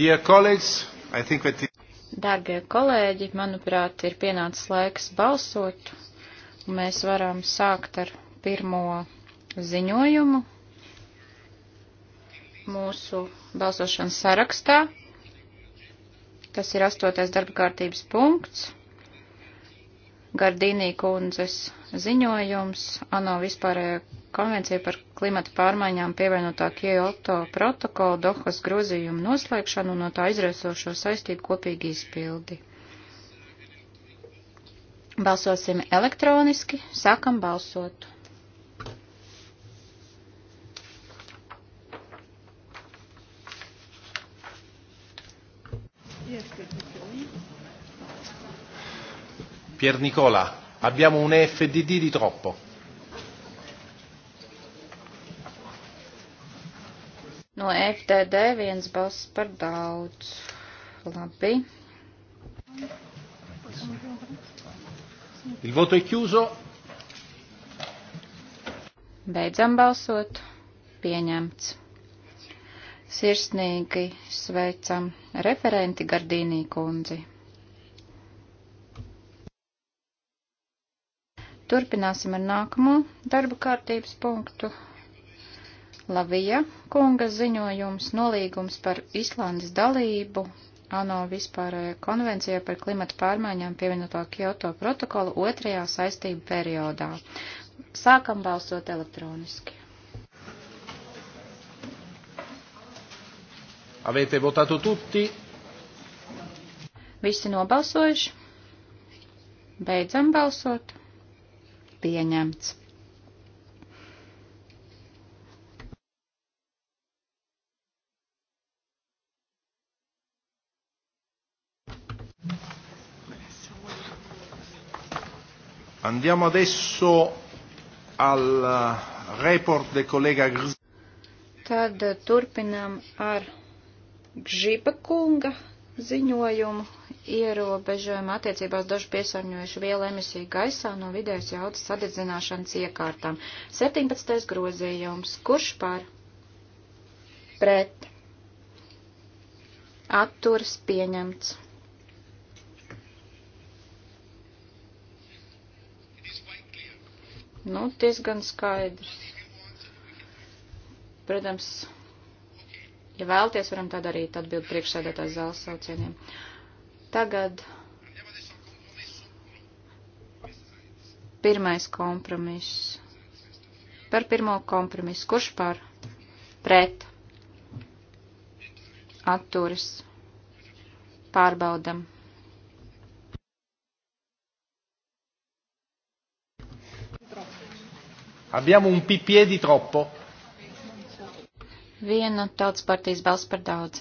It... Dārgie kolēģi, manuprāt, ir pienācis laiks balsot, un mēs varam sākt ar pirmo ziņojumu mūsu balsošanas sarakstā. Tas ir astotais darba kārtības punkts. Gardīnī kundzes ziņojums ANO vispārējā konvencija par klimata pārmaiņām pievienotā Kyoto protokola Dohas grozījumu noslēgšanu un no tā izraisošo saistību kopīgi izpildi. Balsosim elektroniski, sākam balsot. Pier Nicola, abbiamo un EFDD di troppo. No FTD viens balss par daudz. Labi. Il voto è chiuso. Beidzam balsot. Pieņemts. Sirsnīgi sveicam referenti Gardīnī kundzi. Turpināsim ar nākamo darba kārtības punktu. Lavija kunga ziņojums nolīgums par Islandes dalību ANO vispārējā konvencijā par klimata pārmaiņām pievienoto Kyoto protokolu otrajā saistību periodā. Sākam balsot elektroniski. Avete votato tutti? Visi nobalsojuši? Beidzam balsot. Pieņemts. Andiamo adesso al eh, report del collega Grzib. Tad eh, turpinām ar Gžiba kunga ziņojumu ierobežojumu attiecībās dažu piesārņojušu vielu emisiju gaisā no vidējas jaudas sadedzināšanas iekārtām. 17. grozījums. Kurš par? Pret. Atturs pieņemts. Nu, diezgan skaidrs. Protams, ja vēlties, varam tā darīt atbildi priekšsēdētājs zāles saucieniem. Tagad pirmais kompromiss. Par pirmo kompromisu. Kurš par? Pret. Atturis. Pārbaudam. Abbiamo un PPE di troppo. Viena tautas partijas balss par daudz.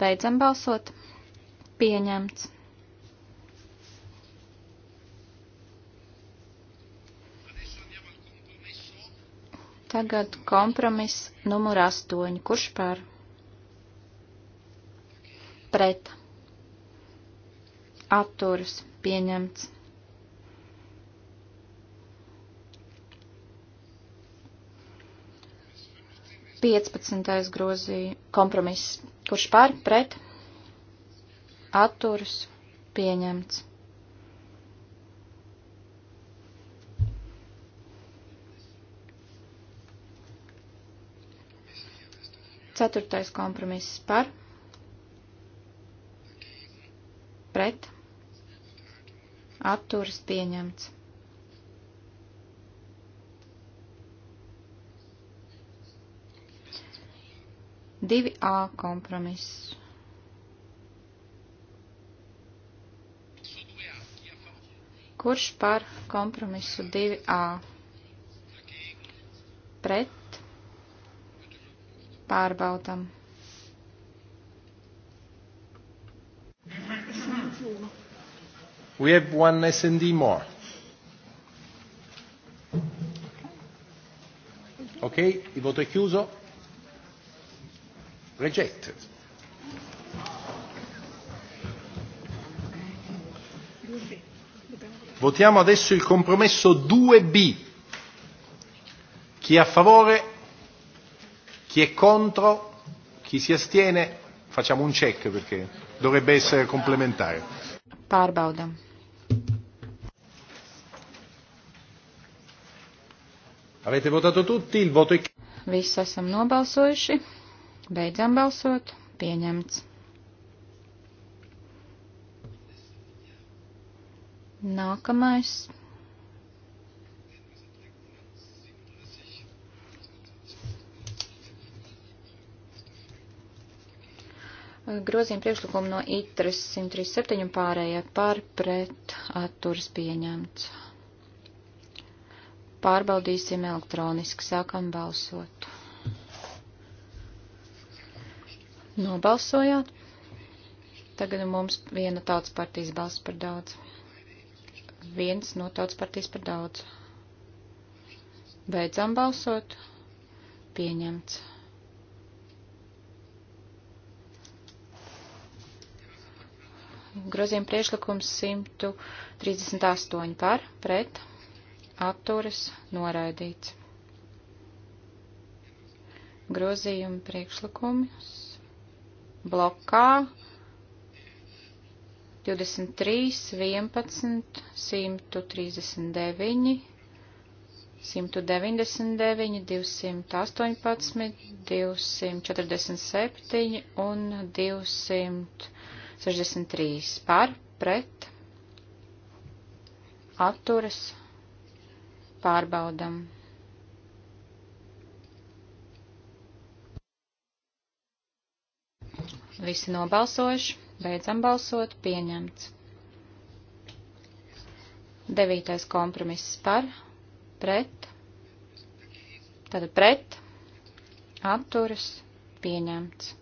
Beidzam balsot. Pieņemts. Tagad kompromiss numur astoņi. Kurš par? Pret atturas pieņemts. Piecpadsmitais grozīja kompromiss, kurš par, pret, atturas pieņemts. 4. kompromiss par, pret, atturas pieņemts. Divi A kompromiss. Kurš par kompromisu 2A? Pret pārbaudam. Thank you. We have one S&D more. Ok, il voto è chiuso. Rejected. Votiamo adesso il compromesso 2B. Chi è a favore? Chi è contro? Chi si astiene? Facciamo un check perché dovrebbe essere complementare. Pārbaudam. Avete votato tutti, il voto è... Visi esam nobalsojuši, beidzam balsot, pieņemts. Nākamais. Grozījuma priekšlikumu no ITRES 137 un pārējie par pret atturas pieņemts. Pārbaudīsim elektroniski, sākam balsot. Nobalsojāt? Tagad mums viena tautas partijas balss par daudz. Viens no tautas partijas par daudz. Beidzam balsot. Pieņemts. Grozījuma priešlikums 138 par, pret, atturas, noraidīts. Grozījuma priekšlikums blokā 23, 11, 139, 199, 218, 247 un 200. 63 par, pret, atturas, pārbaudam. Visi nobalsojuši, beidzam balsot, pieņemts. Devītais kompromiss par, pret, tātad pret, atturas, pieņemts.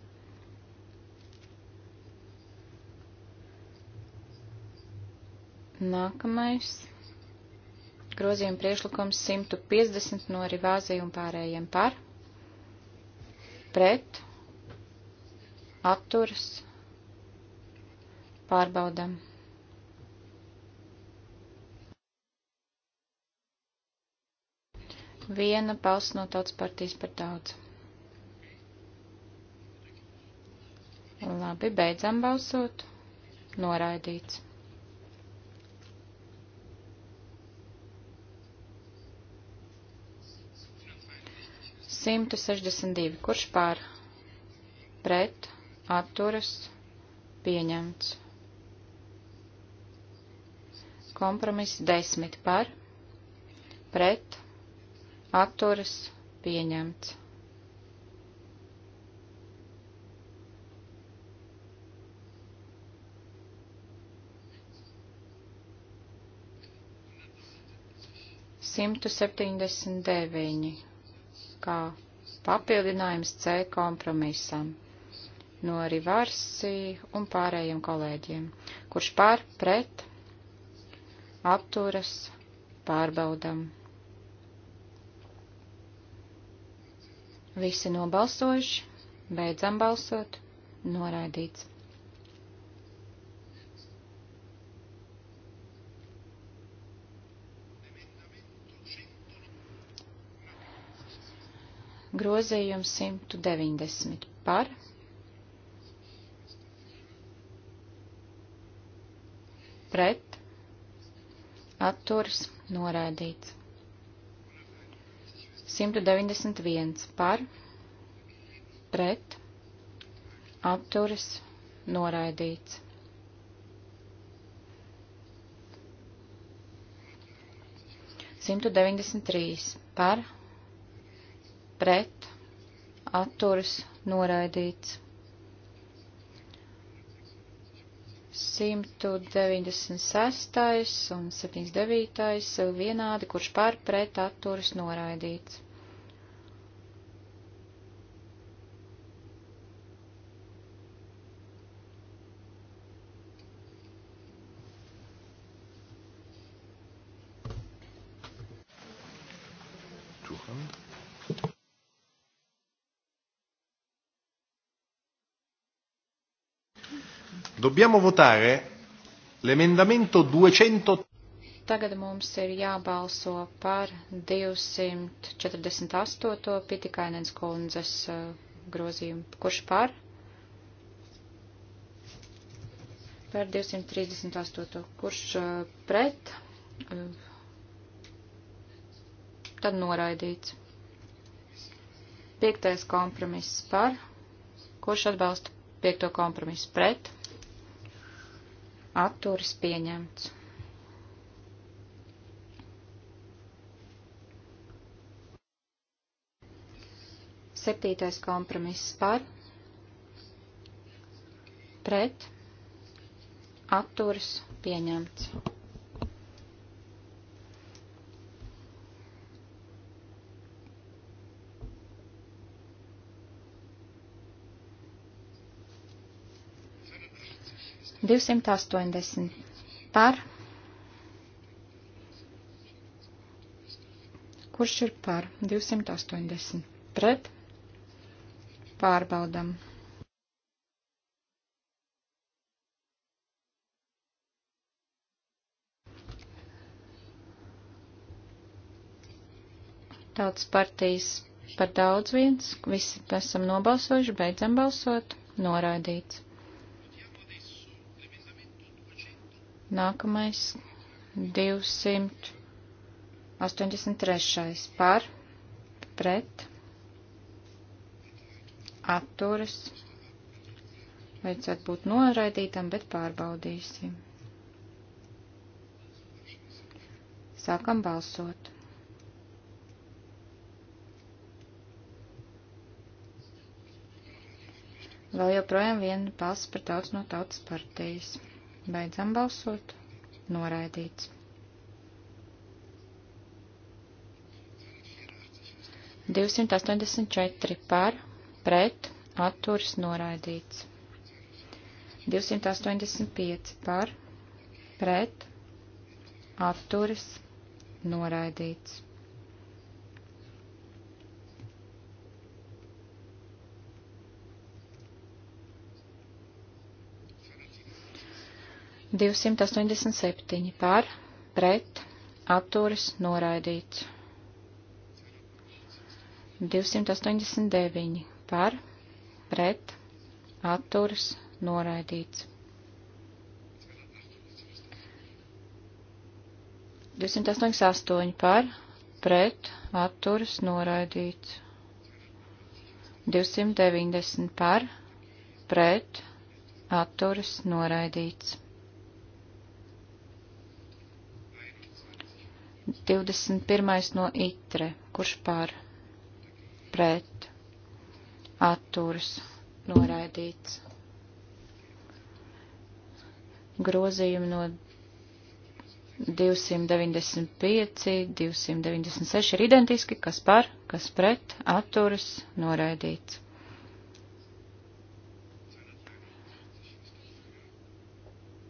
Nākamais grozījuma priešlikums 150 no Rivāzija un pārējiem par, pret, atturas, pārbaudam. Viena balss no tautas partijas par daudz. Labi, beidzam balsot. Noraidīts. 162. Kurš pār? Pret, atturas, pieņemts. Kompromiss 10 par, pret, atturas, pieņemts. Simtu septiņdesmit deviņi kā papildinājums C kompromisam no Rivarsī un pārējiem kolēģiem, kurš pār pret apturas pārbaudam. Visi nobalsojuši, beidzam balsot, noraidīts. Grozījums 190 par. Pret. Atturs norādīts. 191 par, pret, atturas, noraidīts. Simtu deviņdesmit trīs par pret, atturas, noraidīts. 196. un 79. vienādi, kurš pār pret atturas noraidīts. Dobbiamo votare l'emendamento 200. Tagad mums ir jābalso par 248. Pitikainens kundzes eh, grozījumu. Kurš par? Par 238. Kurš eh, pret? Eh, tad noraidīts. Piektais kompromiss par. Kurš atbalsta piekto kompromisu pret? atturas pieņemts. Septītais kompromiss par, pret, atturas pieņemts. 280 par, kurš ir par 280 pret, pārbaudam. Tautas partijas par daudz viens, visi esam nobalsojuši, beidzam balsot, noraidīts. Nākamais 283. par, pret, atturas. Vajadzētu būt noraidītam, bet pārbaudīsim. Sākam balsot. Vēl joprojām viena balss par daudz no tautas partijas. Beidzam balsot. Noraidīts. 284 par, pret, atturis noraidīts. 285 par, pret, atturis noraidīts. 287 par, pret, atturas noraidīts. 289 par, pret, atturas noraidīts. 288 par, pret, atturas noraidīts. 290 par, pret, atturas noraidīts. 21. no itre, kurš pār pret atturs noraidīts. Grozījumi no 295, 296 ir identiski, kas par, kas pret, atturas, noraidīts.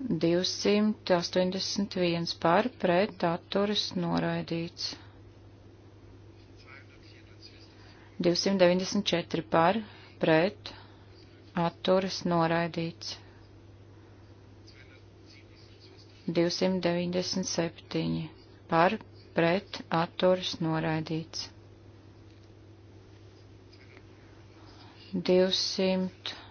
281 par pret atturas noraidīts. 294 par pret atturas noraidīts. 297 par pret atturas noraidīts. 200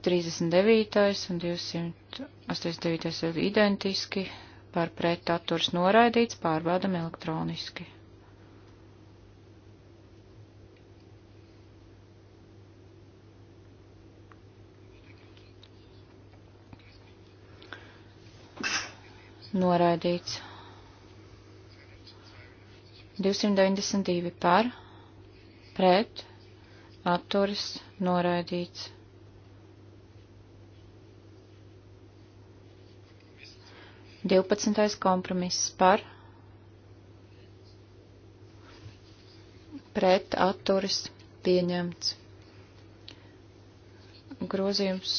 39. un 289. ir identiski, par pret atturs noraidīts, pārbaudam elektroniski. Noraidīts. 292 par, pret, atturis, noraidīts. 12. kompromiss par pret atturis pieņemts. Grozījums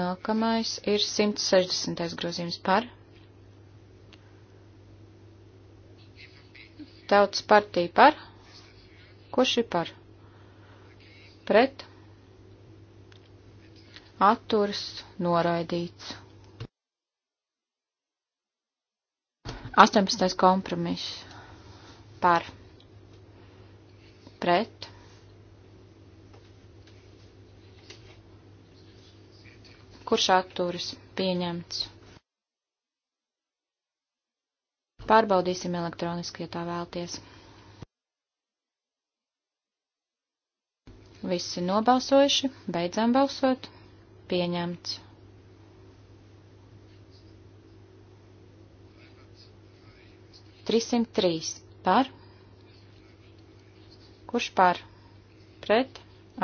nākamais ir 160. grozījums par. Tautas partija par. Kurš ir par? Pret atturas noraidīts. 18. kompromiss par pret kurš atturas pieņemts. Pārbaudīsim elektroniski, ja tā vēlties. Visi nobalsojuši, beidzam balsot pieņemts. Trīsimt trīs par, kurš par, pret,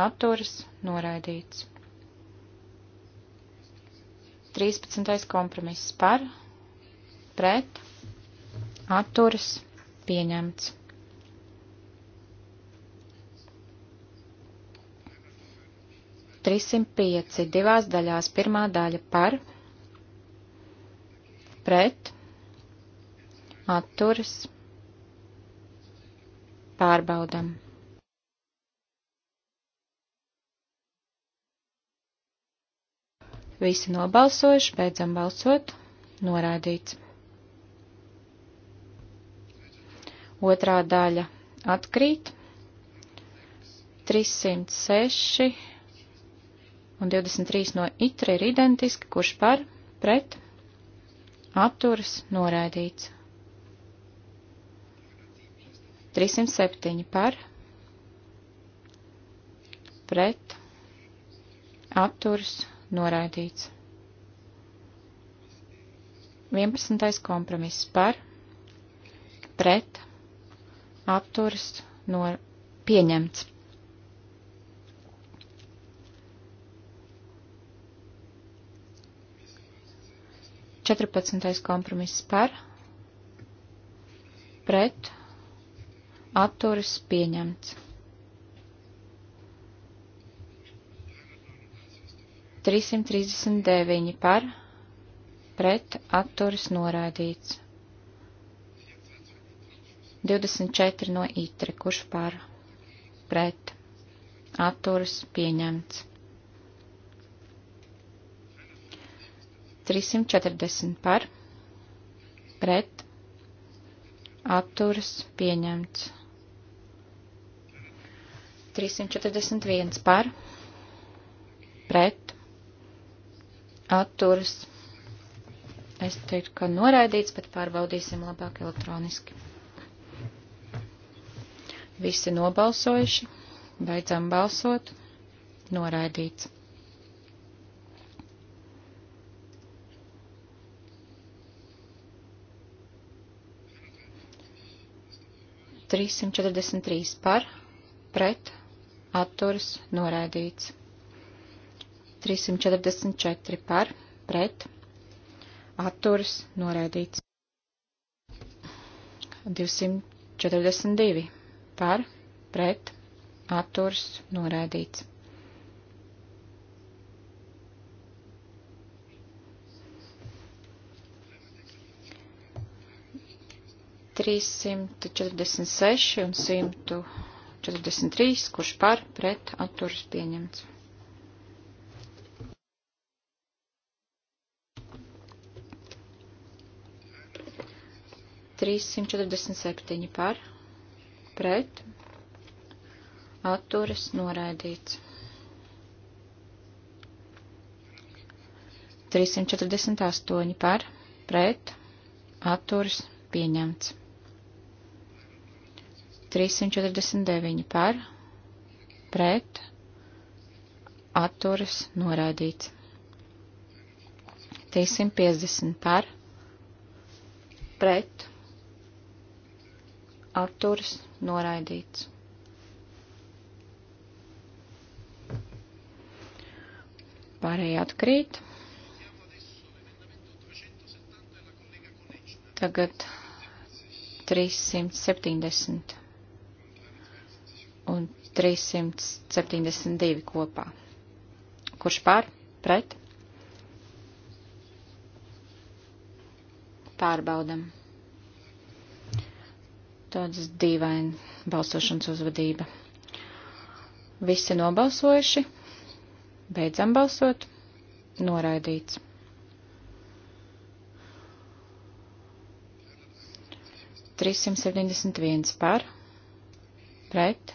atturas, noraidīts. 13. kompromiss par, pret, atturas, pieņemts. 305 divās daļās. Pirmā daļa par, pret, atturas, pārbaudam. Visi nobalsojuši, beidzam balsot, noraidīts. Otrā daļa atkrīt. 306 un 23 no itra ir identiski, kurš par, pret, atturas, noraidīts. 307 par, pret, atturas, noraidīts. 11. kompromiss par, pret, atturas, nor, pieņemts. 14. kompromiss par, pret, atturas pieņemts. 339 par, pret, atturas noraidīts. 24 no itre, kurš par, pret, atturas pieņemts. 340 par, pret, atturas pieņemts. 341 par, pret, atturas. Es teiktu, ka noraidīts, bet pārbaudīsim labāk elektroniski. Visi nobalsojuši, beidzam balsot, noraidīts. 343 par, pret, atturas, noraidīts. 344 par, pret, atturas, noraidīts. 242 par, pret, atturas, noraidīts. 346 un 143, kurš par pret atturas pieņemts. Trīssimt četrdesmit septiņi par, pret, atturas noraidīts. 348 par, pret, atturas pieņemts. 349 par, pret, atturas noraidīts. 350 par, pret, atturas noraidīts. Pārējie atkrīt. Tagad 370 un 372 kopā. Kurš pār? Pret? Pārbaudam. Tāds dīvaini balsošanas uzvadība. Visi nobalsojuši. Beidzam balsot. Noraidīts. Trīssimt septiņdesmit viens par, pret,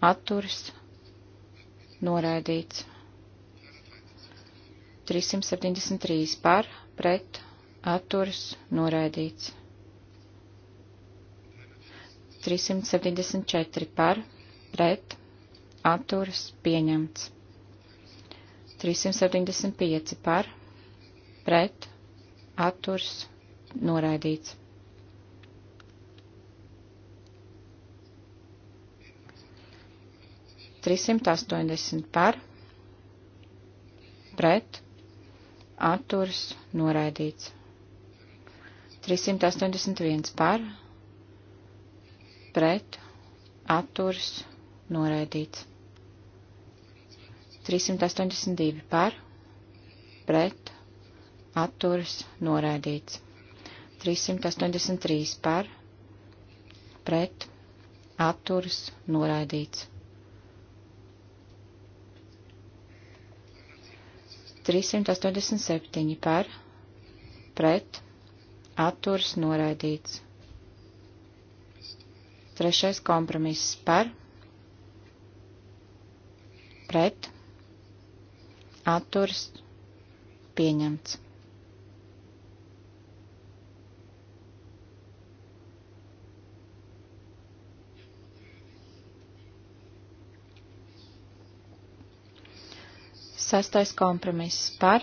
atturis noraidīts. 373 par, pret, atturis noraidīts. 374 par, pret, atturis pieņemts. 375 par, pret, atturis noraidīts. 380 par, pret, atturs, noraidīts. 381 par, pret, atturs, noraidīts. 382 par, pret, atturs, noraidīts. 383 par, pret, atturs, noraidīts. 387 par, pret, atturs noraidīts. Trešais kompromiss par, pret, atturs pieņemts. Sestais kompromiss par,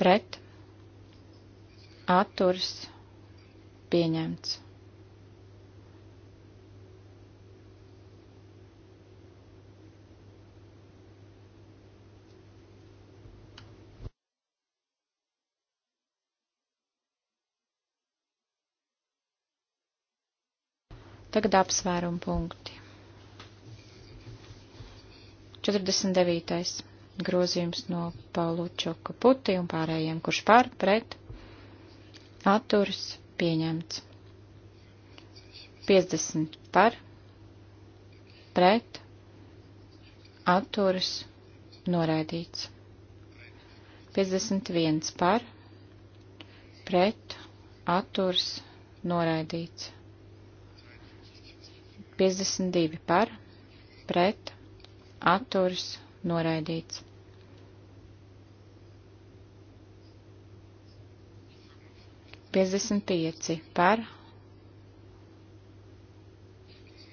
pret, atturs, pieņemts. Tagad apsvērumu punkti. 49. grozījums no Paulučoka puti un pārējiem, kurš pār, pret, atturs, pieņemts. 50 par, pret, atturs, noraidīts. 51 par, pret, atturs, noraidīts. 52 par, pret, atturs, noraidīts. Piecdesmit pieci par,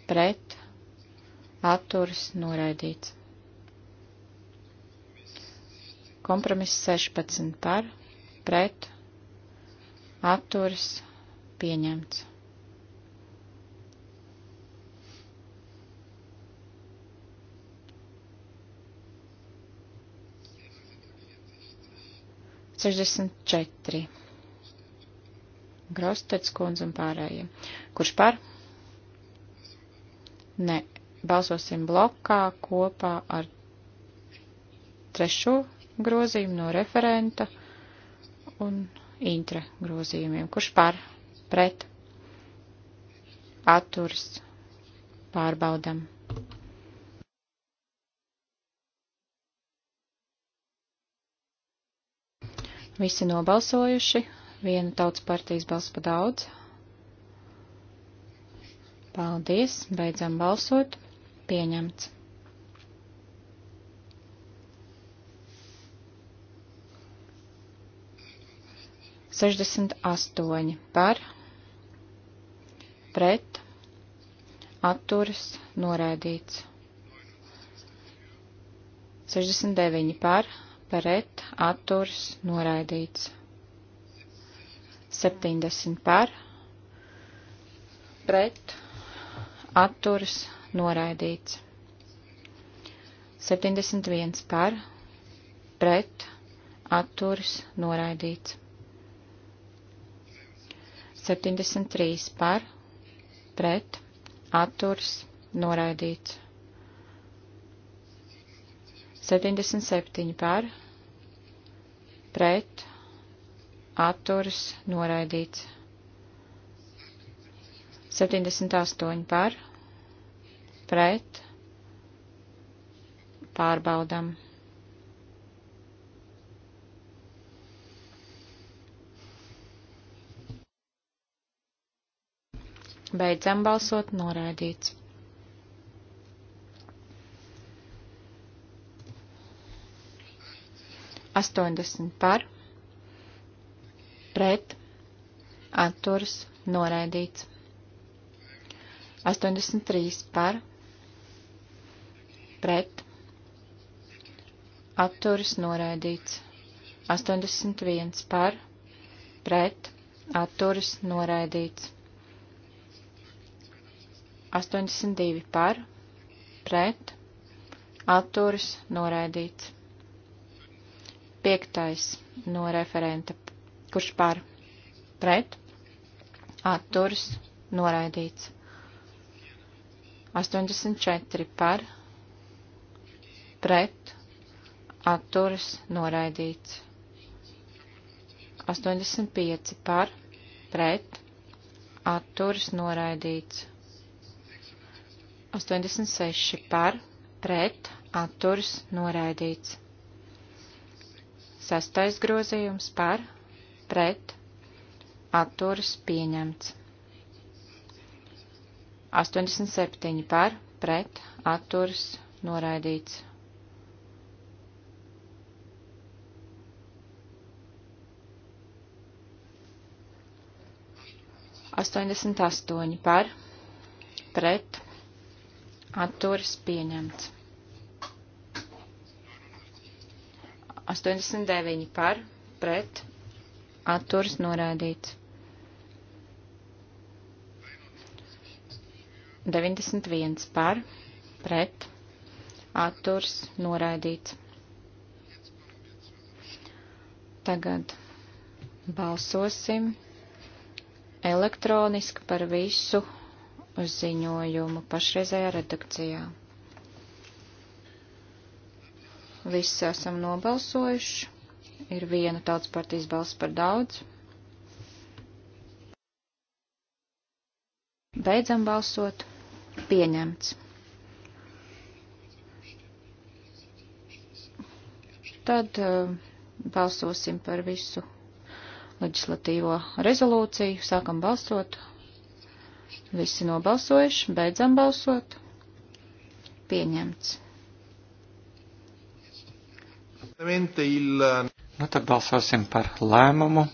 pret, atturs, noraidīts. Kompromiss 16 par, pret, atturs, pieņemts. 64. Graustets kundze un pārējie. Kurš par? Nē, balsosim blokā kopā ar trešo grozījumu no referenta un intra grozījumiem. Kurš par? Pret? Atturs? Pārbaudam. Visi nobalsojuši, viena tautas partijas balss pa daudz. Paldies, beidzam balsot, pieņemts. Sešdesmit astoņi par, pret, atturas, noraidīts. 69 par, pret atturs noraidīts. 70 par pret atturs noraidīts. 71 par pret atturs noraidīts. 73 par pret atturs noraidīts. 77 par, pret, atturas, noraidīts. 78 par, pret, pārbaudam. Beidzam balsot noraidīts. 80 par, pret, atturas, noraidīts. 83 par, pret, atturas, noraidīts. 81 par, pret, atturas, noraidīts. 82 par, pret, atturas, noraidīts piektais no referenta, kurš par pret atturs noraidīts. 84 par pret atturs noraidīts. 85 par pret atturs noraidīts. 86 par pret atturs noraidīts. Sastais grozījums par, pret, atturas pieņemts. 87 par, pret, atturas noraidīts. Astoņdesmit astoņi par, pret, atturas pieņemts. 89 par, pret, atturs norādīts. 91 par, pret, atturs noraidīts. Tagad balsosim elektroniski par visu ziņojumu pašreizējā redakcijā. Visi esam nobalsojuši. Ir viena tautas partijas balss par daudz. Beidzam balsot. Pieņemts. Tad uh, balsosim par visu leģislatīvo rezolūciju. Sākam balsot. Visi nobalsojuši. Beidzam balsot. Pieņemts. Eh, nu tad balsosim par lēmumu,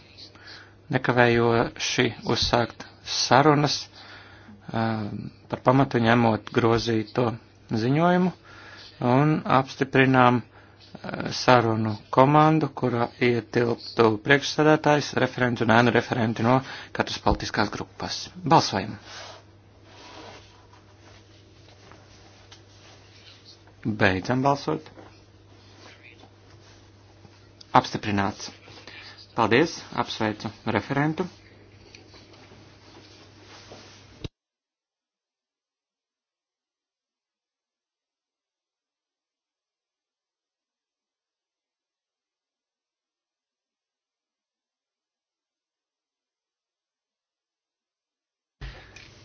nekavējoši uzsākt sarunas eh, par pamatu ņemot grozīto ziņojumu un apstiprinām eh, sarunu komandu, kurā ietilptu priekšsēdētājs, referenti un ēnu referenti no katras politiskās grupas. Balsojam! Beidzam balsot! apstiprināts. Paldies, apsveicu referentu.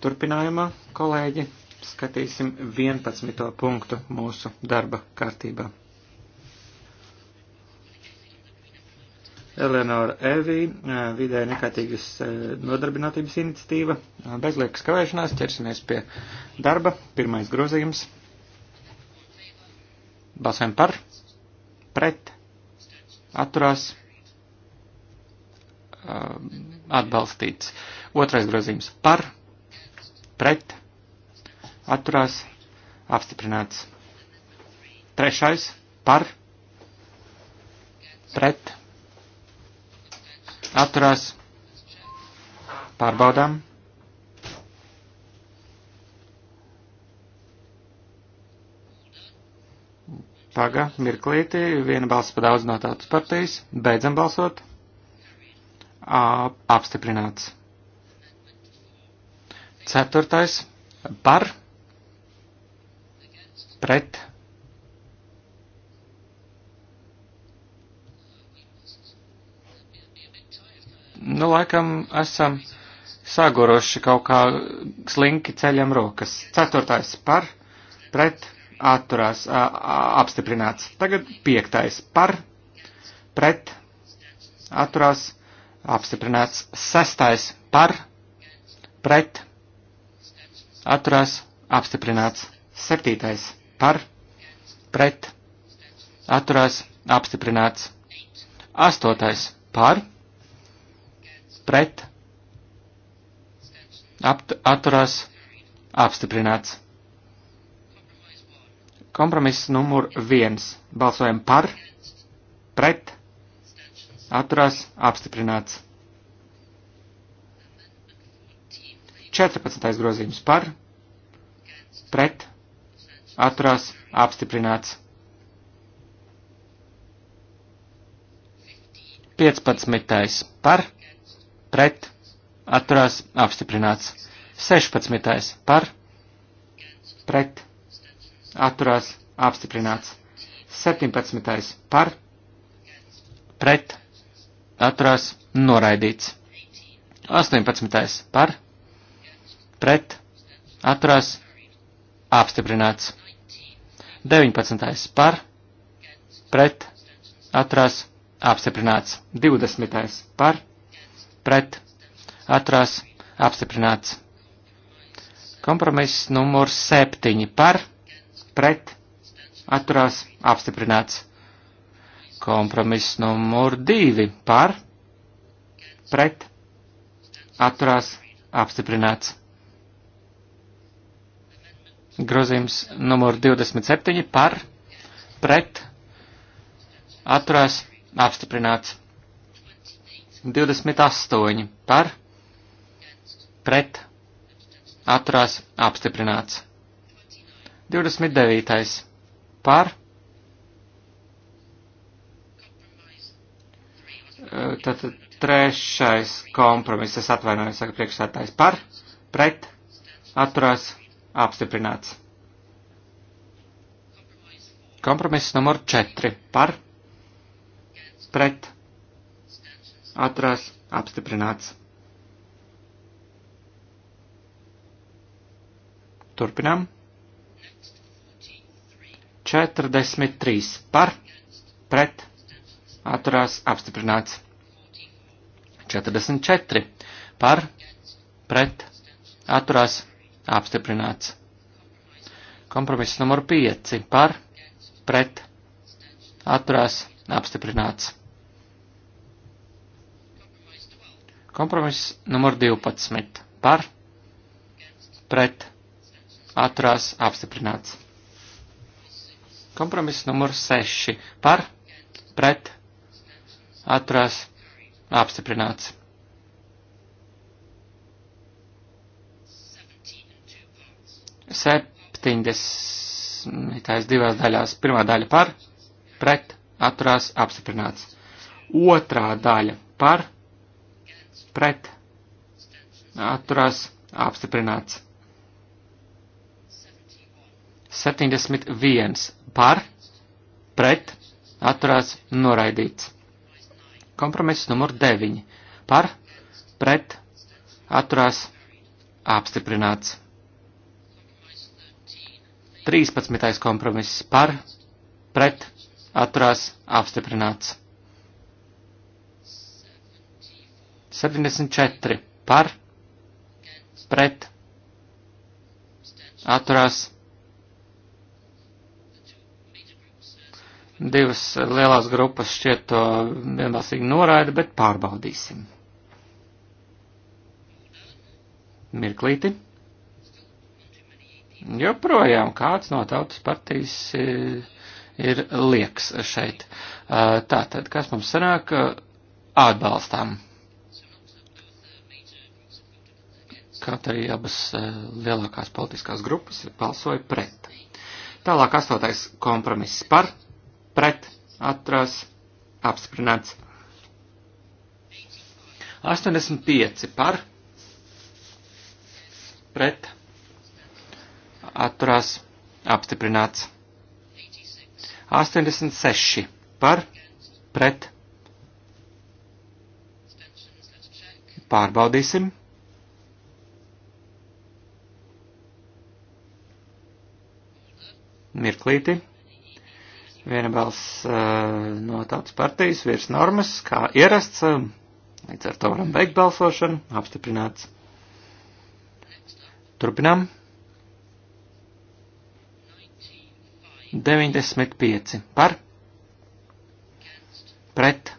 Turpinājumā, kolēģi, skatīsim 11. punktu mūsu darba kārtībā. Eleonora Evī, vidē nekaitīgas nodarbinātības iniciatīva. Bez liekas kavēšanās ķersimies pie darba. Pirmais grozījums. Balsēm par, pret, atturās, atbalstīts. Otrais grozījums par, pret, atturās, apstiprināts. Trešais par, pret, atturās atturās, pārbaudām. Paga, mirklīti, viena balss pa daudz no tautas partijas, beidzam balsot. A, apstiprināts. Ceturtais par, pret, nu, laikam esam saguruši kaut kā slinki ceļam rokas. Ceturtais par, pret, atturās, a, a, apstiprināts. Tagad piektais par, pret, atturās, apstiprināts. Sestais par, pret, atturās, apstiprināts. Septītais par, pret, atturās, apstiprināts. Astotais par, pret, apt, atturās, apstiprināts. Kompromiss numur viens. Balsojam par, pret, atturās, apstiprināts. 14. grozījums par, pret, atturās, apstiprināts. 15. par, pret, atturās apstiprināts. 16. par, pret, atturās apstiprināts. 17. par, pret, atturās noraidīts. 18. par, pret, atturās apstiprināts. 19. par, pret, atturās apstiprināts apstiprināts. 20. par pret atturās apstiprināts. Kompromiss numurs 7 par pret atturās apstiprināts. Kompromiss numur 2 par pret atturās apstiprināts. Grozījums numur 27 par pret atturās apstiprināts. 28 par, pret, atturās apstiprināts. 29. par, tad trešais kompromiss, es atvainojos, saka priekšsētājs par, pret, atturās apstiprināts. Kompromiss numur 4 par, pret, atturās apstiprināts. Turpinām. 43 par, pret, atturās apstiprināts. 44 par, pret, atturās apstiprināts. Kompromiss numur 5 par, pret, atturās apstiprināts. Kompromiss numur 12 par pret atturās apstiprināts. Kompromiss numur 6 par pret atturās apstiprināts. 70. divās daļās. Pirmā daļa par, pret, atturās, apstiprināts. Otrā daļa par, pret atturās apstiprināts. 71 par pret atturās noraidīts. Kompromiss numur 9 par pret atturās apstiprināts. 13. kompromiss par pret atturās apstiprināts. 74 par, pret, atturās. Divas lielās grupas šķiet to vienbalsīgi noraida, bet pārbaudīsim. Mirklīti. Joprojām kāds no tautas partijas eh, ir lieks šeit. Eh, tātad, kas mums sanāk? Eh, atbalstām. Kaut arī abas e, lielākās politiskās grupas balsoja pret. Tālāk astotais kompromiss par, pret, atturās, apstiprināts. 85 par, pret, atturās, apstiprināts. 86 par, pret, pārbaudīsim. mirklīti. Viena balss eh, no tautas partijas virs normas, kā ierasts, eh, līdz ar to varam beigt balsošanu, apstiprināts. Turpinām. 95 par, pret,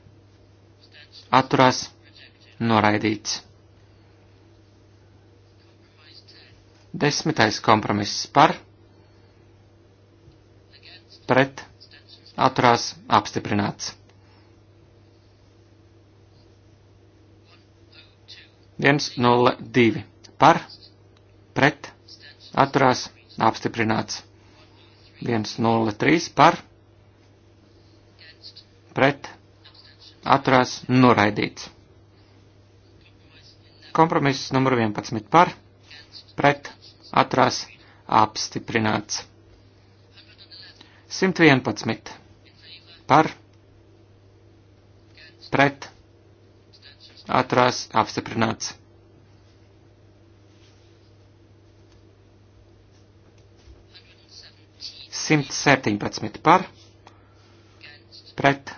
atturās, noraidīts. Desmitais kompromiss par, pret atturās apstiprināts. 102 par pret atturās apstiprināts. 103 par pret atturās noraidīts. Kompromiss numur 11 par pret atturās apstiprināts. 111 par pret atturās apstiprināts. Simt septiņpadsmit par, pret,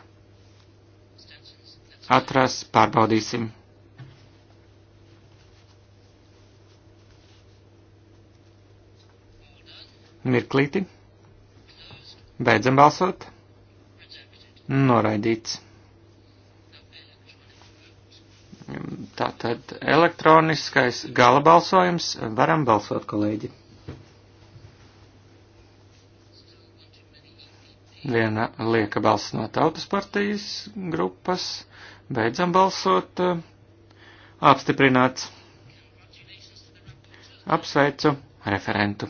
atras, pārbaudīsim. Mirklīti. Beidzam balsot. Noraidīts. Tātad elektroniskais gala balsojums. Varam balsot, kolēģi. Viena lieka balss no tautas partijas grupas. Beidzam balsot. Apstiprināts. Apsveicu referentu.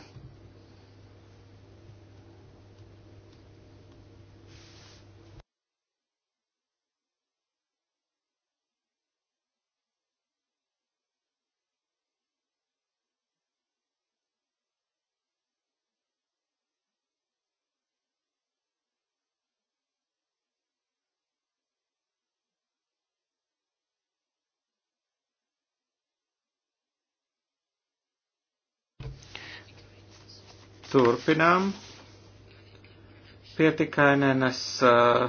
Turpinām. Pietikainenes uh,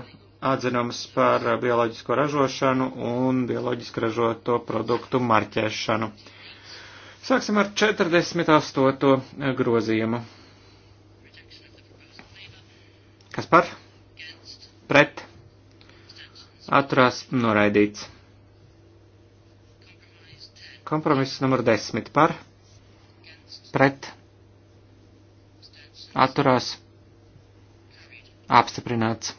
atzinums par bioloģisko ražošanu un bioloģiski ražoto produktu marķēšanu. Sāksim ar 48. grozījumu. Kas par? Pret. Atturās noraidīts. Kompromiss numur 10 par. Pret atturās apstiprināts.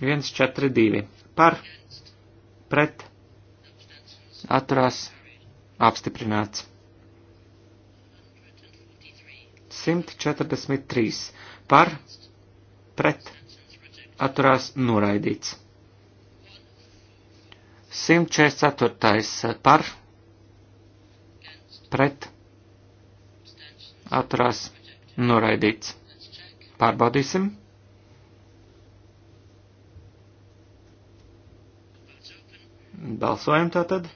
142 par pret atturās apstiprināts. 143 par pret atturās noraidīts. 144 par pret pret, atturās, noraidīts. Pārbaudīsim. Balsojam tātad.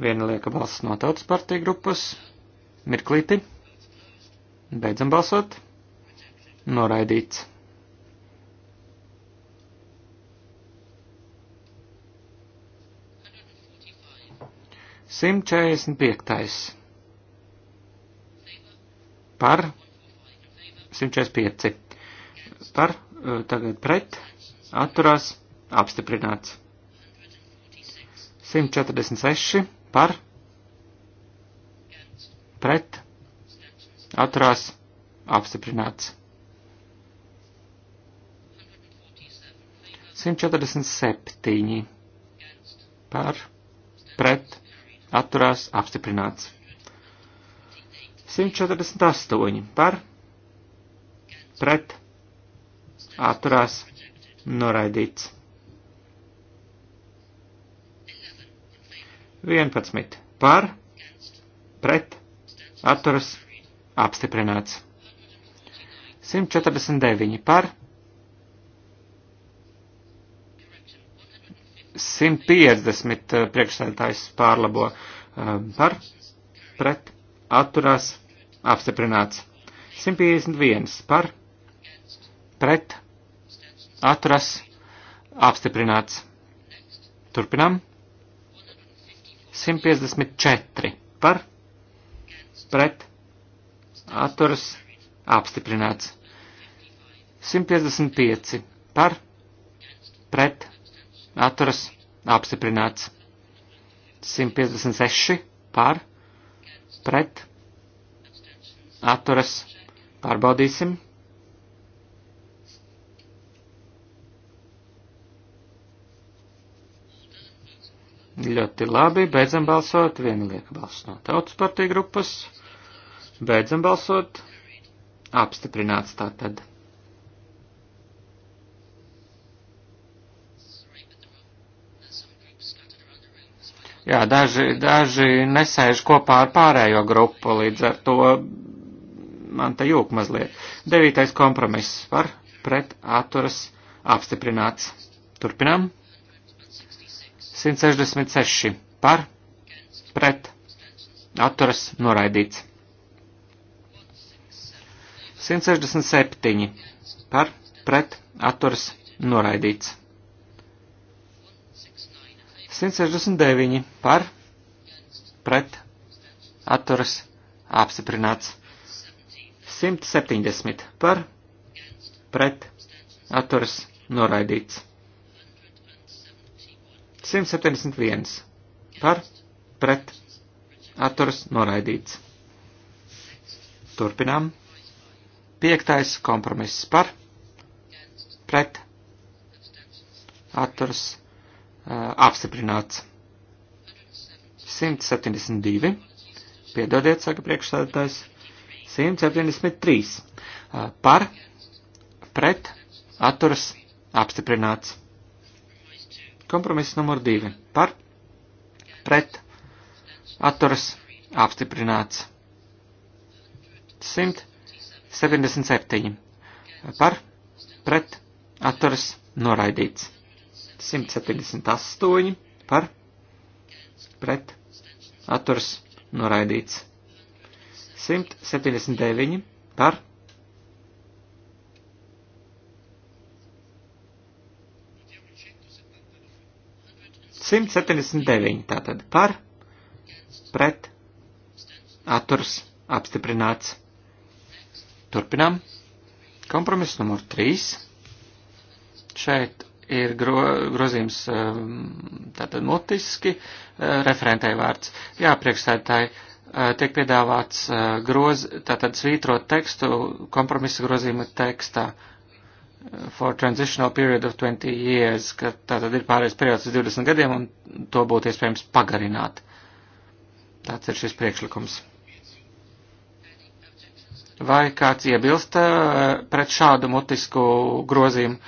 Viena lieka balsas no tautas partija grupas. Mirklīti. Beidzam balsot. Noraidīts. 145. Par 145. Par tagad pret atturās apstiprināts. 146 par pret atturās apstiprināts. 147 par pret atturās apstiprināts. 148 par, pret, atturās noraidīts. 11 par, pret, atturas apstiprināts. 149 par, 150 eh, priekšsēdētājs pārlabo eh, par, pret, atturās, apstiprināts. 151 par, pret, atturas, apstiprināts. Turpinām. 154 par, pret, atturas, apstiprināts. 155 par, pret, atturas apstiprināts. 156 par, pret, atturas, pārbaudīsim. Ļoti labi, beidzam balsot, viena lieka balss no tautas partija grupas, beidzam balsot, apstiprināts tātad. Jā, daži, daži nesēž kopā ar pārējo grupu, līdz ar to man te jūk mazliet. Devītais kompromiss par pret atturas apstiprināts. Turpinām. 166 par pret atturas noraidīts. 167 par pret atturas noraidīts. 169 par pret atturas apstiprināts. 170 par pret atturas noraidīts. 171 par pret atturas noraidīts. Turpinām. Piektais kompromiss par pret atturas noraidīts apstiprināts. 172, piedodiet, saka priekšsēdētājs, 173 par, pret, atturas, apstiprināts. Kompromiss numur 2 par, pret, atturas, apstiprināts. 177 par, pret, atturas, noraidīts. 178 par pret atturs noraidīts. 179 par Simt septiņdesmit deviņi tātad par, pret, atturs, apstiprināts. Turpinām. Kompromiss numur 3. Šeit ir gro, grozījums um, tātad mutiski, uh, referentai vārds. Jā, priekšstādātāji, uh, tiek piedāvāts uh, groz, tātad svītrot tekstu kompromisa grozījuma tekstā for transitional period of 20 years, ka tātad ir pārējais periods uz 20 gadiem un to būtu iespējams pagarināt. Tāds ir šis priekšlikums. Vai kāds iebilst pret šādu mutisku grozījumu?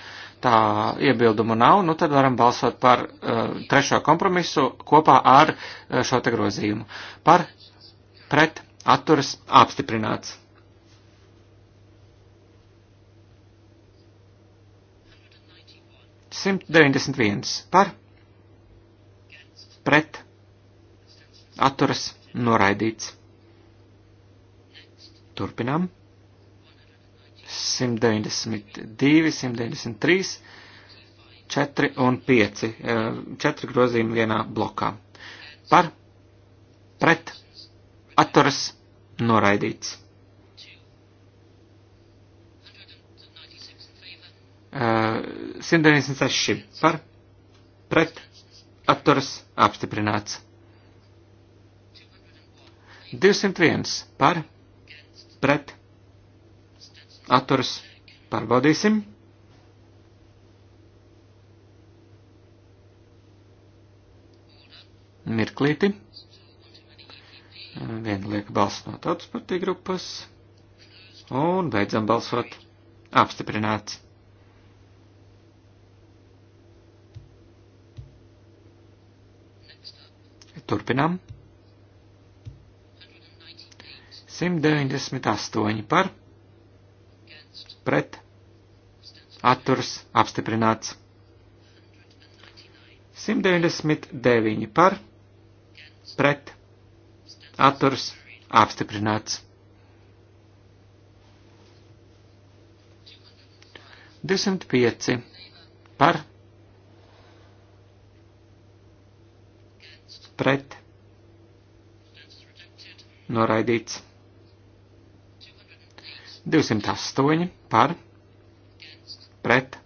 tā iebildumu nav, nu tad varam balsot par uh, trešo kompromisu kopā ar uh, šo te grozījumu. Par pret atturas apstiprināts. Simt deviņdesmit viens par pret atturas noraidīts. Turpinām. 192, 193, 4 un 5. 4 grozījumi vienā blokā. Par, pret, atturas, noraidīts. Uh, eh, 196 par, pret, atturas, apstiprināts. 201 par, pret, atturas pārbaudīsim. Mirklīti. Vienu liek balsu no tautas partija grupas. Un beidzam balsot. Apstiprināts. Turpinām. 198 par pret, atturs apstiprināts. 199 par, pret, atturs apstiprināts. 205 par, pret, noraidīts. 208 par pret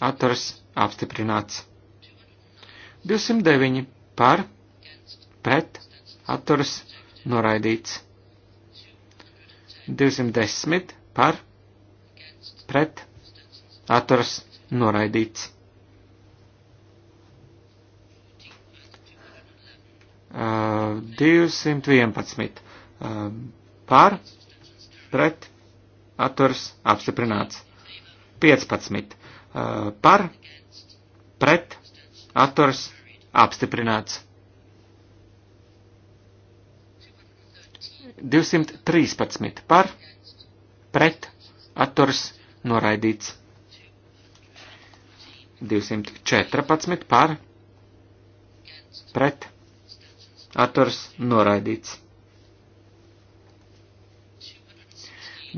atturas apstiprināts. 209 par pret atturas noraidīts. 210 par pret atturas noraidīts. Uh, 211 uh, par pret atturs apstiprināts. 15. Uh, par, pret, atturs apstiprināts. 213 par, pret, atturs noraidīts. 214 par, pret, atturs noraidīts.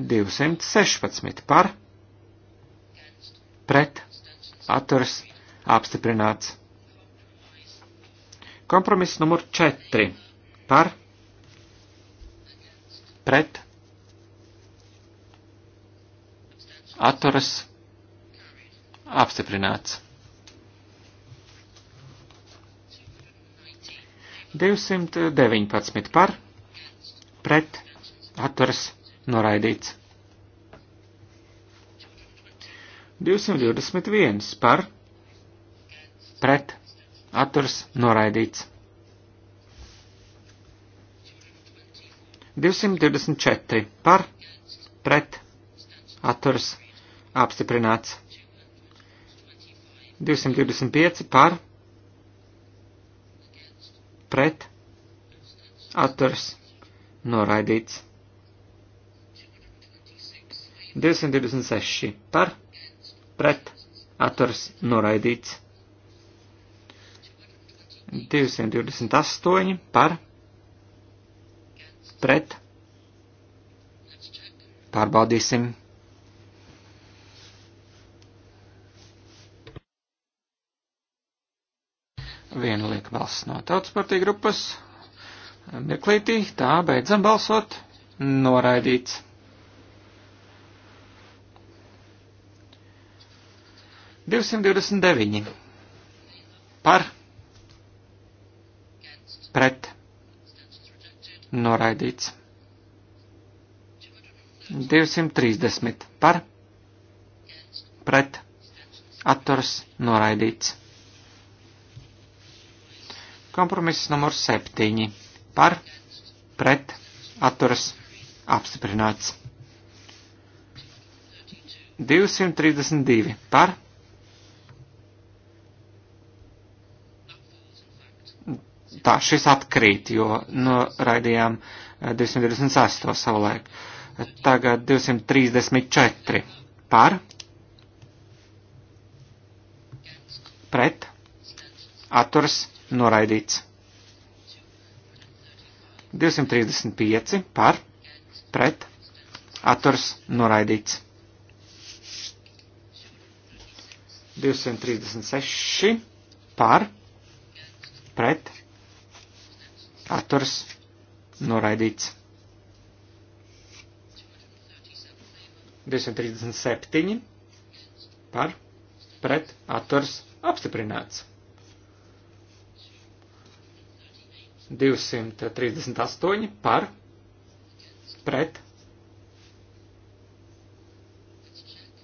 216 par pret atturas apstiprināts. Kompromiss numur 4 par pret atturas apstiprināts. 219 par pret atturas apstiprināts noraidīts. 221 par pret atturs noraidīts. 224 par pret atturs apstiprināts. 225 par pret atturs noraidīts. 226 par pret atturs noraidīts. 228 par pret. Pārbaudīsim. Vienu liek balsts no tautas partija grupas. Mirklītī, tā beidzam balsot. Noraidīts. 229 par pret noraidīts. 230 par pret atturs noraidīts. Kompromiss numur 7 par pret atturs apstiprināts. 232 par pret tā šis atkrīt, jo noraidījām nu, 228 eh, savulaik. Tagad 234 par, pret, atturs, noraidīts. 235 par, pret, atturs, noraidīts. 236 par, pret, atturas noraidīts. 237 par pret atturas apstiprināts. 238 par pret.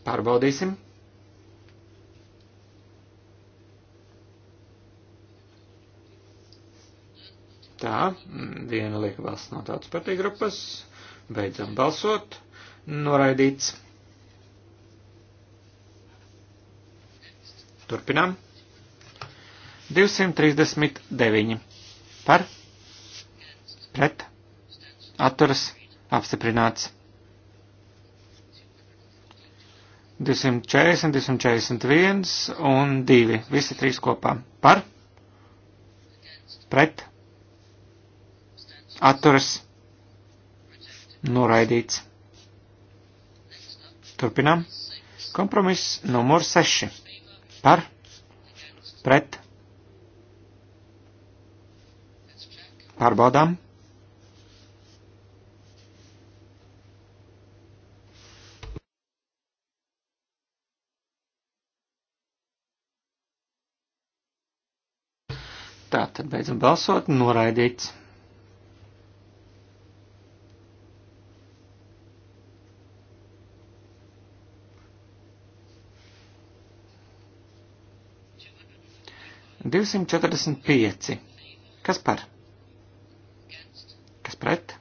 Pārbaudīsim. Tā, viena lieka balss no tautas partija grupas. Beidzam balsot. Noraidīts. Turpinām. 239 par pret atturas apstiprināts. 240, 241 un 2, visi trīs kopā par pret atturas noraidīts. Turpinām. Kompromiss numur 6. Par, pret, pārbaudām. Tā, tad beidzam balsot, noraidīts. 245. Kas par? Kas pret?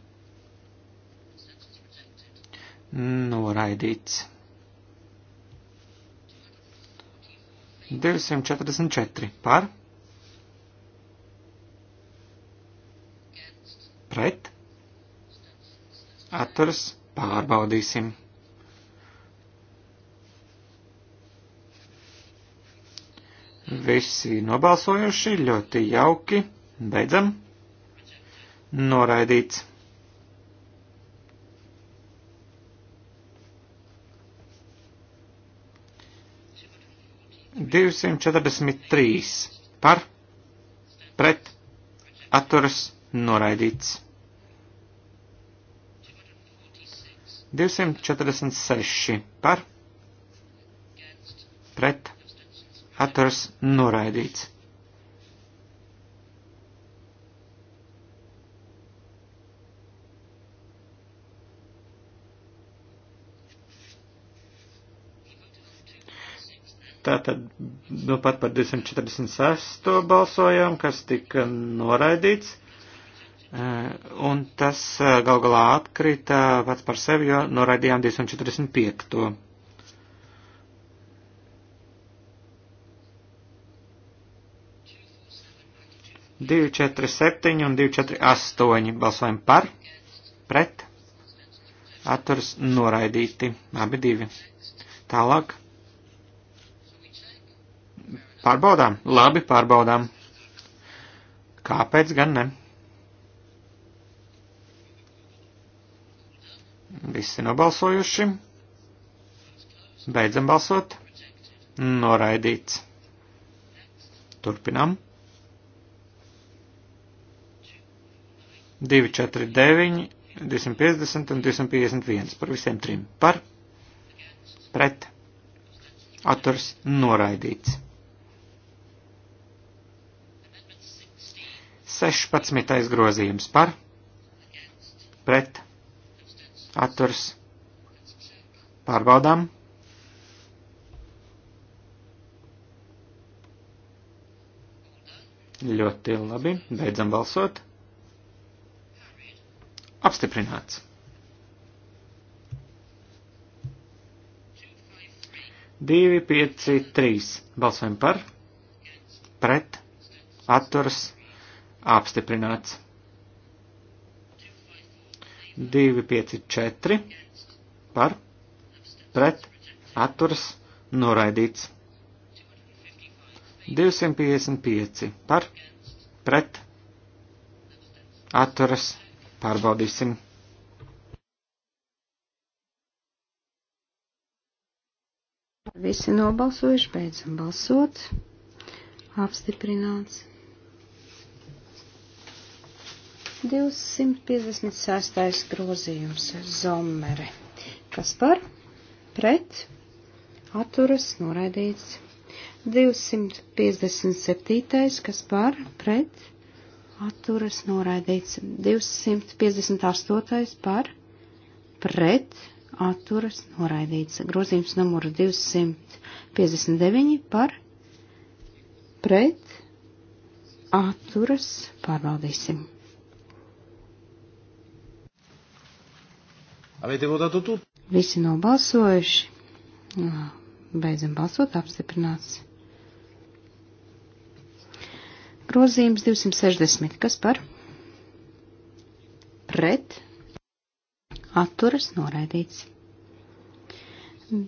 Noraidīts. 244 par. Pret. Atturs pārbaudīsim. Visi nobalsojuši, ļoti jauki. Beidzam. Noraidīts. Divsimt četrdesmit trīs par, pret, atturas, noraidīts. 246 par pret atturs noraidīts. Tātad, nu pat par 246. balsojām, kas tika noraidīts, eh, un tas eh, gal galā atkrita pats par sevi, jo noraidījām 245. 247 un 248 balsojam par, pret, atturs noraidīti, abi divi. Tālāk. Pārbaudām, labi pārbaudām. Kāpēc gan ne? Visi nobalsojuši. Beidzam balsot. Noraidīts. Turpinām. 249, 250 un 251 par visiem trim. Par, pret, atturs noraidīts. 16. grozījums par, pret, atturs pārbaudām. Ļoti labi, beidzam balsot. Apstiprināts. 2, 5, 3. Balsojam par, pret, atturas, apstiprināts. 2, 5, 4. Par, pret, atturas, noraidīts. 255 par, pret, atturas, Pārbaudīsim. Visi nobalsojuši, beidzam balsot. Apstiprināts. 256. grozījums Zomere. Kas par? Pret? Atturas noraidīts. 257. kas par? Pret? atturas noraidīts 258. par pret atturas noraidīts. Grozījums numuru 259 par pret atturas pārbaudīsim. Visi nobalsojuši. Beidzam balsot apstiprināts. grozījums 260. Kas par? Pret. Atturas noraidīts.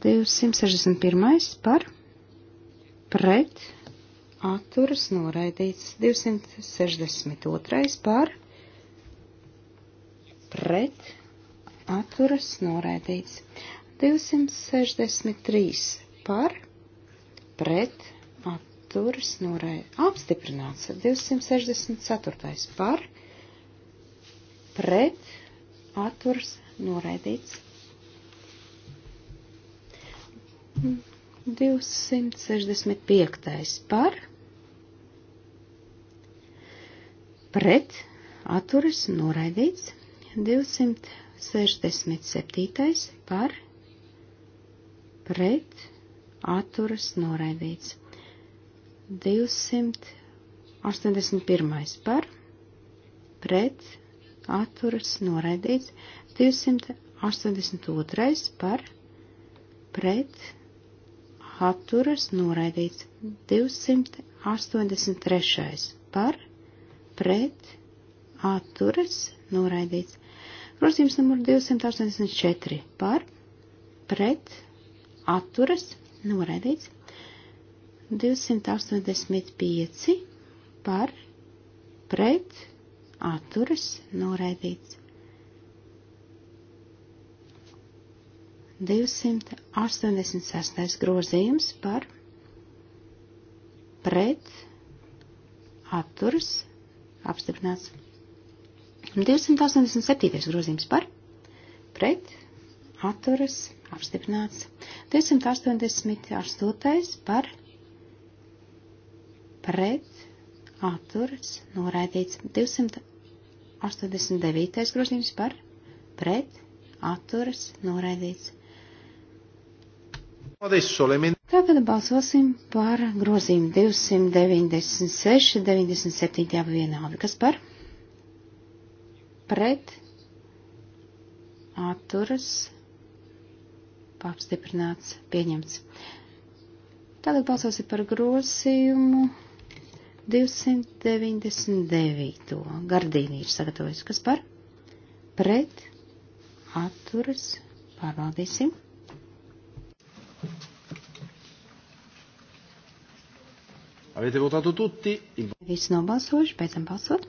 261. par. Pret. Atturas noraidīts. 262. par. Pret. Atturas noraidīts. 263. par. Pret. Atturas atturas norēja apstiprināts 264. par pret atturas noraidīts 265. par pret atturas noraidīts 267. par pret atturas noraidīts 281 par pret atturas noraidīts, 282 par pret atturas noraidīts, 283 par pret atturas noraidīts. Grozījums numur 284 par pret atturas noraidīts. 285 par pret atturas noraidīts. 286. grozījums par pret atturas apstiprināts. 287. grozījums par pret atturas apstiprināts. 288. par pret, atturas, noraidīts 289. grozījums par, pret, atturas, noraidīts. Tagad balsosim par grozījumu 296, 97 abi vienādi. Kas par? Pret, atturas, apstiprināts, pieņemts. Tālāk balsosim par grozījumu 299. Gardīnīši sagatavojas. Kas par? Pret atturas pārvaldīsim. Avete votato tutti? Il... Visi nobalsojuši, beidzam balsot.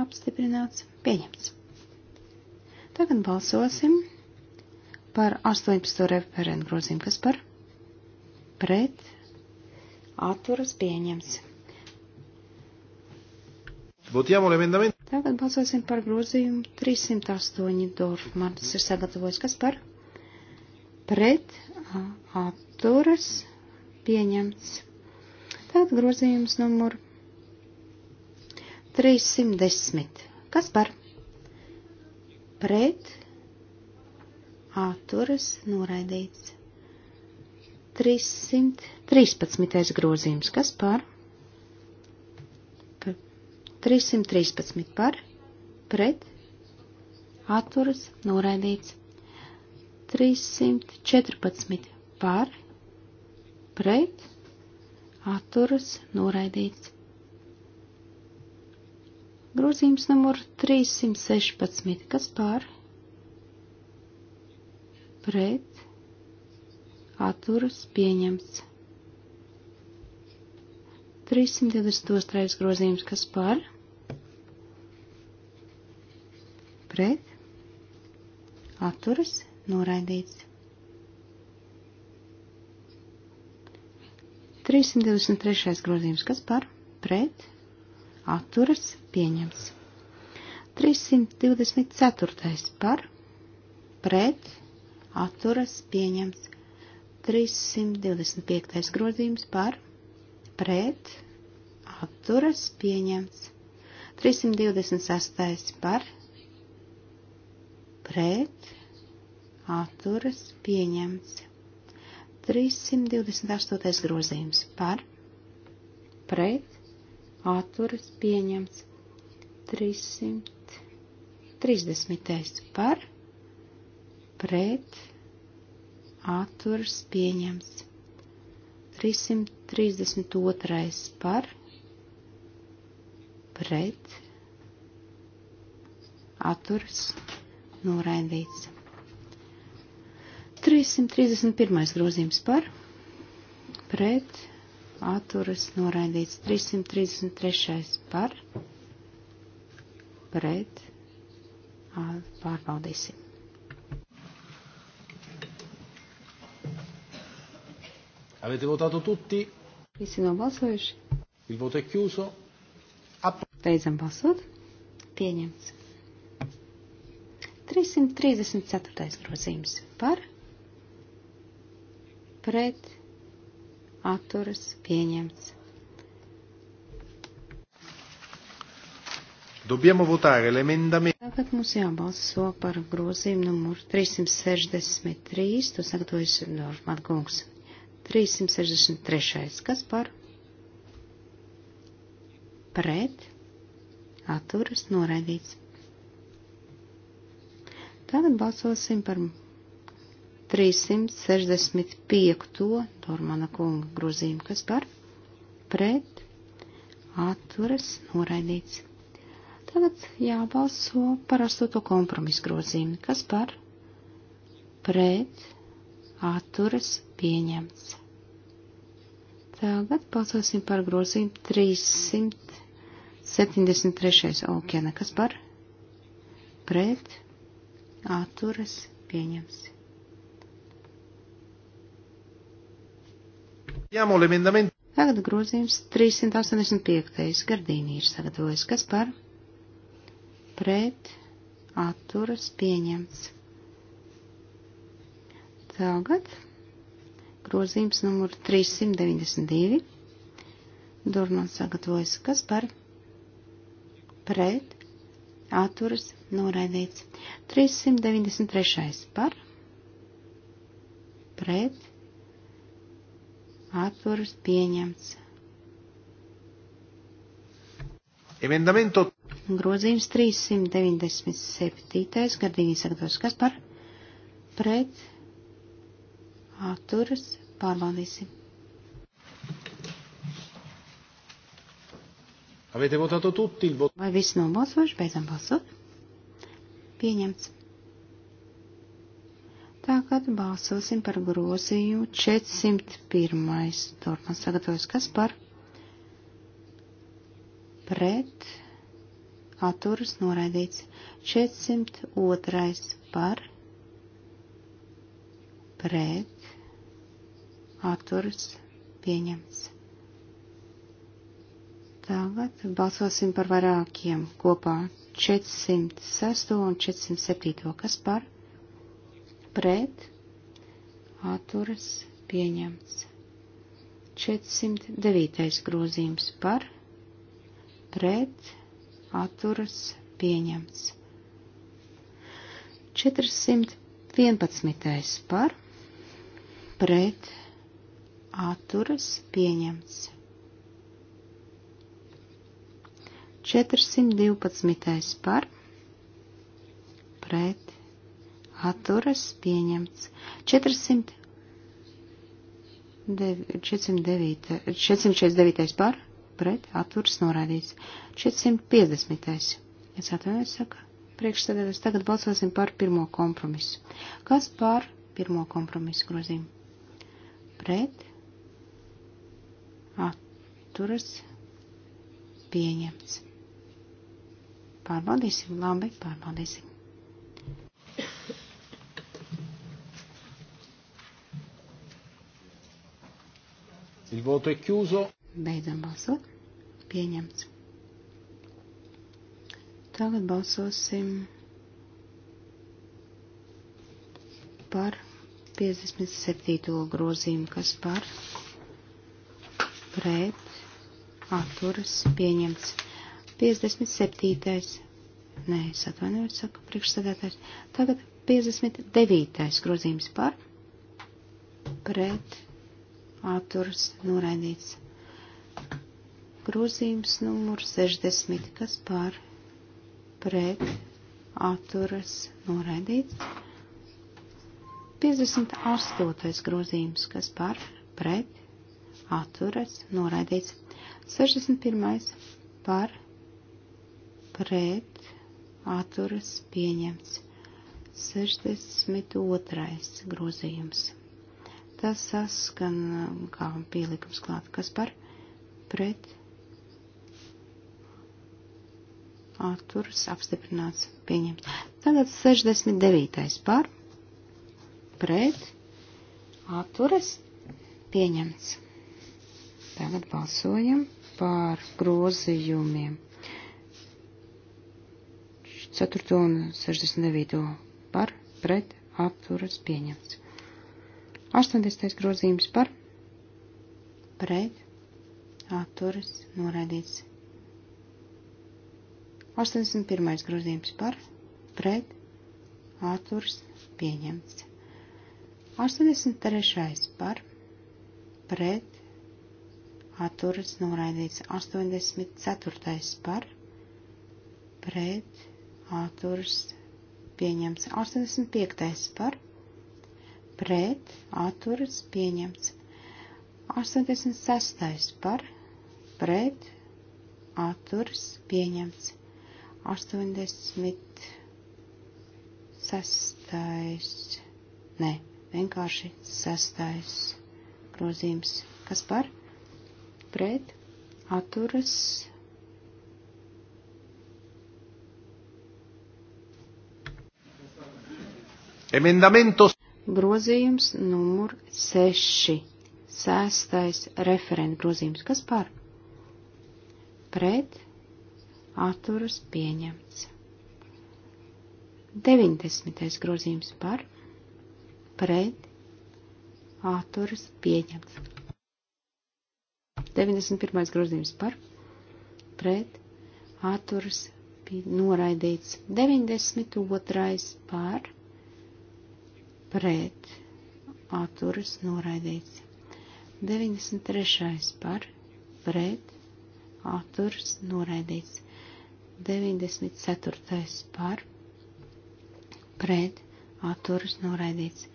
Apstiprināts, pieņemts. Tagad balsosim par 18. referentu grozījumu, kas par pret atturas pieņemts. Tagad balsosim par grozījumu 308 Dorfmanis ir sagatavojis. Kas par? Pret atturas pieņemts. Tagad grozījums numur 310. Kas par? Pret atturas noraidīts. 313. grozījums. Kas par? par 313 par, pret, atturas, noraidīts. 314 par, pret, atturas, noraidīts. Grozījums numur 316. Kas par? Pret, atturas pieņemts. 322. grozījums, kas par, pret, atturas, noraidīts. 323. grozījums, kas par, pret, atturas, pieņems. 324. par, pret, atturas, pieņems. 325. grozījums par pret atturas pieņemts. 326. par pret atturas pieņemts. 328. grozījums par pret atturas pieņemts. 330. par pret atturas pieņemts. 332. par pret atturas noraidīts. 331. grozījums par pret atturas noraidīts. 333. par pret pārbaudīsim. Avete votato tutti? Visi nobalsojuši. Il voto è chiuso. App Beidzam balsot. Pieņemts. 334. grozījums par pret atturas pieņemts. Dobbiamo votare l'emendamento. Tagad mums jābalso par grozījumu numuru 363, to sagatavojas Normāta Gungs. 363. Kas par? Pret. Atturas noraidīts. Tagad balsosim par 365. To, Dormana kunga grozījumu. Kas par? Pret. Atturas noraidīts. Tagad jābalso par 8. kompromisu grozījumu. Kas par? Pret. Atturas noraidīts pieņemts. Tagad balsosim par grozījumu 373. okeana, kas par pret atturas pieņems. Tagad grozījums 385. gardīnī ir sagatavojis, kas par pret atturas pieņems. Tagad grozījums numur 392. Durmans sagatavojas, kas par pret atturas noraidīts. 393. par pret atturas pieņemts. Emendamento. Grozījums 397. gadījums sagatavojas, kas par pret atturas pārbaudīsim. Avete votato tutti il voto? Vai visi nobalsojuši, beidzam balsot? Pieņemts. Tagad balsosim par grozījumu 401. Turpmāk sagatavojas kas par pret atturas noraidīts. 402. par pret atturas pieņemts. Tagad balsosim par vairākiem kopā 406 un 407, kas par pret atturas pieņemts. 409. grozījums par pret atturas pieņemts. 411. par pret atturas pieņemts. 412. par pret atturas pieņemts. 400, 409, 469. par pret atturas norādīts. 450. Es atvainojos, saka, priekšsēdētājs. Tagad balsosim par pirmo kompromisu. Kas par pirmo kompromisu grozīm? Pret atturas pieņemts. Pārbaudīsim, labi, pārbaudīsim. Il voto è chiuso. Beidzam balsot. Pieņemts. Tagad balsosim par 57. grozījumu, kas par pret, atturas, pieņemts. 57. Nē, es atvainojos, saka priekšsēdētājs. Tagad 59. grozījums par, pret, atturas, noraidīts. Grozījums numur 60, kas par, pret, atturas, noraidīts. 58. grozījums, kas par, pret, atturas noraidīts. 61. par pret atturas pieņemts. 62. grozījums. Tas saskan kā pielikums klāt, kas par pret atturas apstiprināts pieņemts. Tagad 69. par pret atturas pieņemts. Tagad balsojam par grozījumiem. 4. un 69. par pret apturas pieņemts. 80. grozījums par pret apturas noraidīts. 81. grozījums par pret apturas pieņemts. 83. par pret atturas noraidīts 84. par pret atturas pieņemts 85. par pret atturas pieņemts 86. par pret atturas pieņemts 86. ne, vienkārši 6. grozījums, kas par pret pret atturas emendamentos. Grozījums numur 6. Sēstais referenta grozījums. Kas par? Pret atturas pieņemts. 90. grozījums par pret atturas pieņemts. 91. grozījums par pret atturas bija noraidīts. 92. par pret atturas noraidīts. 93. par pret atturas noraidīts. 94. par pret atturas noraidīts.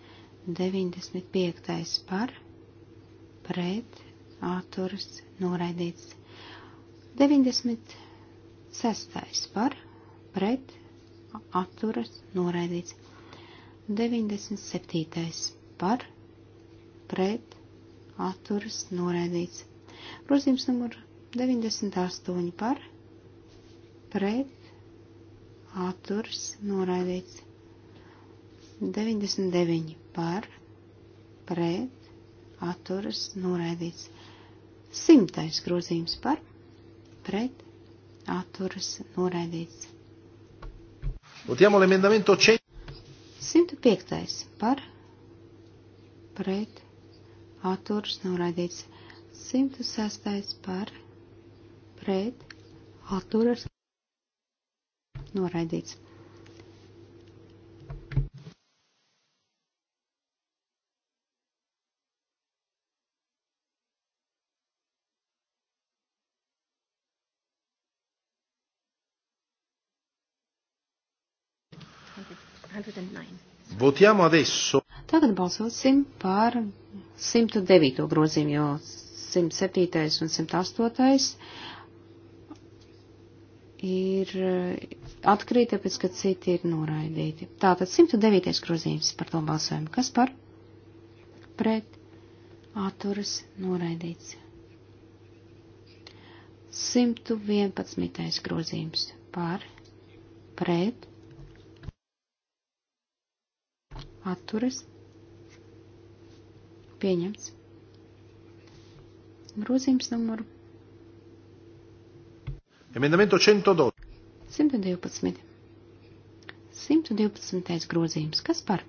95. par pret atturas noraidīts. 96. par pret atturas noraidīts. 97. par pret atturas noraidīts. Grozījums numur 98 par pret atturas noraidīts. 99 par pret atturas noraidīts. Simtais grozījums par pret atturas noraidīts. Votiamo l'emendamento 105. par pret atturas noraidīts. 106. par pret atturas noraidīts. Votiamo adesso. Tagad balsosim par 109. grozījumu, jo 107. un 108. ir eh, atkrīt, tāpēc, ka citi ir noraidīti. Tātad 109. grozījums par to balsojumu. Kas par? Pret. Atturas noraidīts. 111. grozījums par. Pret atturas, pieņemts. Grozījums numuru. Emendamento 112. 112. 112. grozījums. Kas par?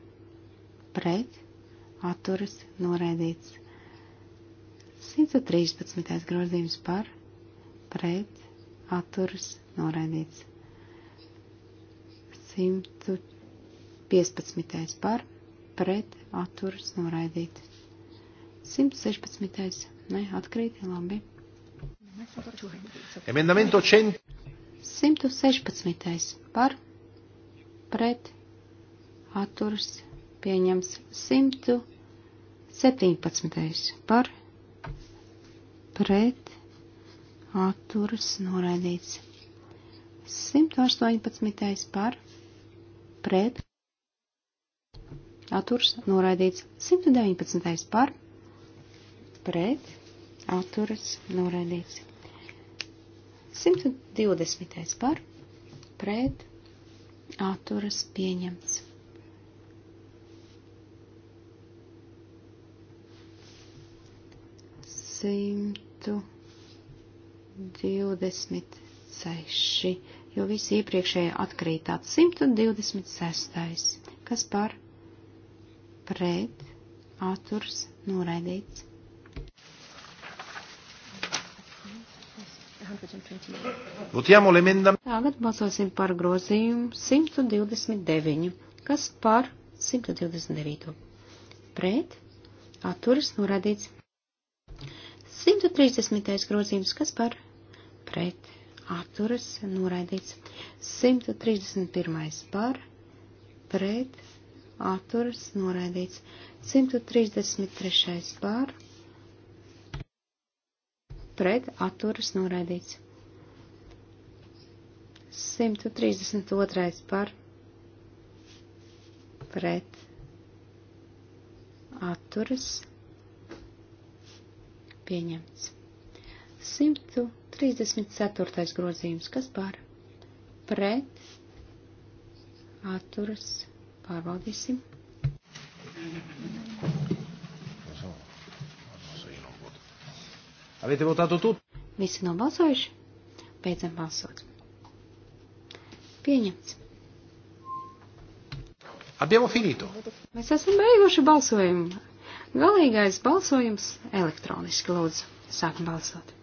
Pret, atturas, noraidīts. 113. grozījums par, pret, atturas, noraidīts. 114. 15. par pret atturas noraidīt. 116. Ne, atkrīt, labi. Emendamento 100. 116. par pret atturas pieņems 117. par pret atturas noraidīts. 118. par pret atturs noraidīts 119. par pret atturs noraidīts 120. par pret atturas pieņemts. Simtu divdesmit seši, jo visi iepriekšējie atkrītāt. Simtu divdesmit sestais, kas par pret atturs noraidīts. 128. Tagad balsosim par grozījumu 129. Kas par 129? Pret atturas norādīts 130. grozījums. Kas par pret atturas norādīts 131. par pret atturas noraidīts. 133. pār pret atturas noraidīts. 132. par pret atturas pieņemts. 134. grozījums, kas par pret atturas Pārbaudīsim. Avete votato tutti? Visi nobalsojuši? Beidzam balsot. Pieņemts. Abbiamo finito. Mēs esam beiguši balsojumu. Galīgais balsojums elektroniski lūdzu. Sākam balsot.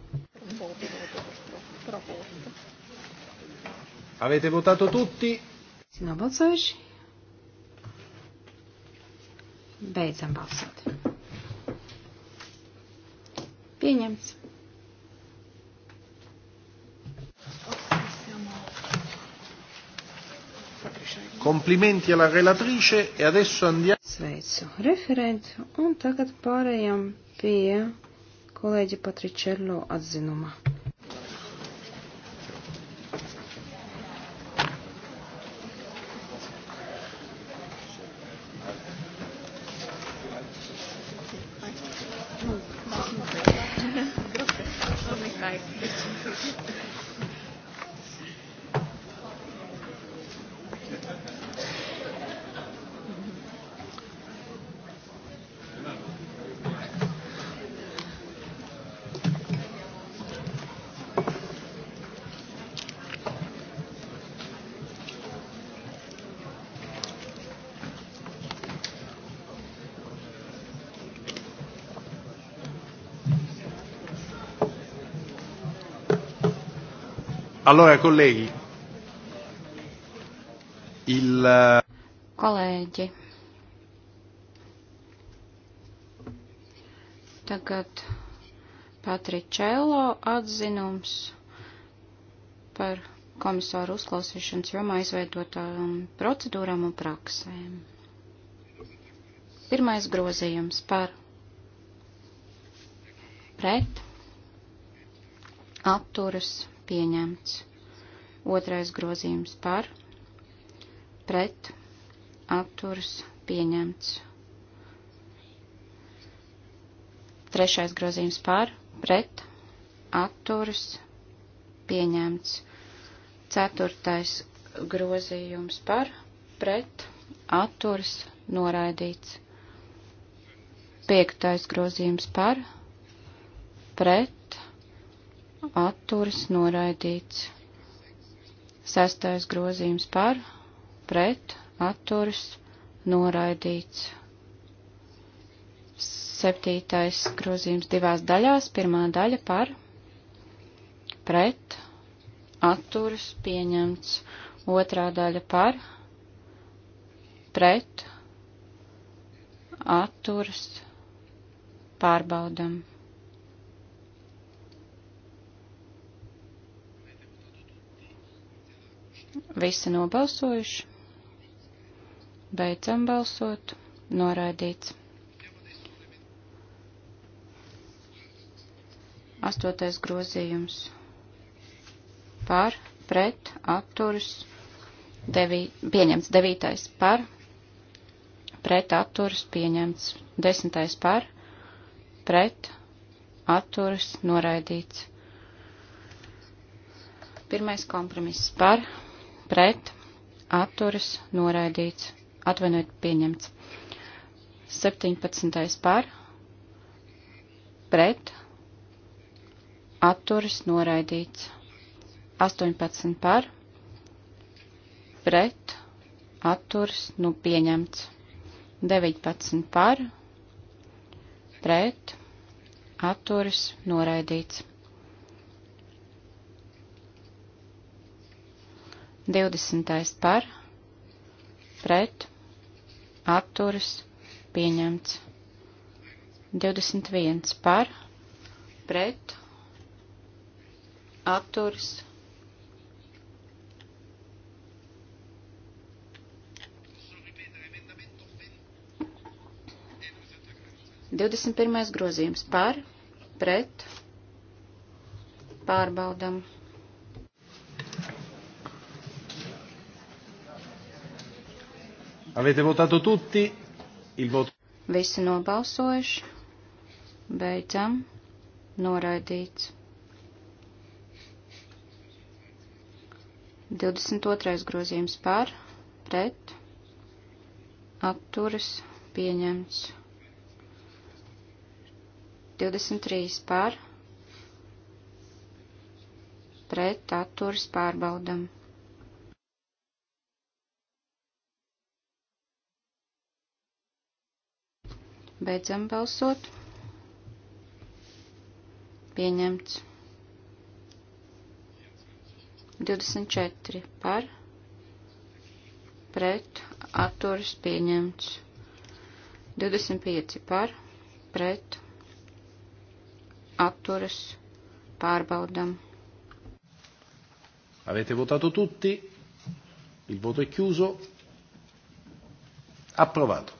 Avete votato tutti? Visi nobalsojuši? Beidzam balsot. Pieņemts. Komplimenti alla relatrice e adesso andiamo. Sveicu referentu un tagad pārējām pie kolēģa Patričello atzinuma. Allora, colleghi, il... Kolēģi, tagad Patričello atzinums par komisāru uzklausīšanas jomā izveidotām procedūrām un praksēm. Pirmais grozījums par pret apturas pieņemts. Otrais grozījums par, pret, atturas, pieņemts. Trešais grozījums par, pret, atturas, pieņemts. Ceturtais grozījums par, pret, atturas, noraidīts. Piektais grozījums par, pret, atturas noraidīts. Sestais grozījums par, pret, atturas noraidīts. Septītais grozījums divās daļās, pirmā daļa par, pret, atturas pieņemts, otrā daļa par, pret, atturas pārbaudam. Visi nobalsojuši. Beidzam balsot. Noraidīts. Astotais grozījums. Par, pret, atturis. Devī, pieņemts devītais par, pret atturas pieņemts desmitais par, pret atturas noraidīts. Pirmais kompromiss par, pret, atturas, noraidīts, atvainojiet, pieņemts. 17. par, pret, atturas, noraidīts. 18 par, pret, atturas, nu pieņemts. 19 par, pret, atturas, noraidīts. 20. par, pret, atturas, pieņemts. 21. par, pret, atturas, Divdesmit pirmais grozījums par, pret, pārbaudam. Avete votato tutti? Il voto. Visi nobalsojuši. Beidzam. Noraidīts. 22. grozījums par, pret, atturas, pieņemts. 23 par, pret, atturas, pārbaudam. Beidzam balsot. Pieņemts. 24 par, pret, atturas pieņemts. 25 par, pret, atturas pārbaudam. Avete votato tutti? Il voto è chiuso. Approvato.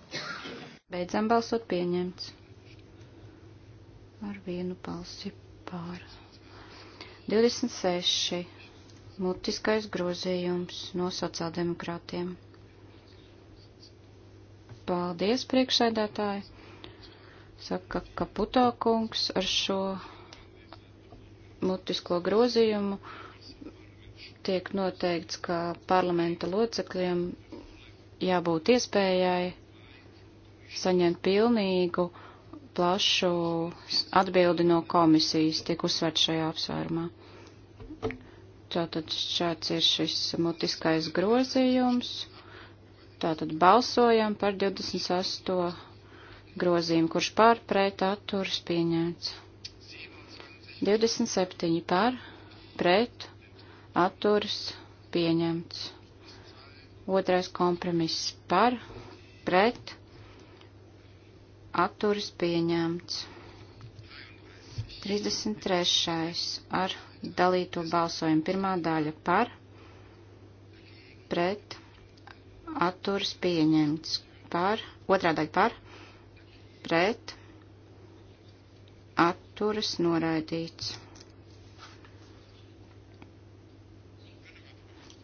Beidzam balsot pieņemts. Ar vienu balsi pār. 26. Mutiskais grozījums no sociāldemokrātiem. Paldies, priekšsēdētāji! Saka Kaputo kungs ar šo mutisko grozījumu tiek noteikts, ka parlamenta locekļiem jābūt iespējai saņemt pilnīgu plašu atbildi no komisijas, tiek uzsvērts šajā apsvērumā. Tātad šāds ir šis mutiskais grozījums. Tātad balsojam par 28 grozījumu, kurš pār pret atturas pieņemts. 27 pār pret atturas pieņemts. Otrais kompromiss par pret atturas pieņemts. 33. ar dalīto balsojumu pirmā daļa par, pret, atturas pieņemts, par, otrā daļa par, pret, atturas noraidīts.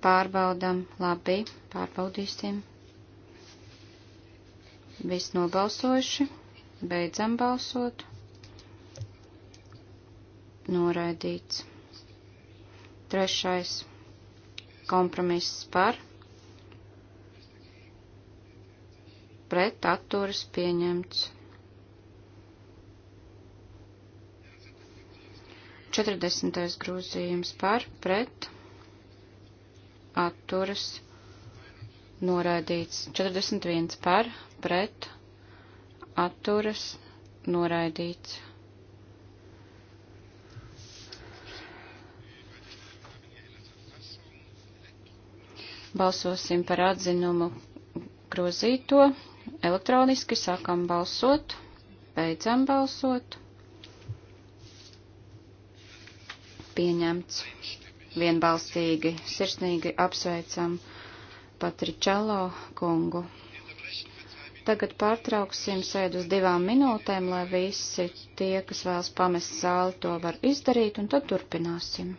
Pārbaudam, labi, pārbaudīsim. Viss nobalsojuši. Beidzam balsot. Noraidīts. Trešais kompromiss par. Pret atturas pieņemts. 40. grozījums par pret atturas noraidīts. 41 par pret atturas noraidīts. Balsosim par atzinumu grozīto. Elektroniski sākam balsot, beidzam balsot. Pieņemts vienbalstīgi, sirsnīgi apsveicam Patričalo kungu. Tagad pārtrauksim sēdu uz divām minūtēm, lai visi tie, kas vēlas pamest zāli, to var izdarīt, un tad turpināsim.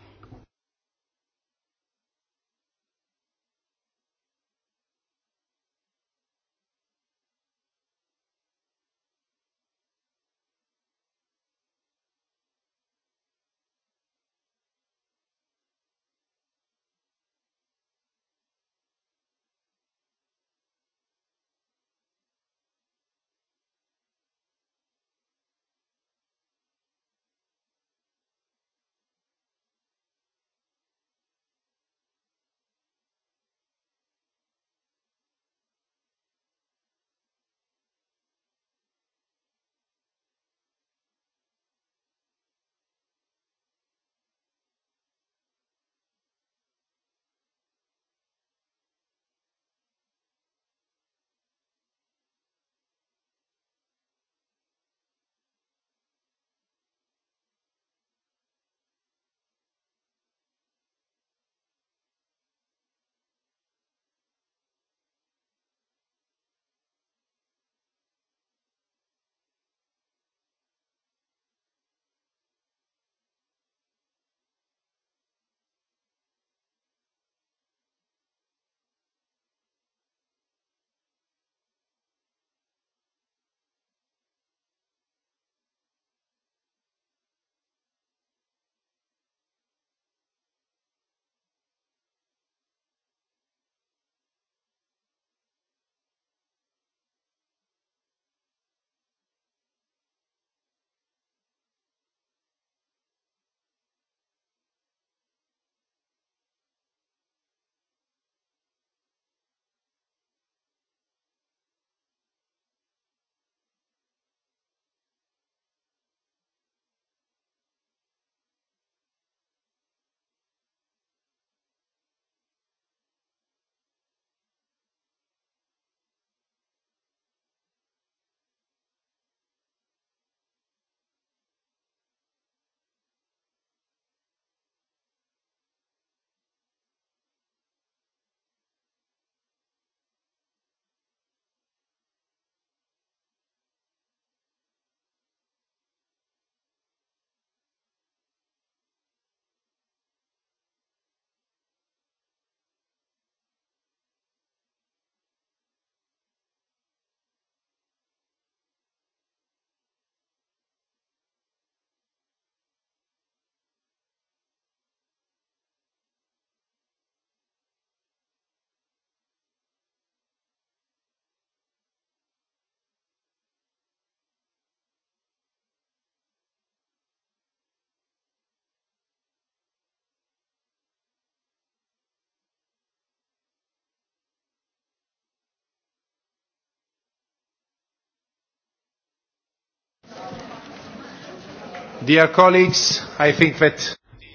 Dear colleagues, I think that.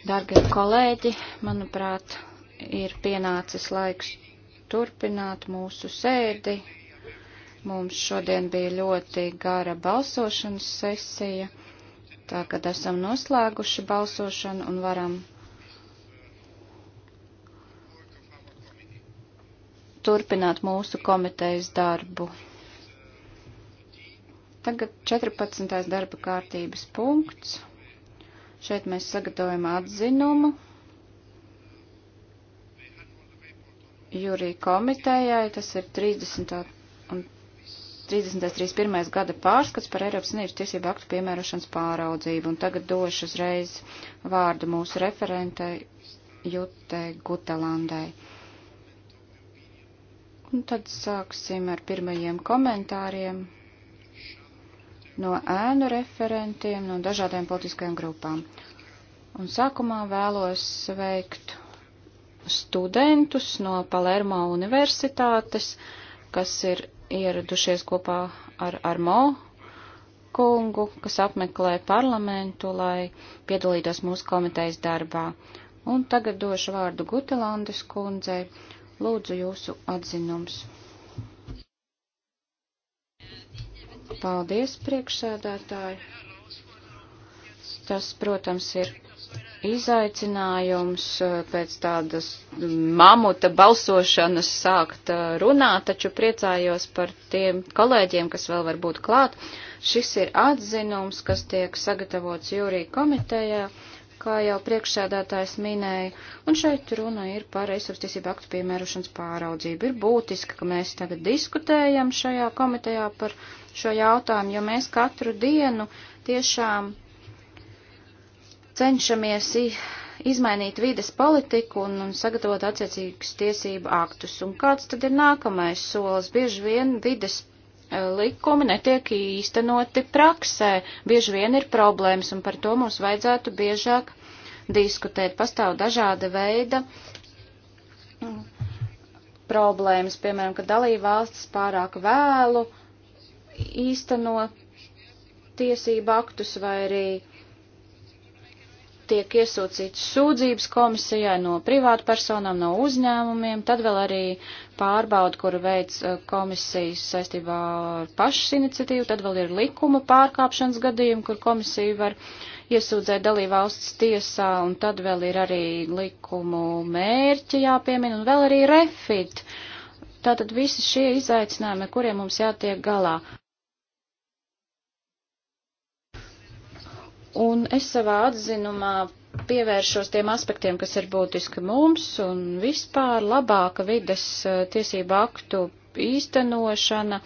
Dargie kolēģi, manuprāt, ir pienācis laiks turpināt mūsu sēdi. Mums šodien bija ļoti gara balsošanas sesija. Tagad esam noslēguši balsošanu un varam turpināt mūsu komitejas darbu. Tagad 14. darba kārtības punkts. Šeit mēs sagatavojam atzinumu jūrī komitējai. Tas ir 30. un 30.31. gada pārskats par Eiropas Savienības tiesību aktu piemērošanas pāraudzību. Un tagad došu uzreiz vārdu mūsu referentei Jutei Gutalandai. Un tad sāksim ar pirmajiem komentāriem no ēnu referentiem, no dažādiem politiskajām grupām. Un sākumā vēlos sveikt studentus no Palermo universitātes, kas ir ieradušies kopā ar Armo kungu, kas apmeklē parlamentu, lai piedalītos mūsu komitejas darbā. Un tagad došu vārdu Gutelandes kundzei. Lūdzu jūsu atzinums. Paldies, priekšsēdētāji. Tas, protams, ir izaicinājums eh, pēc tādas mamuta balsošanas sākt eh, runāt, taču priecājos par tiem kolēģiem, kas vēl var būt klāt. Šis ir atzinums, kas tiek sagatavots jūrī komitejā kā jau priekšsēdētājs minēja, un šeit runa ir par aizsardzību aktu piemērošanas pāraudzību. Ir būtiski, ka mēs tagad diskutējam šajā komitejā par šo jautājumu, jo mēs katru dienu tiešām cenšamies izmainīt vides politiku un, un sagatavot attiecīgus tiesību aktus. Un kāds tad ir nākamais solis? Bieži vien vides likumi netiek īstenoti praksē. Bieži vien ir problēmas, un par to mums vajadzētu biežāk diskutēt. Pastāv dažāda veida mm, problēmas, piemēram, ka dalībvalstis pārāk vēlu īstenot tiesību aktus vai arī tiek iesūcīts sūdzības komisijai no privātpersonām, no uzņēmumiem, tad vēl arī pārbauda, kuru veids eh, komisijas saistībā ar pašas iniciatīvu, tad vēl ir likuma pārkāpšanas gadījumi, kur komisija var iesūdzēt dalībvalsts tiesā, un tad vēl ir arī likumu mērķi jāpiemina, un vēl arī refit. Tātad visi šie izaicinājumi, ar kuriem mums jātiek galā. Un es savā atzinumā pievēršos tiem aspektiem, kas ir būtiski mums un vispār labāka vides eh, tiesību aktu īstenošana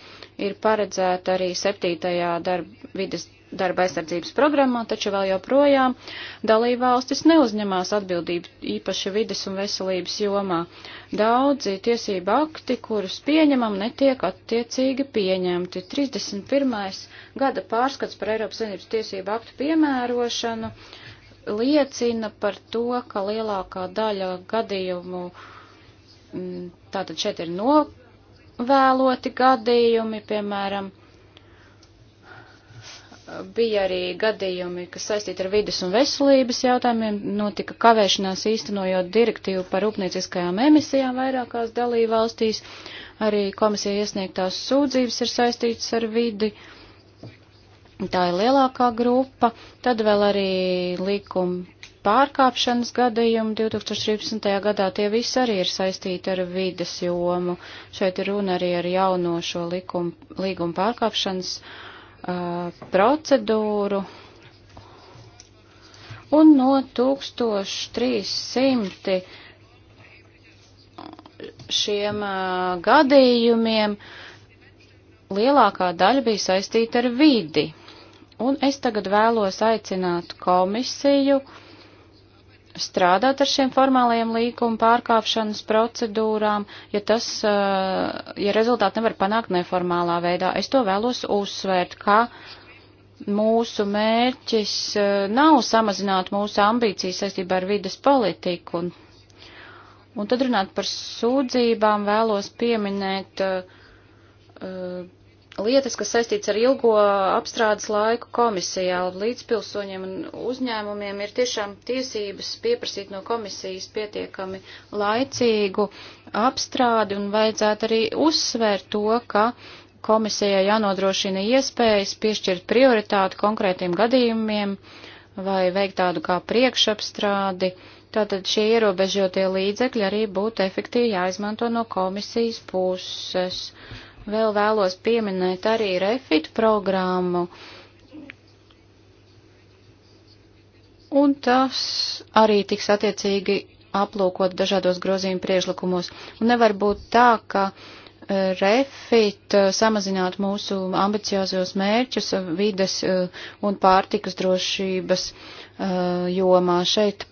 ir paredzēta arī septītajā darba vides darba aizsardzības programmā, taču vēl joprojām dalībvalstis neuzņemās atbildību īpaši vides un veselības jomā. Daudzi tiesība akti, kurus pieņemam, netiek attiecīgi pieņemti. 31. gada pārskats par Eiropas Savienības tiesību aktu piemērošanu liecina par to, ka lielākā daļa gadījumu mm, tātad šeit ir novēloti gadījumi, piemēram, bija arī gadījumi, kas saistīti ar vidas un veselības jautājumiem. Notika kavēšanās īstenojot direktīvu par rūpnieciskajām emisijām vairākās dalībvalstīs. Arī komisija iesniegtās sūdzības ir saistītas ar vidi. Tā ir lielākā grupa. Tad vēl arī likuma pārkāpšanas gadījumi 2013. gadā. Tie visi arī ir saistīti ar vidas jomu. Šeit ir runa arī ar jauno šo likumu, līgumu pārkāpšanas gadījumu Uh, procedūru. Un no 1300 šiem uh, gadījumiem lielākā daļa bija saistīta ar vidi. Un es tagad vēlos aicināt komisiju uh, strādāt ar šiem formālajiem līguma pārkāpšanas procedūrām, ja tas, eh, ja rezultāti nevar panākt neformālā veidā. Es to vēlos uzsvērt, ka mūsu mērķis eh, nav samazināt mūsu ambīcijas saistībā ar vides politiku. Un, un tad runāt par sūdzībām vēlos pieminēt uh, lietas, kas saistīts ar ilgo apstrādes laiku komisijā. Līdz pilsoņiem un uzņēmumiem ir tiešām tiesības pieprasīt no komisijas pietiekami laicīgu apstrādi un vajadzētu arī uzsvērt to, ka komisijai jānodrošina iespējas piešķirt prioritāti konkrētiem gadījumiem vai veikt tādu kā priekšapstrādi. Tātad šie ierobežotie līdzekļi arī būtu efektīvi jāizmanto no komisijas puses. Uh, vēl vēlos pieminēt arī refit programmu. Un tas arī tiks attiecīgi aplūkot dažādos grozījumu priešlikumos. Un nevar būt tā, ka e, refit e, samazināt mūsu ambiciozos mērķus e, vides un pārtikas drošības jomā. Šeit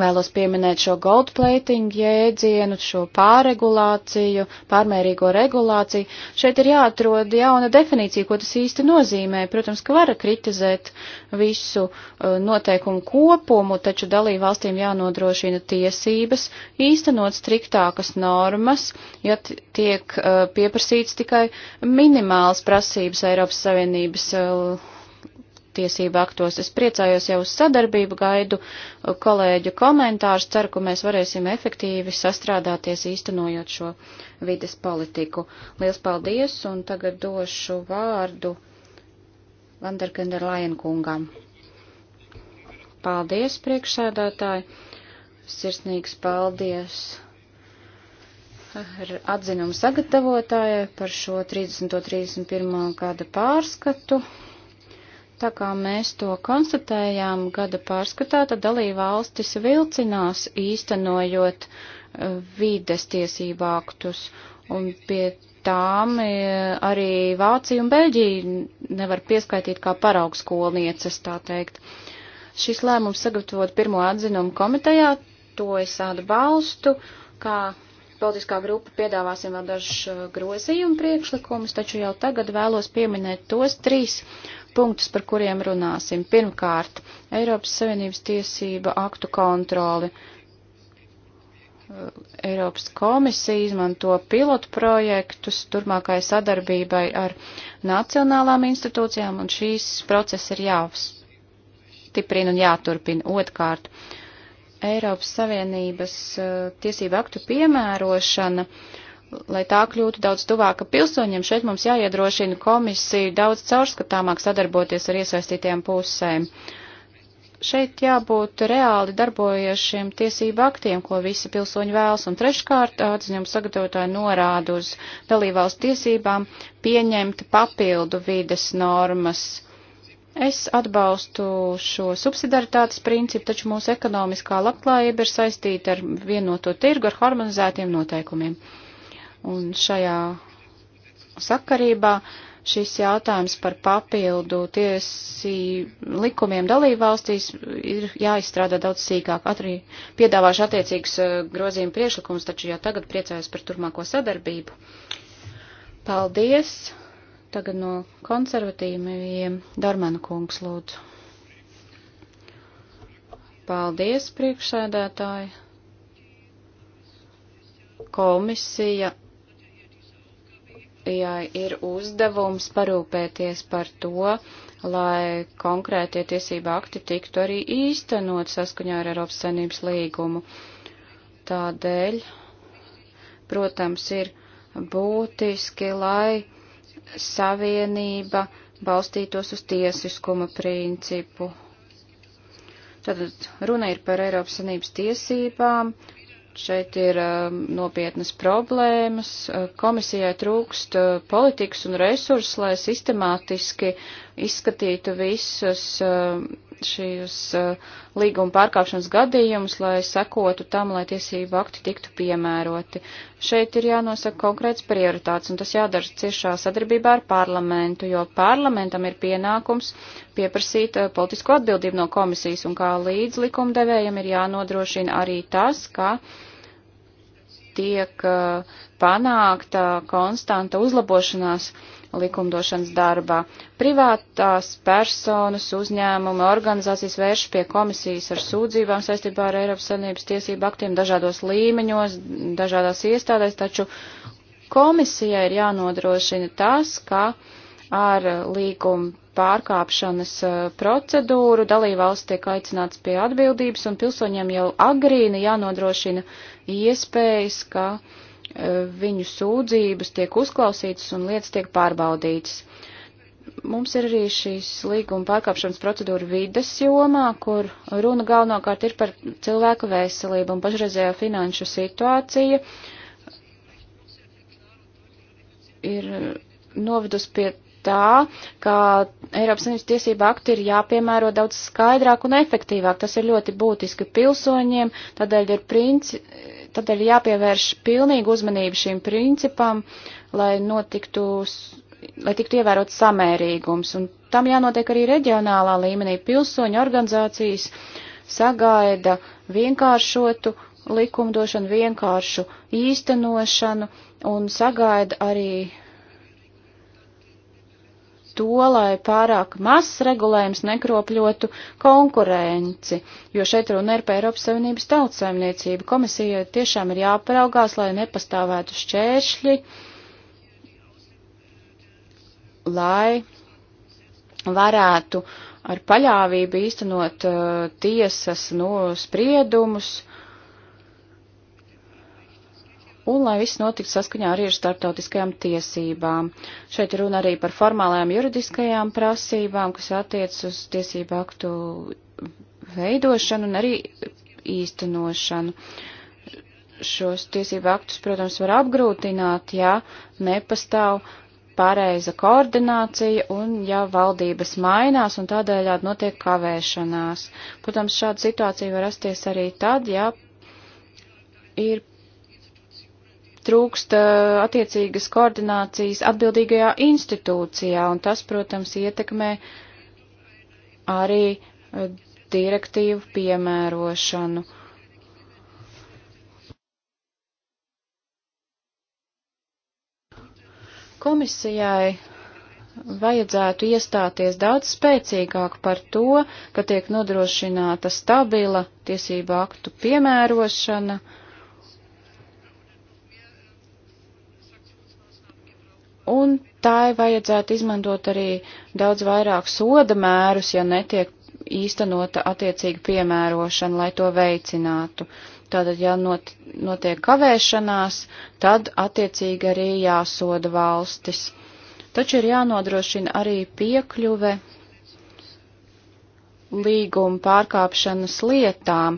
Vēlos pieminēt šo gold plating jēdzienu, šo pārregulāciju, pārmērīgo regulāciju. Šeit ir jāatrod jauna definīcija, ko tas īsti nozīmē. Protams, ka var kritizēt visu uh, noteikumu kopumu, taču dalību valstīm jānodrošina tiesības, īstenot striktākas normas, ja tiek uh, pieprasīts tikai minimāls prasības Eiropas Savienības uh, tiesību aktos. Es priecājos jau uz sadarbību, gaidu uh, kolēģu komentārus, ceru, ka mēs varēsim efektīvi sastrādāties īstenojot šo vides politiku. Liels paldies, un tagad došu vārdu Vanderkenderlajen kungam. Paldies, priekšsēdētāji! Sirsnīgs paldies! ar atzinumu sagatavotājai par šo 30. un 31. gada pārskatu. Tā kā mēs to konstatējām gada pārskatā, tad dalībvalstis vilcinās īstenojot e, vides tiesību aktus, un pie tām e, arī Vācija un Beļģija nevar pieskaitīt kā paraugskolnieces, tā teikt. Šis lēmums sagatavot pirmo atzinumu komitejā, to es atbalstu, kā politiskā grupa piedāvāsim vēl dažus e, grozījumu priekšlikumus, taču jau tagad vēlos pieminēt tos trīs punktus, par kuriem runāsim. Pirmkārt, Eiropas Savienības tiesība aktu kontroli. Eiropas komisija izmanto pilotu projektus turmākai sadarbībai ar nacionālām institūcijām, un šīs procesi ir jāstiprina un jāturpina. Otkārt, Eiropas Savienības eh, tiesību aktu piemērošana uh, lai tā kļūtu daudz tuvāka pilsoņiem, šeit mums jāiedrošina komisija daudz caurskatāmāk sadarboties ar iesaistītajām pusēm. Šeit jābūt reāli darbojošiem tiesību aktiem, ko visi pilsoņi vēlas, un treškārt atziņam sagatavotāji norāda uz dalībvalstu tiesībām pieņemt papildu vides normas. Es atbalstu šo subsidaritātes principu, taču mūsu ekonomiskā labklājība ir saistīta ar vienoto tirgu ar harmonizētiem noteikumiem. Un šajā sakarībā šis jautājums par papildu tiesību likumiem dalībvalstīs ir jāizstrādā daudz sīkāk. Arī piedāvāšu attiecīgus eh, grozījumu priekšlikumus, taču jau tagad priecājos par turmāko sadarbību. Paldies! Tagad no konservatīviem Darmana kungs lūdzu. Paldies, priekšsēdētāji! Komisija ja ir uzdevums parūpēties par to, lai konkrētie tiesība akti tiktu arī īstenot saskaņā ar Eiropas Savienības līgumu. Tādēļ, protams, ir būtiski, lai savienība balstītos uz tiesiskuma principu. Tātad runa ir par Eiropas Sanības tiesībām, Šeit ir um, nopietnas problēmas. Uh, komisijai trūkst uh, politikas un resursu, lai sistemātiski izskatītu visas uh, šīs uh, līguma pārkāpšanas gadījumus, lai sekotu tam, lai tiesību akti tiktu piemēroti. Šeit ir jānosaka konkrēts prioritāts, un tas jādara ciešā sadarbībā ar parlamentu, jo parlamentam ir pienākums pieprasīt uh, eh, politisko atbildību no komisijas, un kā līdz likumdevējiem ir jānodrošina arī tas, ka tiek uh, panākta konstanta uzlabošanās likumdošanas darbā. Privātās personas, uzņēmumi, organizācijas vērš pie komisijas ar sūdzībām saistībā ar Eiropas Savienības tiesību aktiem dažādos līmeņos, dažādās iestādēs, taču komisijai ir jānodrošina tas, ka ar līgumu pārkāpšanas uh, procedūru dalībvalsts tiek aicināts pie atbildības un pilsoņiem jau agrīni jānodrošina iespējas, ka uh, Eh, viņu sūdzības tiek uzklausītas un lietas tiek pārbaudītas. Mums ir arī šīs līguma pārkāpšanas procedūra vides jomā, kur runa galvenokārt ir par cilvēku veselību un pašreizējo finanšu situāciju ir novedus pie tā, ka Eiropas Savienības tiesība akti ir jāpiemēro daudz skaidrāk un efektīvāk. Tas ir ļoti būtiski pilsoņiem, tādēļ ir, princi, tādēļ ir jāpievērš pilnīgu uzmanību šim principam, lai notiktu, lai tiktu ievērot samērīgums. Un tam jānotiek arī reģionālā līmenī. Pilsoņu organizācijas sagaida vienkāršotu likumdošanu, vienkāršu īstenošanu un sagaida arī to, lai pārāk mazs regulējums nekropļotu konkurenci, jo šeit runa ir par Eiropas Savienības tautsēmniecību. Komisija tiešām ir jāparaugās, lai nepastāvētu šķēršļi, lai varētu ar paļāvību īstenot uh, tiesas no spriedumus, uh, un lai viss notiktu saskaņā arī ar starptautiskajām tiesībām. Šeit runa arī par formālajām juridiskajām prasībām, kas attiec uz tiesību aktu veidošanu un arī īstenošanu. Šos tiesību aktus, protams, var apgrūtināt, ja nepastāv pareiza koordinācija un ja valdības mainās un tādējādi notiek kavēšanās. Protams, šāda situācija var rasties arī tad, ja ir trūkst eh, attiecīgas koordinācijas atbildīgajā institūcijā, un tas, protams, ietekmē arī eh, direktīvu piemērošanu. Komisijai vajadzētu iestāties daudz spēcīgāk par to, ka tiek nodrošināta stabila tiesību aktu piemērošana, uh, un tai vajadzētu izmantot arī daudz vairāk soda mērus, ja netiek īstenota attiecīga piemērošana, lai to veicinātu. Tātad, ja not, notiek kavēšanās, tad attiecīgi arī jāsoda valstis. Taču ir jānodrošina arī piekļuve līguma pārkāpšanas lietām.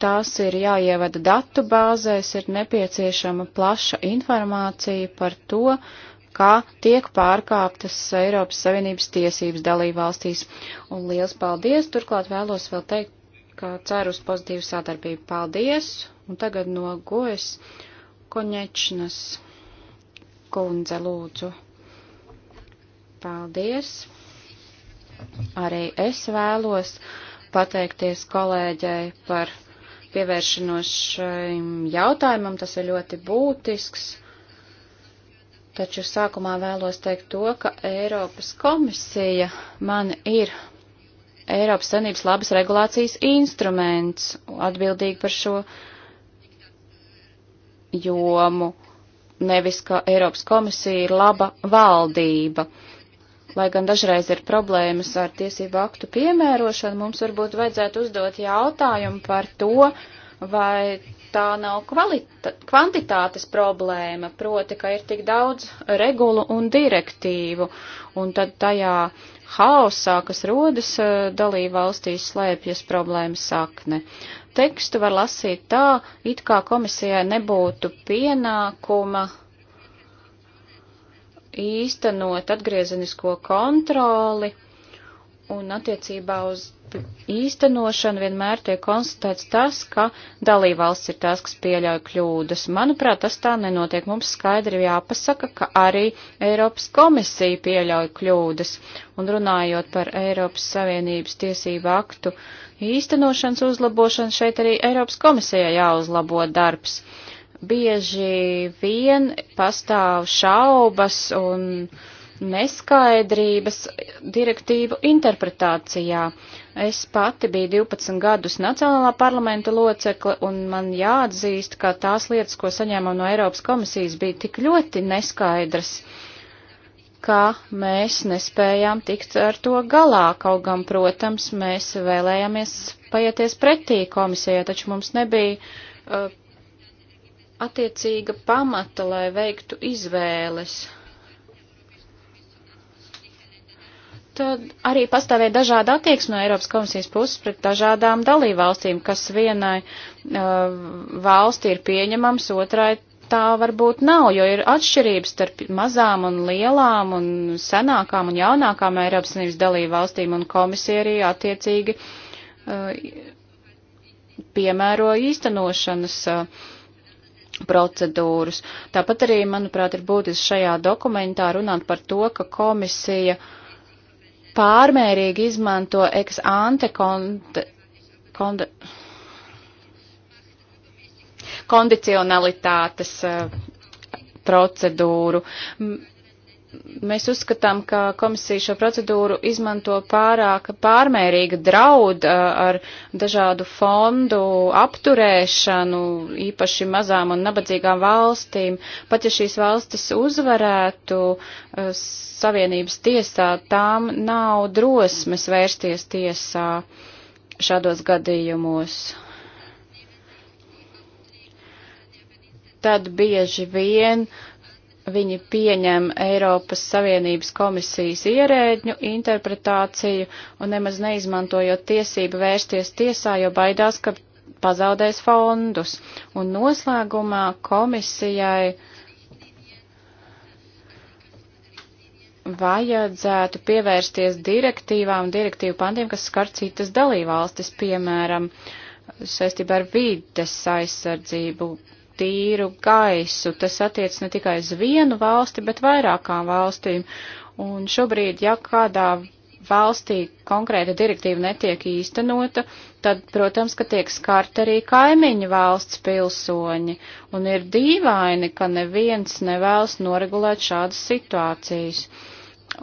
Tās ir jāievada datu bāzēs, ir nepieciešama plaša informācija par to, uh, kā tiek pārkāptas Eiropas Savienības tiesības dalībvalstīs. Un liels paldies! Turklāt vēlos vēl teikt, ka ceru uz pozitīvu sadarbību. Paldies! Un tagad no gojas Koņečnas kundze lūdzu. Paldies! Arī es vēlos pateikties kolēģei par pievēršanos šim jautājumam. Tas ir ļoti būtisks Taču sākumā vēlos teikt to, ka Eiropas komisija man ir Eiropas Savienības labas regulācijas instruments atbildīgi par šo jomu, nevis ka Eiropas komisija ir laba valdība. Lai gan dažreiz ir problēmas ar tiesību aktu piemērošanu, mums varbūt vajadzētu uzdot jautājumu par to, vai tā nav kvalita, kvantitātes problēma, proti, ka ir tik daudz regulu un direktīvu, un tad tajā haosā, kas rodas eh, dalībvalstīs, slēpjas problēmas sakne. Tekstu var lasīt tā, it kā komisijai nebūtu pienākuma īstenot atgriezenisko kontroli un attiecībā uz īstenošanu vienmēr tiek konstatēts tas, ka dalībvalsts ir tās, kas pieļauj kļūdas. Manuprāt, tas tā nenotiek. Mums skaidri jāpasaka, ka arī Eiropas komisija pieļauj kļūdas. Un runājot par Eiropas Savienības tiesību aktu īstenošanas uzlabošanu, šeit arī Eiropas komisijai jāuzlabo darbs. Bieži vien pastāv šaubas un neskaidrības direktīvu interpretācijā. Es pati biju 12 gadus Nacionālā parlamenta locekle, un man jāatzīst, ka tās lietas, ko saņēmām no Eiropas komisijas, bija tik ļoti neskaidras, ka mēs nespējām tikt ar to galā. Kaut gan, protams, mēs vēlējāmies paieties pretī komisijai, taču mums nebija. Uh, attiecīga pamata, lai veiktu izvēles. arī pastāvēja dažāda attieksme no Eiropas komisijas puses pret dažādām dalībvalstīm, kas vienai uh, valsti ir pieņemams, otrai tā varbūt nav, jo ir atšķirības starp mazām un lielām un senākām un jaunākām Eiropas Savienības dalībvalstīm, un komisija arī attiecīgi uh, piemēro īstenošanas. Uh, procedūras. Tāpat arī, manuprāt, ir būtiski šajā dokumentā runāt par to, ka komisija uh, pārmērīgi izmanto eks ante konde, konde, kondicionalitātes eh, procedūru. M mēs uzskatām, ka komisija šo procedūru izmanto pārāk pārmērīga drauda ar dažādu fondu apturēšanu, īpaši mazām un nabadzīgām valstīm. Pat ja šīs valstis uzvarētu eh, Savienības tiesā, tām nav drosmes vērsties tiesā šādos gadījumos. Tad bieži vien uh, viņi pieņem Eiropas Savienības komisijas ierēģu interpretāciju un nemaz neizmantojot tiesību vērsties tiesā, jo baidās, ka pazaudēs fondus. Un noslēgumā komisijai vajadzētu pievērsties direktīvām, direktīvu pantiem, kas skar citas dalībvalstis, piemēram, saistībā ar vides aizsardzību, tīru gaisu. Tas attiec ne tikai uz vienu valsti, bet vairākām valstīm. Un šobrīd, ja kādā valstī konkrēta direktīva netiek īstenota, tad, protams, ka tiek skart arī kaimiņu valsts pilsoņi, un ir dīvaini, ka neviens nevēlas noregulēt šādas situācijas.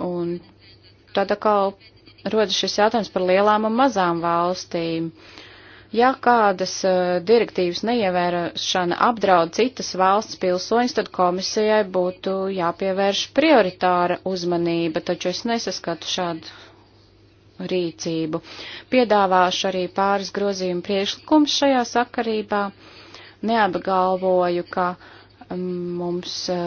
Un tad atkal rodas šis jautājums par lielām un mazām valstīm. Uh, Ja kādas eh, direktīvas neievērošana apdraud citas valsts pilsoņus, tad komisijai būtu jāpievērš prioritāra uzmanība, taču es nesaskatu šādu rīcību. Piedāvāšu arī pāris grozījumu priekšlikumus šajā sakarībā. Neapgalvoju, ka uh, mums eh,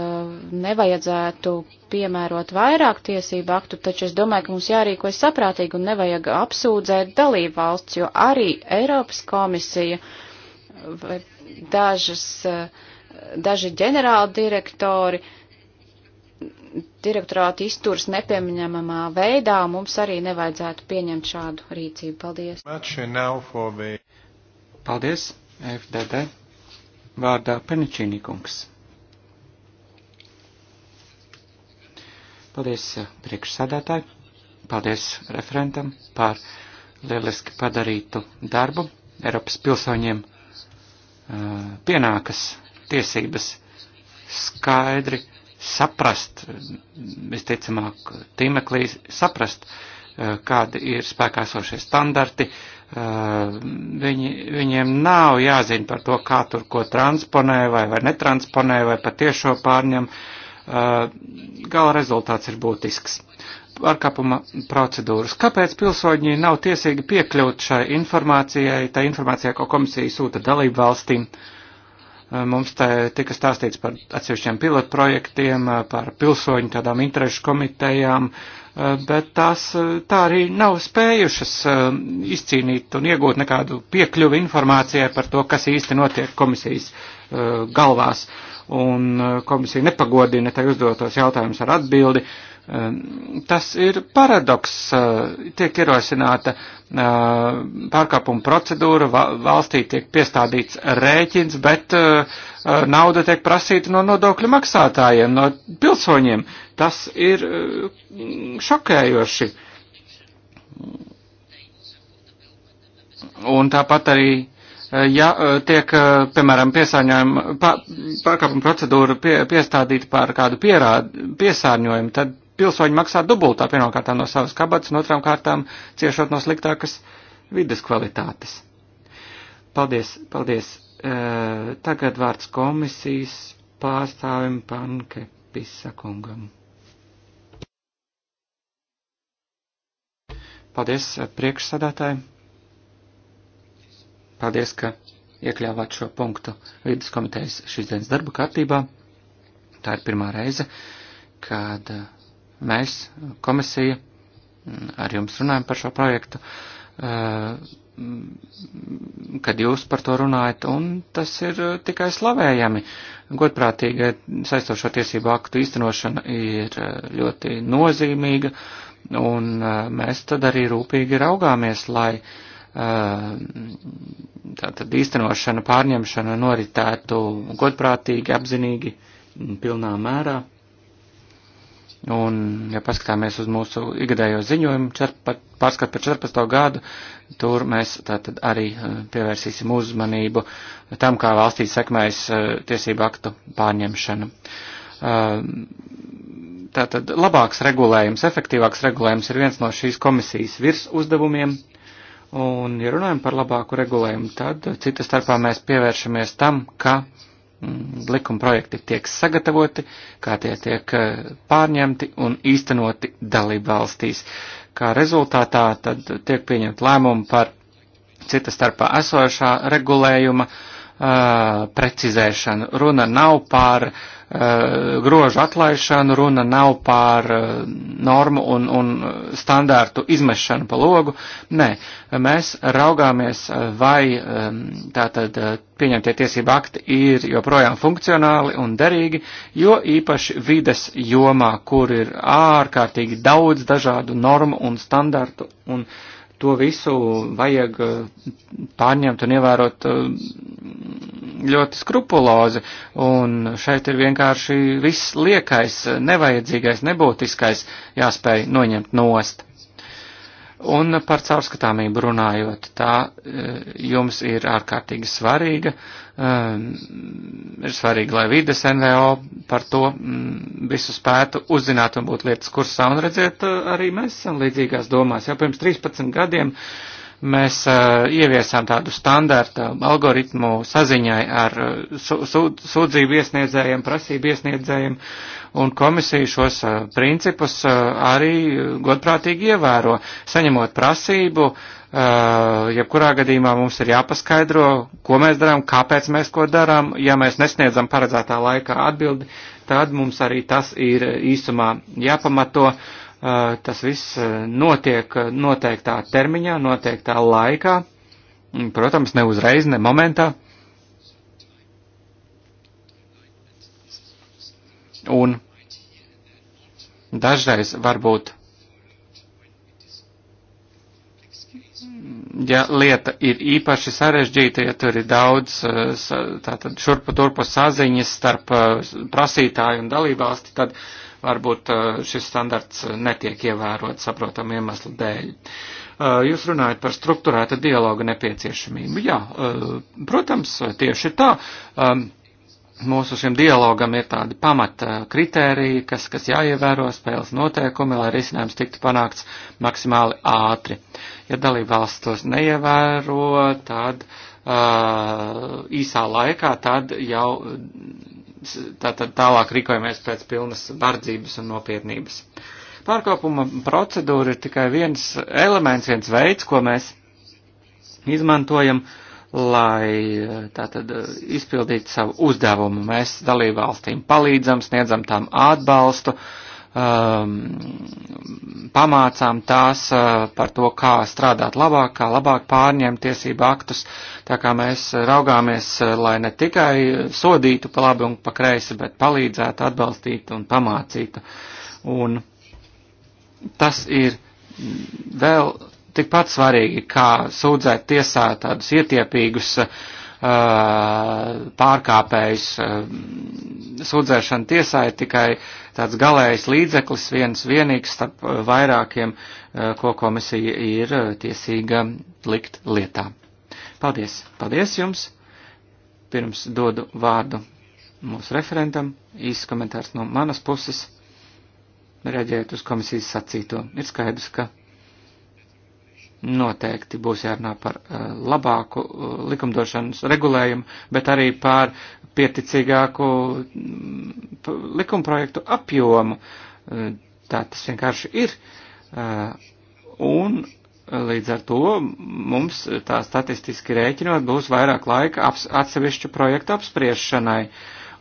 nevajadzētu piemērot vairāk tiesību aktu, taču es domāju, ka mums jārīkojas saprātīgi un nevajag apsūdzēt dalību valsts, jo arī Eiropas komisija vai dažas, eh, daži ģenerāli direktori direktorāti izturs nepieminamā veidā, mums arī nevajadzētu pieņemt šādu rīcību. Paldies! Paldies, FDD! Vārdā Peničīnī kungs. Paldies eh, priekšsādātāji, paldies referentam par lieliski padarītu darbu. Eiropas pilsoņiem eh, pienākas tiesības skaidri saprast, visticamāk, tīmeklī saprast, eh, kādi ir spēkā sošie standarti. Viņi, viņiem nav jāzina par to, kā tur ko transponē vai, vai netransponē vai patiešo pārņem. Uh, gala rezultāts ir būtisks. Arkāpuma procedūras. Kāpēc pilsoņi nav tiesīgi piekļūt šai informācijai, tā informācijai, ko komisija sūta dalību valstīm? Mums te tika stāstīts par atsevišķiem pilotprojektiem, par pilsoņu tādām interešu komitejām, bet tās tā arī nav spējušas izcīnīt un iegūt nekādu piekļuvi informācijai par to, kas īsti notiek komisijas galvās. Uh, un uh, komisija nepagodina te uzdotos jautājumus ar atbildi. Um, tas ir paradoks, uh, tiek ierosināta uh, pārkāpuma procedūra, valstī tiek piestādīts rēķins, bet nauda tiek prasīta no nodokļu maksātājiem, no pilsoņiem. Tas ir šokējoši. Un tāpat arī uh, Eh, ja eh, tiek, eh, piemēram, piesārņojuma pārkāpuma procedūra pie, piestādīta par kādu pierādu, piesārņojumu, tad pilsoņi maksā dubultā pirmkārtām no savas kabatas, un otrām kārtām ciešot no sliktākas vides kvalitātes. Paldies, paldies. Tagad vārds komisijas pārstāvim Panke Pisakungam. Paldies priekšsadātājiem. Paldies, ka iekļāvāt šo punktu vidas komitejas šīs dienas darba kārtībā. Tā ir pirmā reize, kad uh, mēs, komisija, mm, ar jums runājam par šo projektu, uh, mm, kad jūs par to runājat, un tas ir uh, tikai slavējami. Godprātīga saistošo tiesību aktu īstenošana ir ļoti nozīmīga, un mēs tad arī rūpīgi raugāmies, lai uh, Ehm, tātad īstenošana, pārņemšana noritētu godprātīgi, apzinīgi, pilnā mērā. Un, ja paskatāmies uz mūsu ikgadējo ziņojumu, čerpa, pārskat par 14. gadu, tur mēs tātad arī eh, pievērsīsim uzmanību tam, kā valstī sekmējas eh, tiesību aktu pārņemšana. Ehm, tātad labāks regulējums, efektīvāks regulējums ir viens no šīs komisijas virs uzdevumiem. Uh, Un, ja runājam par labāku regulējumu, tad cita starpā mēs pievēršamies tam, ka mm, likuma projekti tiek sagatavoti, kā tie tiek eh, pārņemti un īstenoti dalība valstīs. Kā rezultātā tad tiek pieņemt lēmumu par cita starpā esošā regulējuma uh, precizēšanu. Runa nav par uh, grožu atlaišanu, runa nav par uh, normu un, un standārtu izmešanu pa logu. Nē, mēs raugāmies, vai um, tātad pieņemtie tiesība akti ir joprojām funkcionāli un derīgi, jo īpaši vides jomā, kur ir ārkārtīgi daudz dažādu normu un standārtu un uh, to visu vajag eh, pārņemt un ievērot eh, ļoti skrupulozi, un šeit ir vienkārši viss liekais, nevajadzīgais, nebūtiskais jāspēj noņemt nost. Un par caurskatāmību runājot, tā eh, jums ir ārkārtīgi svarīga, Ehm, ir svarīgi, lai vides NVO par to mm, visu spētu uzzināt un būt lietas kursā. Un redziet, eh, arī mēs esam līdzīgās domās. Jau pirms 13 gadiem mēs eh, ieviesām tādu standarta algoritmu saziņai ar eh, sūdzību iesniedzējiem, prasību iesniedzējiem, un komisija šos principus arī godprātīgi ievēro, saņemot prasību Eh, jebkurā gadījumā mums ir jāpaskaidro, ko mēs darām, kāpēc mēs ko darām. Ja mēs nesniedzam paredzētā laikā atbildi, tad mums arī tas ir īsumā jāpamato. Eh, tas viss eh, notiek noteiktā termiņā, noteiktā laikā, mm, protams, ne uzreiz, ne momentā. Un dažreiz varbūt ja lieta ir īpaši sarežģīta, ja tur ir daudz eh, tātad šurpa turpa saziņas starp eh, prasītāju un dalībvalsti, tad varbūt eh, šis standarts netiek ievērot saprotamu iemeslu dēļ. Jūs runājat par struktūrēta dialoga nepieciešamību. Jā, protams, tieši tā. Um, mūsu šim dialogam ir tādi pamata kritēriji, kas, kas jāievēro spēles noteikumi, lai risinājums tiktu panākts maksimāli ātri. Ja dalība valsts tos neievēro, tad uh, īsā laikā tad jau tā, tad tālāk rīkojamies pēc pilnas vardzības un nopietnības. Pārkāpuma procedūra ir tikai viens elements, viens veids, ko mēs izmantojam uh, lai eh, tātad eh, izpildītu savu uzdevumu. Mēs dalībvalstīm palīdzam, sniedzam tām atbalstu, um, pamācām tās uh, par to, kā strādāt labāk, kā labāk pārņemt tiesību aktus. Tā kā mēs raugāmies, lai ne tikai sodītu pa labi un pa kreisi, bet palīdzētu, atbalstītu un pamācītu. Un tas ir vēl tikpat svarīgi, kā sūdzēt tiesā tādus ietiepīgus uh, pārkāpējus. Uh, sūdzēšana tiesā ir tikai tāds galējs līdzeklis, viens vienīgs starp uh, vairākiem, uh, ko komisija ir uh, tiesīga likt lietā. Paldies! Paldies jums! Pirms dodu vārdu mūsu referentam, īsts komentārs no manas puses, reaģējot uz komisijas sacīto. Ir skaidrs, ka noteikti būs jārunā par eh, labāku eh, likumdošanas regulējumu, bet arī par pieticīgāku mm, likumprojektu apjomu. Eh, tā tas vienkārši ir. Un līdz ar to mums tā statistiski rēķinot būs vairāk laika atsevišķu projektu apspriešanai.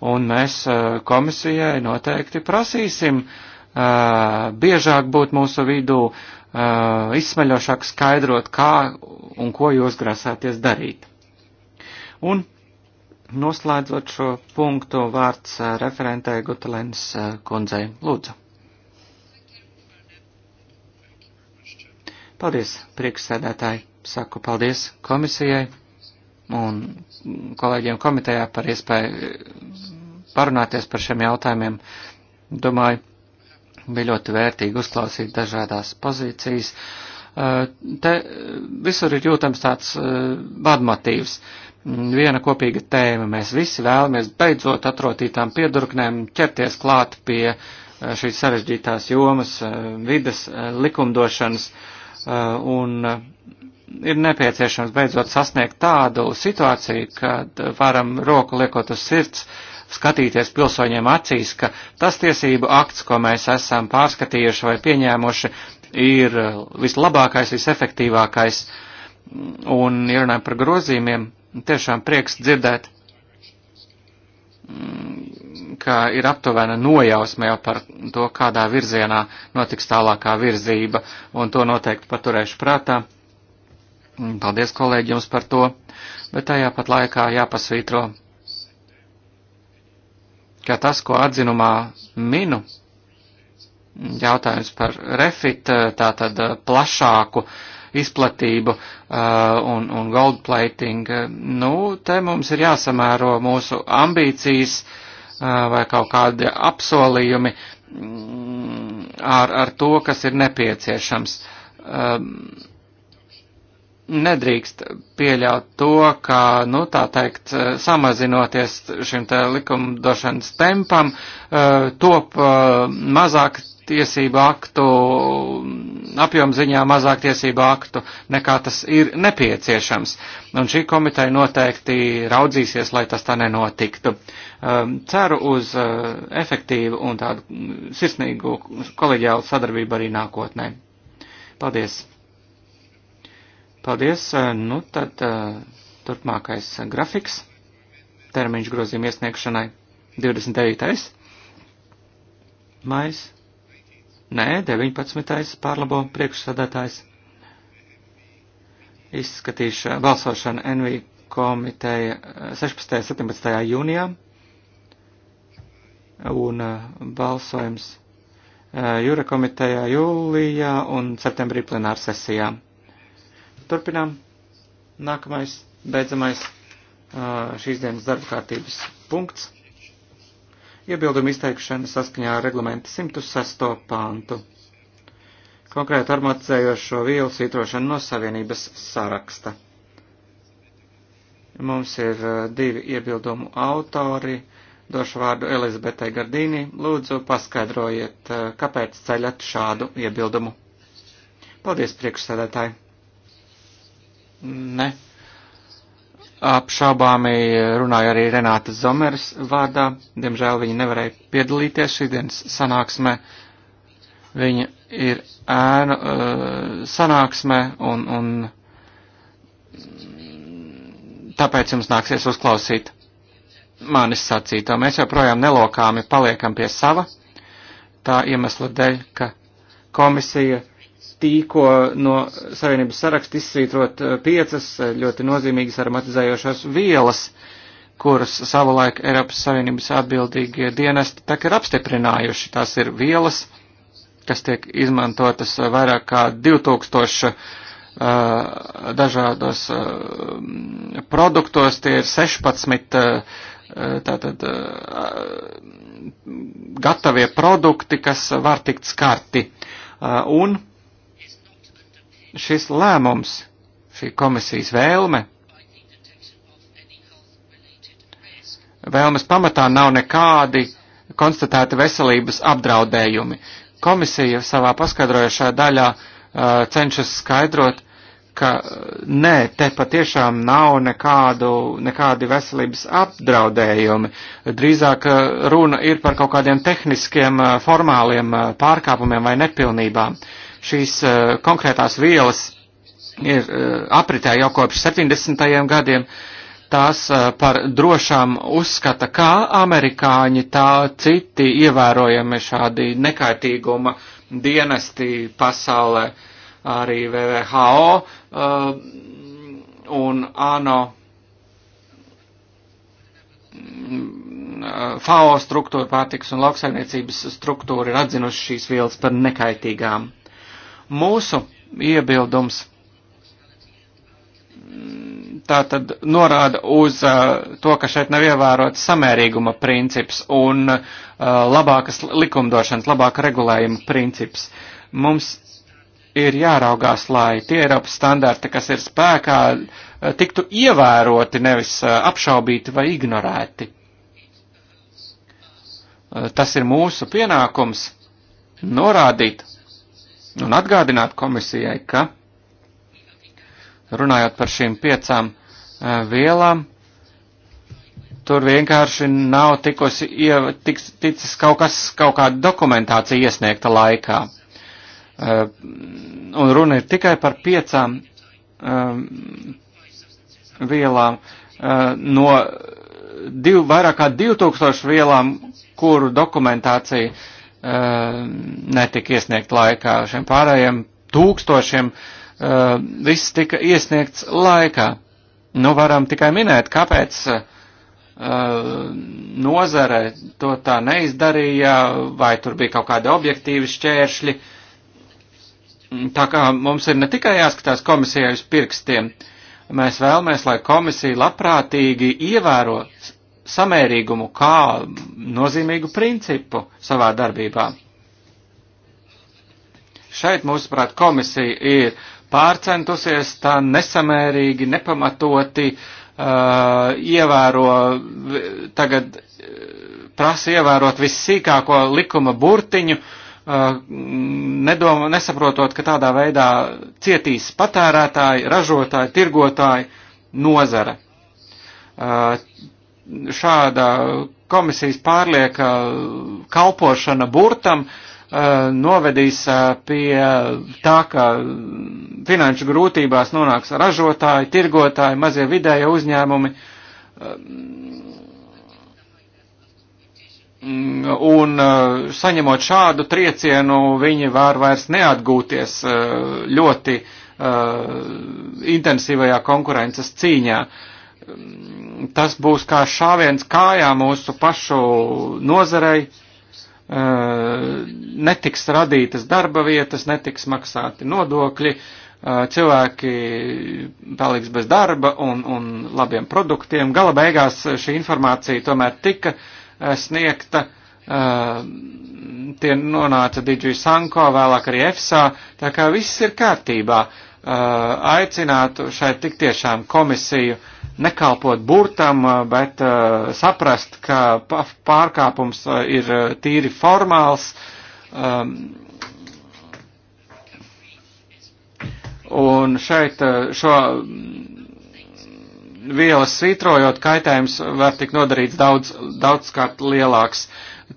Un mēs komisijai noteikti prasīsim uh, Eh, biežāk būt mūsu vidū, eh, izsmaļošāk skaidrot, kā un ko jūs grasāties darīt. Un noslēdzot šo punktu vārds eh, referentē Gutelens kundzei. Lūdzu. Paldies, priekšsēdētāji. Saku paldies komisijai un kolēģiem komitejā par iespēju parunāties par šiem jautājumiem. Domāju, Bija ļoti vērtīgi uzklausīt dažādās pozīcijas. Te visur ir jūtams tāds vadmotīvs. Viena kopīga tēma. Mēs visi vēlamies beidzot atrotītām piedurknēm ķerties klāt pie šīs sarežģītās jomas, vidas likumdošanas un ir nepieciešams beidzot sasniegt tādu situāciju, kad varam roku liekot uz sirds skatīties pilsoņiem acīs, ka tas tiesību akts, ko mēs esam pārskatījuši vai pieņēmuši, ir vislabākais, visefektīvākais. Un, ja runājam par grozījumiem, tiešām prieks dzirdēt, mm, ka ir aptuvena nojausme jau par to, kādā virzienā notiks tālākā virzība, un to noteikti paturēšu prātā. Paldies kolēģi jums par to, bet tajā pat laikā jāpasvītro ka tas, ko atzinumā minu, jautājums par refit, eh, tātad eh, plašāku izplatību eh, un, un gold plating, nu, te mums ir jāsamēro mūsu ambīcijas vai kaut kādi apsolījumi mm, ar, ar to, kas ir nepieciešams. Um, nedrīkst pieļaut to, ka, nu, tā teikt, samazinoties šim te likumdošanas tempam, eh, top eh, mazāk tiesību aktu, apjomziņā mazāk tiesību aktu, nekā tas ir nepieciešams. Un šī komiteja noteikti raudzīsies, lai tas tā nenotiktu. Eh, ceru uz efektīvu un tādu sirsnīgu kolēģiālu sadarbību arī nākotnē. Paldies! Paldies. Eh, nu tad eh, turpmākais eh, grafiks. Termiņš grozījuma iesniegšanai 29. mais. Nē, 19. pārlabo priekšsādātājs. Izskatīšu balsošanu NV komiteja 16. un 17. jūnijā. Un balsojums Jūra komitejā jūlijā un septembrī plenārsesijā. sesijā. Turpinām. Nākamais, beidzamais šīs dienas darba kārtības punkts. Iebildumu izteikšana saskaņā ar reglamentu 106. pāntu. Konkrēti armatizējošo vielu svītrošanu no Savienības saraksta. Mums ir divi iebildumu autori. Došu vārdu Elizabetei Gardīnī. Lūdzu, paskaidrojiet, kāpēc ceļat šādu iebildumu. Paldies, priekšsēdētāji! Ne. Apšaubāmi runāja arī Renāta Zomeres vārdā. Diemžēl viņa nevarēja piedalīties šīdienas sanāksmē. Viņa ir ēnu uh, sanāksmē un, un tāpēc jums nāksies uzklausīt manis sacīto. Mēs joprojām nelokāmi paliekam pie sava, tā iemesla dēļ, ka komisija uh, tīko no Savienības saraksta izsvītrot eh, piecas eh, ļoti nozīmīgas aromatizējošās vielas, kuras savulaik Eiropas Savienības atbildīgie dienesti tā ir apstiprinājuši. Tās ir vielas, kas tiek izmantotas eh, vairāk kā 2000 uh, dažādos uh, produktos, tie ir 16 uh, tātad gatavie produkti, kas var tikt skarti. Un šis lēmums, šī komisijas vēlme, vēlmes pamatā nav nekādi konstatēti veselības apdraudējumi. Komisija savā paskaidrojušā daļā uh, cenšas skaidrot, ka uh, nē, te patiešām nav nekādu, nekādi veselības apdraudējumi. Drīzāk uh, runa ir par kaut kādiem tehniskiem, uh, formāliem pārkāpumiem vai nepilnībām. Uh, Šīs eh, konkrētās vielas ir eh, apritē jau kopš 70. gadiem. Tās eh, par drošām uzskata, kā amerikāņi, tā citi ievērojami šādi nekaitīguma dienesti pasaulē, arī VVHO un ANO FAO struktūra, pārtiks un lauksaimniecības struktūra ir atzinuši šīs vielas par nekaitīgām. Mūsu iebildums mm, tā tad norāda uz uh, to, ka šeit nav ievērots samērīguma princips un uh, labākas likumdošanas, labāka regulējuma princips. Mums ir jāraugās, lai tie Eiropas standarti, kas ir spēkā, uh, tiktu ievēroti, nevis uh, apšaubīti vai ignorēti. Uh, tas ir mūsu pienākums norādīt un atgādināt komisijai, ka runājot par šīm piecām eh, vielām, tur vienkārši nav tikusi, tiks, ticis kaut kas, kaut kāda dokumentācija iesniegta laikā. Eh, un runa ir tikai par piecām ehm, vielām eh, no div, vairāk kā 2000 vielām, kuru dokumentācija uh, Eh, netika iesniegt laikā. Šiem pārējiem tūkstošiem eh, viss tika iesniegts laikā. Nu, varam tikai minēt, kāpēc eh, nozare to tā neizdarīja, vai tur bija kaut kādi objektīvi šķēršļi. Tā kā mums ir ne tikai jāskatās komisijai uz pirkstiem, mēs vēlamies, lai komisija labprātīgi ievēro samērīgumu kā nozīmīgu principu savā darbībā. Šeit, mūsuprāt, komisija ir pārcentusies tā nesamērīgi, nepamatoti uh, ievēro tagad uh, prasa ievērot vissīkāko likuma burtiņu, uh, nedoma, nesaprotot, ka tādā veidā cietīs patērētāji, ražotāji, tirgotāji, nozara. Uh, šāda komisijas pārlieka kalpošana burtam eh, novedīs eh, pie tā, ka finanšu grūtībās nonāks ražotāji, tirgotāji, mazie vidēja uzņēmumi. Eh, un saņemot šādu triecienu, viņi var vairs neatgūties ļoti intensīvajā konkurences cīņā. Uh, tas būs kā šāviens kājā mūsu pašu nozarei, eh, netiks radītas darba vietas, netiks maksāti nodokļi, eh, cilvēki paliks bez darba un, un labiem produktiem. Gala beigās šī informācija tomēr tika eh, sniegta, tie nonāca Digi Sanko, vēlāk arī EFSA, tā kā viss ir kārtībā. Aicinātu šeit tik tiešām komisiju uh, nekalpot burtam, eh, bet eh, saprast, ka pārkāpums eh, ir tīri formāls. Ehm, un šeit šo mm, vielas svītrojot, kaitējums var tik nodarīts daudz, daudzkārt lielāks.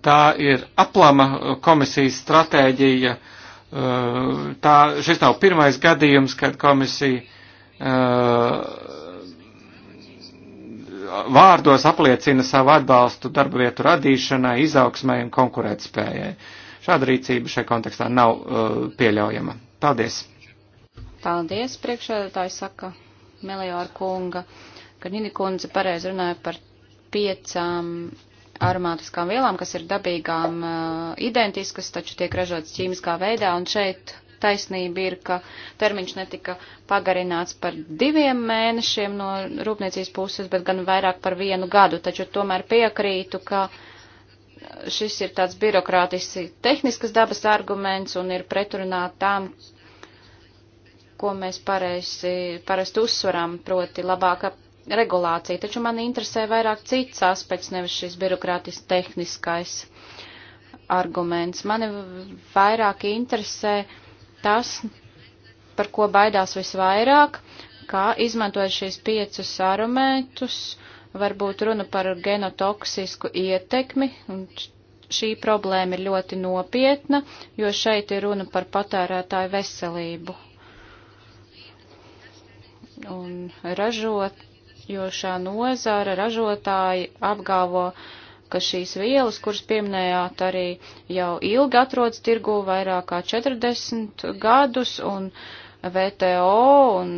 Tā ir aplama komisijas stratēģija. Tā, šis nav pirmais gadījums, kad komisija uh, vārdos apliecina savu atbalstu darba vietu radīšanai, izaugsmai un konkurētspējai. Šāda rīcība šajā kontekstā nav uh, pieļaujama. Paldies! Paldies, priekšēdētāji saka Meliora kunga, ka Nini kundze pareizi runāja par piecām aromātiskām vielām, kas ir dabīgām uh, identiskas, taču tiek ražotas ķīmiskā veidā, un šeit taisnība ir, ka termiņš netika pagarināts par diviem mēnešiem no rūpniecības puses, bet gan vairāk par vienu gadu, taču tomēr piekrītu, ka šis ir tāds birokrātiski tehniskas dabas arguments un ir pretrunā tām, ko mēs pareizi, parasti uzsveram, proti labāka regulācija. Taču man interesē vairāk cits aspekts, nevis šis birokrātiski tehniskais arguments. Mani vairāk interesē tas, par ko baidās visvairāk, kā izmantojot šīs piecus argumentus, varbūt runa par genotoksisku ietekmi, un šī problēma ir ļoti nopietna, jo šeit ir runa par patērētāju veselību. Un ražot, jo šā nozara ražotāji apgalvo, uh, ka šīs vielas, kuras pieminējāt, arī jau ilgi atrodas tirgū vairāk kā 40 gadus, un VTO un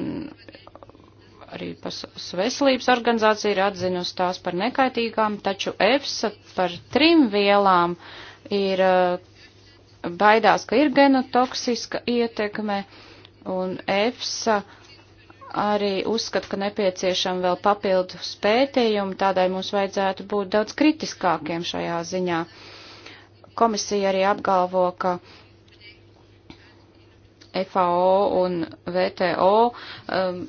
arī Pasaules veselības organizācija ir atzinusi tās par nekaitīgām, taču EFSA par trim vielām ir eh, baidās, ka ir genotoksiska ietekme, un EFSA uh, arī uzskata, ka nepieciešama vēl papildus pētījumi, tādai mums vajadzētu būt daudz kritiskākiem šajā ziņā. Komisija arī apgalvo, ka FAO un VTO um,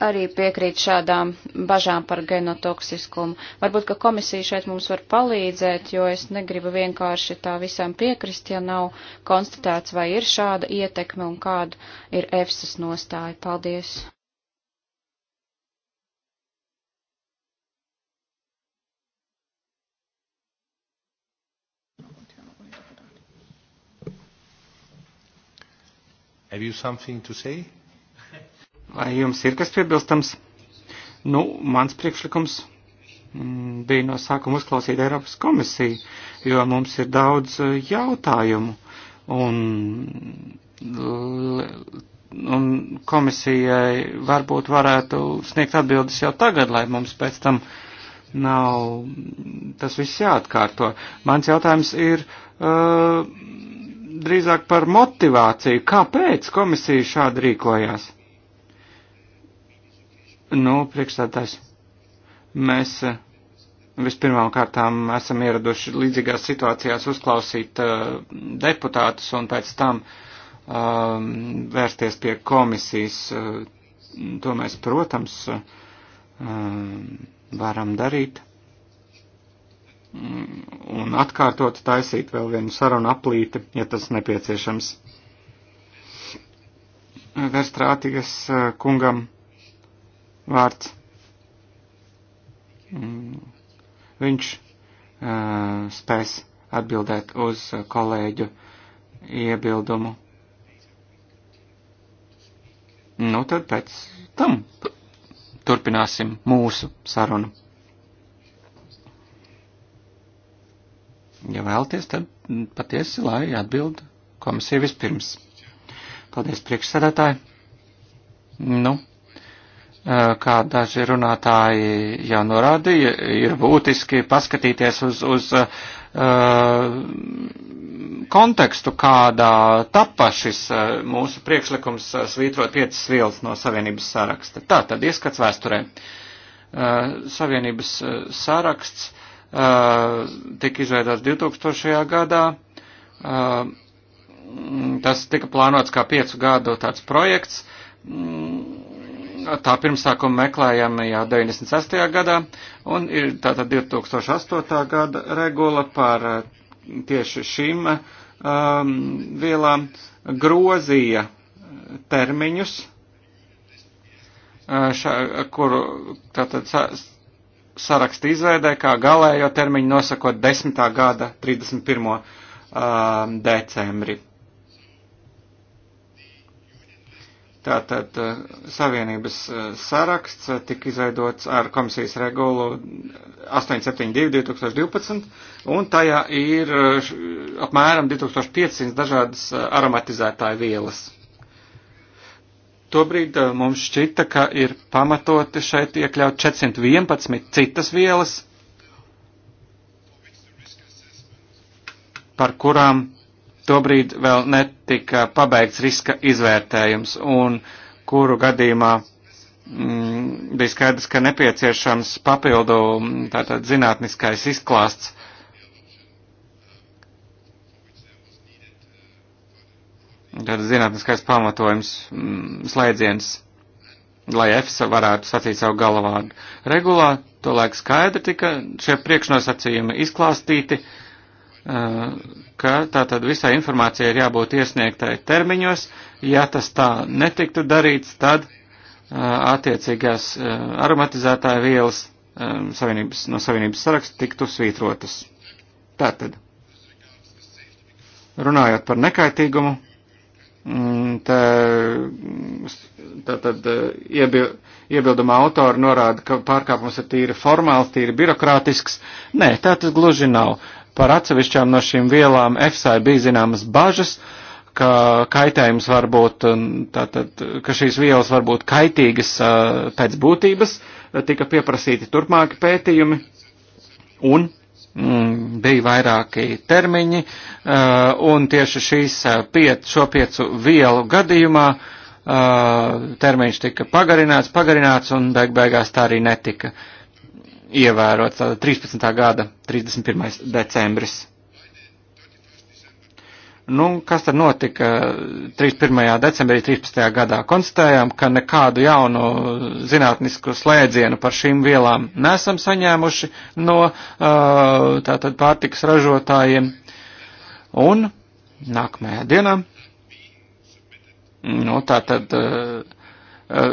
arī piekrīt šādām bažām par genotoksiskumu. Varbūt, ka komisija šeit mums var palīdzēt, jo es negribu vienkārši tā visam piekrist, ja nav konstatēts, vai ir šāda ietekme un kāda ir EFSAS nostāja. Paldies! Have you something to say? Vai jums ir kas piebilstams? Nu, mans priekšlikums mm, bija no sākuma uzklausīt Eiropas komisiju, jo mums ir daudz eh, jautājumu. Un, un komisijai varbūt varētu sniegt atbildes jau tagad, lai mums pēc tam nav tas viss jāatkārto. Mans jautājums ir. Uh, drīzāk par motivāciju, kāpēc komisija šādi rīkojās. Nu, priekšstādājs, mēs eh, vispirmām kārtām esam ieraduši līdzīgās situācijās uzklausīt uh, deputātus un pēc tam uh, vērsties pie komisijas. Uh, to mēs, protams, uh, varam darīt mm, un atkārtot taisīt vēl vienu sarunu aplīti, ja tas nepieciešams. Verstrātīgas kungam vārds. Mm. Viņš uh, spēs atbildēt uz eh, kolēģu iebildumu. Nu tad pēc tam turpināsim mūsu sarunu. Ja vēlties, tad patiesi, lai atbild komisija vispirms. Paldies, priekšsēdētāji. Nu, Eh, kā daži runātāji jau norādīja, ir būtiski paskatīties uz, uz uh, kontekstu, kādā tapa šis uh, mūsu priekšlikums uh, svītrot piecas vielas no Savienības saraksta. Tā tad ieskats vēsturē. Savienības saraksts tika izveidots 2000. gadā. Tas tika plānots kā piecu gadu tāds projekts. Mm, Tā pirmsākuma meklējama jau 96. gadā un ir tātad 2008. gada regula par eh, tieši šīm um, vielām grozīja eh, termiņus, eh, šā, kuru tātad saraksta izveidē, kā galējo termiņu nosakot 10. gada 31. Ehm, decembri. Tātad eh, Savienības eh, saraksts eh, tika izveidots ar komisijas regulu 872-2012, un tajā ir apmēram 2500 dažādas aromatizētāju vielas. Tobrīd mums šķita, ka ir pamatoti šeit iekļaut 411 citas vielas, par kurām tobrīd vēl netika pabeigts riska izvērtējums un kuru gadījumā mm, bija skaidrs, ka nepieciešams papildu mm, tātad zinātniskais izklāsts. Tātad zinātniskais pamatojums, mm, slēdziens, lai EFSA varētu sacīt savu galvādu. Regulā tolaik skaidri tika šie priekšnosacījumi izklāstīti. Uh, ka tātad visai informācijai ir jābūt iesniegtai termiņos. Ja tas tā netiktu darīts, tad attiecīgās aromatizētāja vielas savienības, no savienības saraksta tiktu svītrotas. Tātad, runājot par nekaitīgumu, mm, tā, tātad iebil, iebilduma autori norāda, ka pārkāpums ir tīri formāls, tīri birokrātisks. Nē, tā tas gluži nav. Par atsevišķām no šīm vielām EFSA bija zināmas bažas, ka kaitējums var būt, tātad, ka šīs vielas var būt kaitīgas pēc būtības, tika pieprasīti turpmāki pētījumi un mm, bija vairāki termiņi, un tieši šīs piet, šo piecu vielu gadījumā termiņš tika pagarināts, pagarināts, un beig beigās tā arī netika ievērot 13. gada 31. decembris. Nu, kas tad notika 31. decembrī 13. gadā? Konstatējām, ka nekādu jaunu zinātnisku slēdzienu par šīm vielām nesam saņēmuši no uh, tātad pārtikas ražotājiem. Un nākamajā dienā, nu, tātad uh, Eh,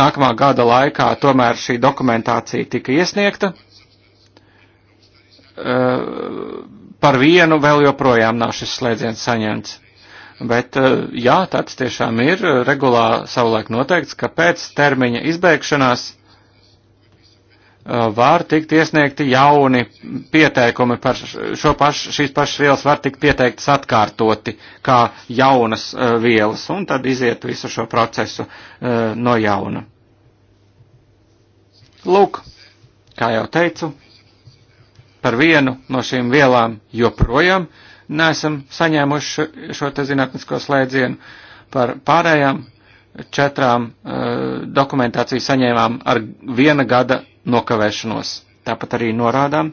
nākamā gada laikā tomēr šī dokumentācija tika iesniegta. Eh, par vienu vēl joprojām nav šis slēdziens saņemts. Bet, eh, jā, tāds tiešām ir regulā savulaik noteikts, ka pēc termiņa izbeigšanās Uh, var tikt iesniegti jauni pieteikumi par šo pašu, šīs pašas vielas var tikt pieteiktas atkārtoti kā jaunas uh, vielas, un tad iziet visu šo procesu uh, no jauna. Lūk, kā jau teicu, par vienu no šīm vielām joprojām nesam saņēmuši šo, šo te zinātnisko slēdzienu, par pārējām četrām dokumentāciju saņēmām ar viena gada nokavēšanos. Tāpat arī norādām,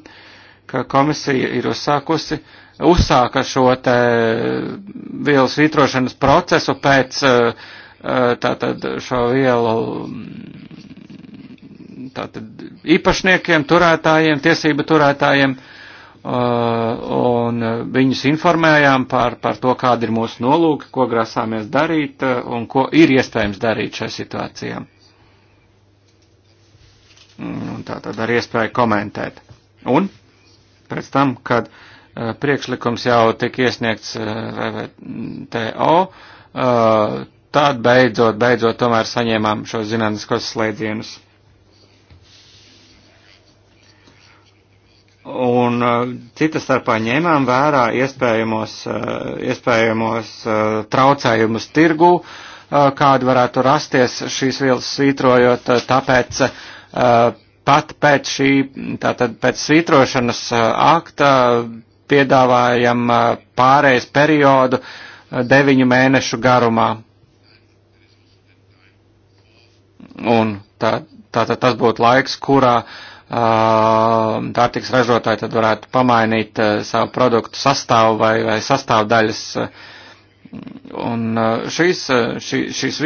ka komisija ir uzsākusi, uzsāka šo te vielas vitrošanas procesu pēc eh, eh, tātad šo vielu tātad īpašniekiem, turētājiem, tiesību turētājiem, eh, un viņus informējām par, par to, kāda ir mūsu nolūka, ko grasāmies darīt un ko ir iespējams darīt šajā situācijā. Mm, un tā tad ar iespēju komentēt. Un pēc tam, kad eh, priekšlikums jau tika iesniegts RVTO, eh, eh, tad beidzot, beidzot tomēr saņēmām šos zinātniskos slēdzienus. un citas starpā ņēmām vērā iespējamos, iespējamos traucējumus tirgu, kādi varētu rasties šīs vielas svītrojot, tāpēc Eh, pat pēc šī, tātad pēc svītrošanas eh, akta piedāvājam eh, pārējais periodu deviņu mēnešu garumā. Un tā, tātad tas būtu laiks, kurā pārtiks ražotāji tad varētu pamainīt savu produktu sastāvu vai, vai sastāvdaļas. Un šīs, šī, šīs,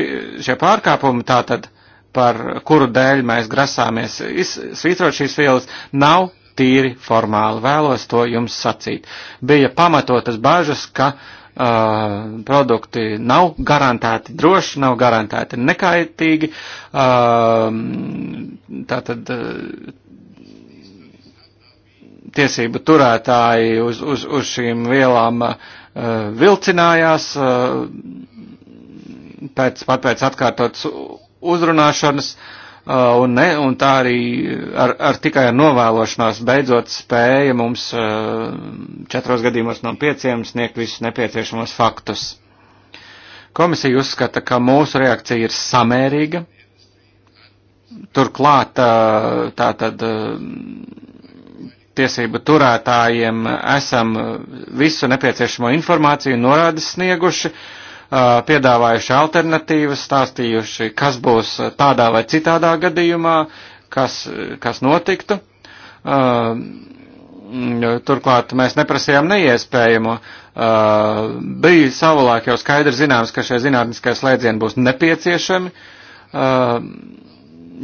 šie pārkāpumi tātad. tad par kuru dēļ mēs grasāmies svītrot šīs vielas, nav tīri formāli. Vēlos to jums sacīt. Bija pamatotas bažas, ka uh, produkti nav garantēti droši, nav garantēti nekaitīgi. Uh, tātad uh, tiesību turētāji uz, uz, uz šīm vielām uh, vilcinājās. Uh, Pēc, pat pēc atkārtotas uzrunāšanas, uh, un, ne, un tā arī ar, ar tikai ar novēlošanās beidzot spēja mums uh, četros gadījumos no pieciem sniegt visus nepieciešamos faktus. Komisija uzskata, ka mūsu reakcija ir samērīga. Turklāt uh, tā tad tiesību turētājiem esam visu nepieciešamo informāciju norādes snieguši, uh, piedāvājuši alternatīvas, stāstījuši, kas būs tādā vai citādā gadījumā, kas, kas notiktu. Turklāt mēs neprasījām neiespējamo. Bija savulāk jau skaidri zināms, ka šie zinātniskie slēdzieni būs nepieciešami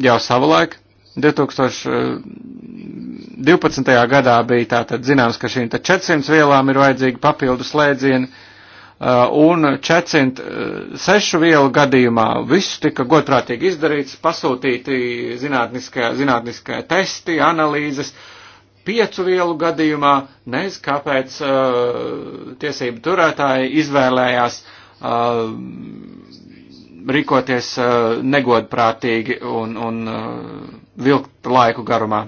jau savulaik. 2012. gadā bija tātad zināms, ka šīm 400 vielām ir vajadzīgi papildu slēdzieni. Uh, un čecint uh, sešu vielu gadījumā viss tika godprātīgi izdarīts, pasūtīti zinātniskie, zinātniskie testi, analīzes. Piecu vielu gadījumā nez kāpēc uh, tiesību turētāji izvēlējās uh, rīkoties uh, negodprātīgi un, un uh, vilkt laiku garumā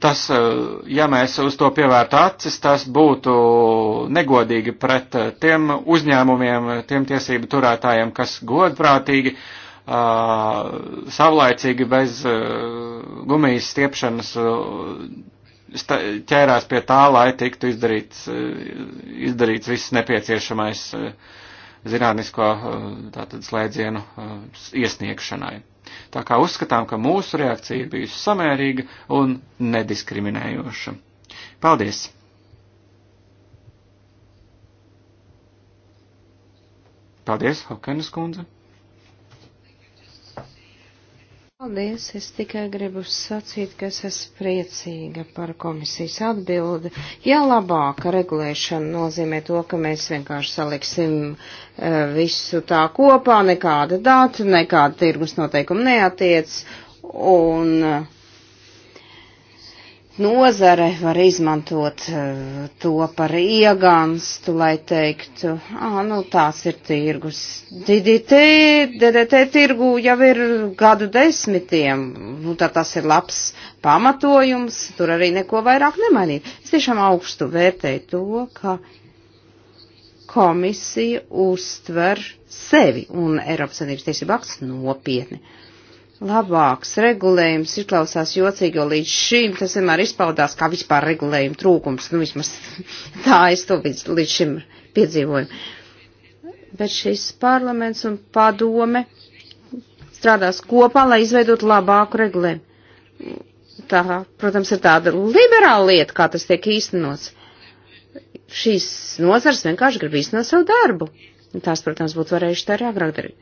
tas, eh, ja mēs uz to pievērtu acis, tas būtu negodīgi pret eh, tiem uzņēmumiem, tiem tiesību turētājiem, kas godprātīgi, eh, savlaicīgi bez gumijas stiepšanas ķērās pie tā, lai tiktu izdarīts, izdarīts viss nepieciešamais zinātnisko tātad slēdzienu iesniegšanai. Tā kā uzskatām, ka mūsu reakcija bijusi samērīga un nediskriminējoša. Paldies! Paldies, Hokenes kundze! Paldies, es tikai gribu sacīt, ka es esmu priecīga par komisijas atbildi. Ja labāka regulēšana nozīmē to, ka mēs vienkārši saliksim eh, visu tā kopā, nekāda data, nekāda tirgus noteikuma neatiec, un eh, nozare var izmantot eh, to par iegānstu, lai teiktu, ah, nu tās ir tirgus. DDT, DDT tirgu jau ir gadu desmitiem, nu tā tas ir labs pamatojums, tur arī neko vairāk nemainīt. Es tiešām augstu vērtēju to, ka komisija uztver sevi un Eiropas Savienības tiesību akts nopietni labāks regulējums izklausās jocīgi, jo līdz šim tas vienmēr izpaudās kā vispār regulējuma trūkums. Nu, vismaz tā es to līdz, līdz šim piedzīvoju. Bet šis parlaments un padome strādās kopā, lai izveidot labāku regulējumu. Tā, protams, ir tāda liberāla lieta, kā tas tiek īstenots. Šīs nozars vienkārši grib īstenot savu darbu. Tās, protams, būtu varējuši tā arī agrāk darīt.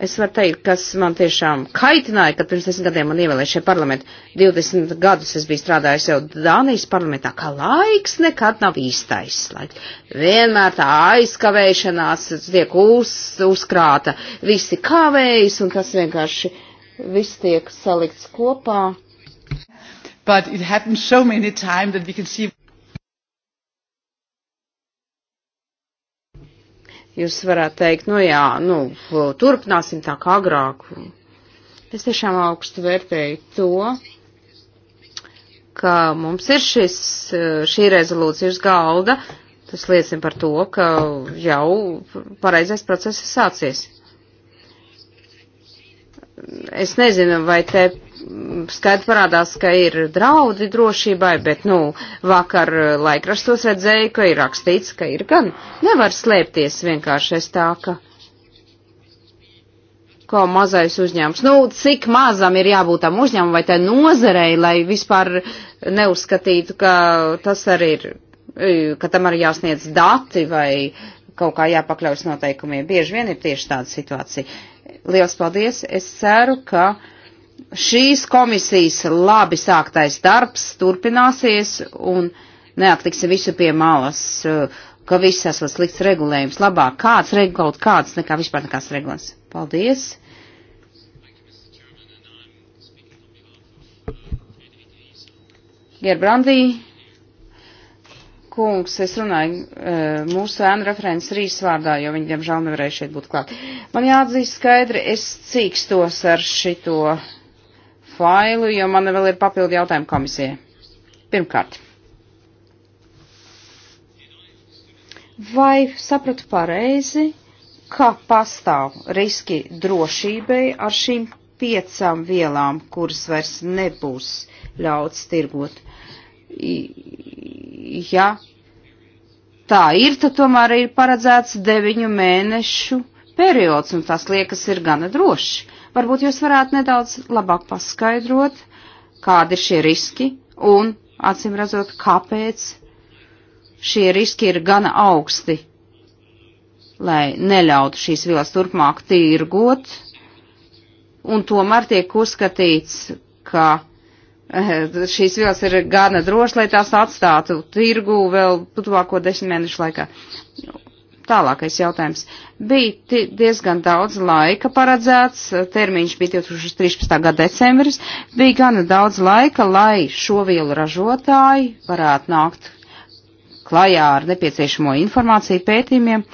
Es varu teikt, kas man tiešām kaitināja, kad pirms desmit gadiem man ievēlēja šie parlamenti. 20 gadus es biju strādājis jau Dānijas parlamentā, ka laiks nekad nav īstais. Laiks. Vienmēr tā aizkavēšanās tiek uz, uzkrāta, visi kavējas un tas vienkārši viss tiek salikts kopā. But it happens so many times that we can see jūs varētu teikt, nu jā, nu, turpināsim tā kā agrāk. Es tiešām augstu vērtēju to, ka mums ir šis, šī rezolūcija uz galda. Tas liecina par to, ka jau pareizais process ir sācies. Es nezinu, vai te skaidri parādās, ka ir draudi drošībai, bet, nu, vakar laikrastos redzēju, ka ir rakstīts, ka ir gan. Nevar slēpties vienkārši es tā, ka. Kā mazais uzņēmums. Nu, cik mazam ir jābūt tam uzņēmumam vai tai nozarei, lai vispār neuzskatītu, ka tas arī ir, ka tam arī jāsniedz dati vai kaut kā jāpakļaujas noteikumiem. Bieži vien ir tieši tāda situācija. Liels paldies! Es ceru, ka šīs komisijas labi sāktais darbs turpināsies un neatliksim visu pie malas, eh, ka viss esmu slikts regulējums. Labāk kāds regulēt, kāds nekā vispār nekāds regulējums. Paldies! Gerbrandī, kungs, es runāju eh, mūsu ēnu referents Rīs vārdā, jo viņi, diemžēl, nevarēja šeit būt klāt. Man jāatzīst skaidri, es cīkstos ar šito failu, jo man vēl ir papildu jautājumu komisijai. Pirmkārt, vai sapratu pareizi, ka pastāv riski drošībai ar šīm piecām vielām, kuras vairs nebūs ļauts tirgot? Ja tā ir, tad tomēr ir paredzēts deviņu mēnešu periods, un tas liekas ir gana droši. Varbūt jūs varētu nedaudz labāk paskaidrot, kādi ir šie riski un, acīm redzot, kāpēc šie riski ir gana augsti, lai neļautu šīs vielas turpmāk tirgot, un tomēr tiek uzskatīts, ka eh, šīs vielas ir gana drošas, lai tās atstātu tirgu vēl tuvāko desmit mēnešu laikā. Tālākais jautājums. Bija diezgan daudz laika paredzēts, eh, termiņš bija 2013. gada decembris, bija gana daudz laika, lai šo vielu ražotāji varētu nākt klajā ar nepieciešamo informāciju pētījumiem.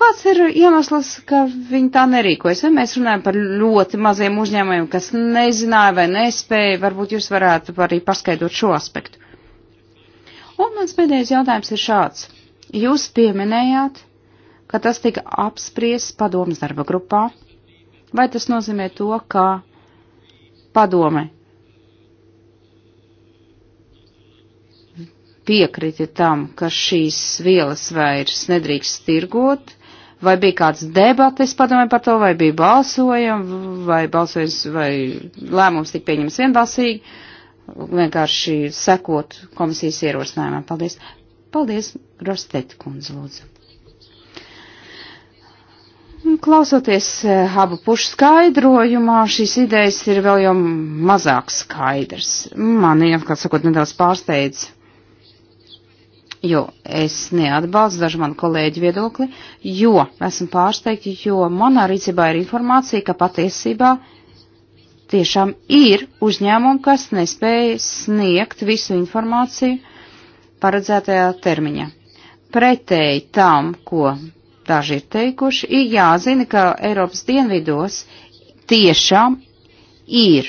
Kāds ir iemesls, ka viņi tā nerīkojas? Ja mēs runājam par ļoti maziem uzņēmumiem, kas nezināja vai nespēja, varbūt jūs varētu arī paskaidrot šo aspektu. Un mans pēdējais jautājums ir šāds Jūs pieminējāt, ka tas tika apspriests padomas darba grupā. Vai tas nozīmē to, ka padome piekrita tam, ka šīs vielas vairs nedrīkst tirgot, vai bija kāds debates padomē par to, vai bija balsojumi, vai balsojums, vai lēmums tika pieņems vienbalsīgi, vienkārši sekot komisijas ierosinājumam. Paldies. Paldies, Grostet kundze, lūdzu. Klausoties eh, abu pušu skaidrojumā, šīs idejas ir vēl jau mazāk skaidrs. Mani, kā sakot, nedaudz pārsteidz, jo es neatbalstu dažu manu kolēģu viedokli, jo esmu pārsteigti, jo manā rīcībā ir informācija, ka patiesībā tiešām ir uzņēmumi, kas nespēja sniegt visu informāciju paredzētajā termiņā pretēji tam, ko daži ir teikuši, ir jāzina, ka Eiropas dienvidos tiešām ir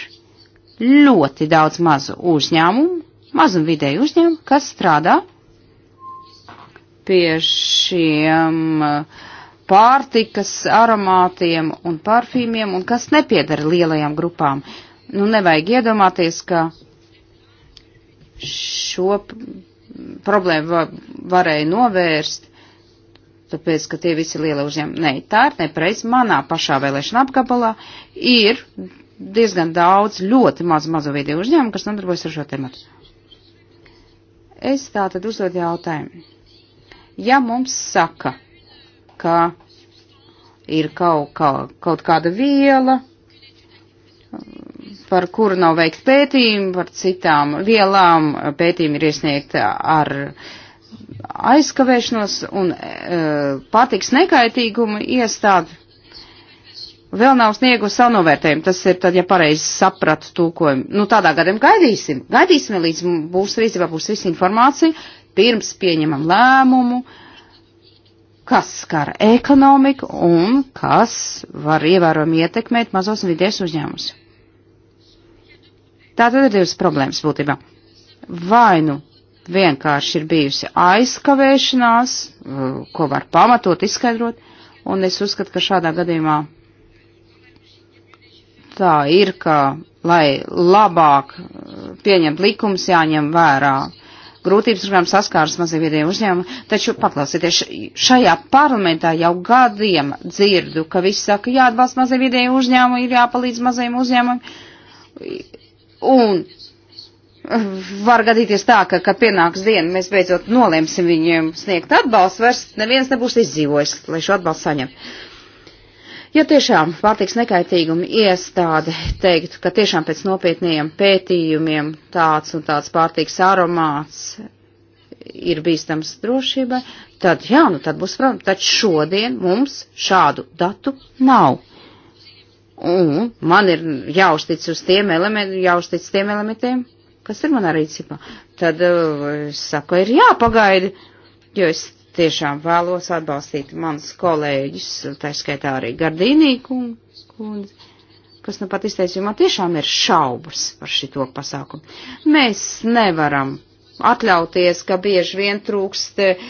ļoti daudz mazu uzņēmumu, mazu un vidēju uzņēmumu, kas strādā pie šiem uh, pārtikas aromātiem un parfīmiem, un kas nepiedara lielajām grupām. Nu, nevajag iedomāties, ka šo problēmu varēja novērst, tāpēc, ka tie visi lielie uzņēmumi, nē, tā ir nepreiz, manā pašā vēlēšana apgabalā ir diezgan daudz ļoti maz mazo video uzņēmumu, kas nodarbojas ar šo tematu. Es tā tad uzdod jautājumu. Ja mums saka, ka ir kaut, kaut, kaut kāda viela, par kuru nav veikt pētījumi, par citām vielām pētījumi ir iesniegti ar aizkavēšanos un e, patiks nekaitīgumu iestādi. Vēl nav sniegu savu novērtējumu, tas ir tad, ja pareizi sapratu tūkojumu. Nu, tādā gadiem gaidīsim, gaidīsim, līdz būs rīzībā būs viss informācija, pirms pieņemam lēmumu, kas skara ekonomiku un kas var ievērojami ietekmēt mazos un vidies uzņēmumus. Tā tad ir divas problēmas būtībā. Vai nu vienkārši ir bijusi aizkavēšanās, eh, ko var pamatot, izskaidrot, un es uzskatu, ka šādā gadījumā tā ir, ka, lai labāk eh, pieņemt likums, jāņem vērā grūtības, ar kurām saskāras mazie viediem uzņēmumi, taču paklausieties, šajā parlamentā jau gadiem dzirdu, ka visi saka, jāatbalsta mazie viediem uzņēmumi, ir jāpalīdz mazajiem uzņēmumiem Un eh, var gadīties tā, ka, ka pienāks diena, mēs beidzot nolemsim viņiem sniegt atbalstu, vairs neviens nebūs izdzīvojis, lai šo atbalstu saņemtu. Ja tiešām pārtiks nekaitīguma iestāde teiktu, ka tiešām pēc nopietniem pētījumiem tāds un tāds pārtiks aromāts ir bīstams drošībai, tad jā, nu tad būs problēma. Taču šodien mums šādu datu nav. Un man ir jāuztic uz tiem elementiem, jāuztic tiem elementiem, kas ir manā rīcībā. Tad uh, es saku, ir jāpagaida, jo es tiešām vēlos atbalstīt manus kolēģus, tā skaitā arī Gardīnī kundzi, kas nu pat izteica, jo man tiešām ir šaubas par šito pasākumu. Mēs nevaram atļauties, ka bieži vien trūkst eh,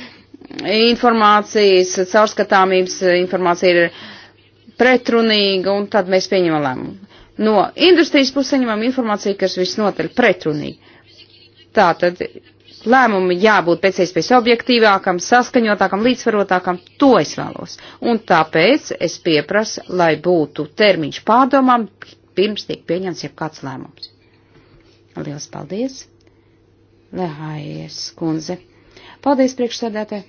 informācijas, caurskatāmības informācija ir pretrunīga, un tad mēs pieņemam lēmumu. No industrijas puses saņemam informāciju, kas visnotaļ pretrunīga. Tātad lēmumi jābūt pēc iespējas objektīvākam, saskaņotākam, līdzsvarotākam, to es vēlos. Un tāpēc es pieprasu, lai būtu termiņš pārdomām, pirms tiek pieņemts jebkāds lēmums. Lielas paldies! Lehājies, kundze! Paldies, priekšsēdētāji!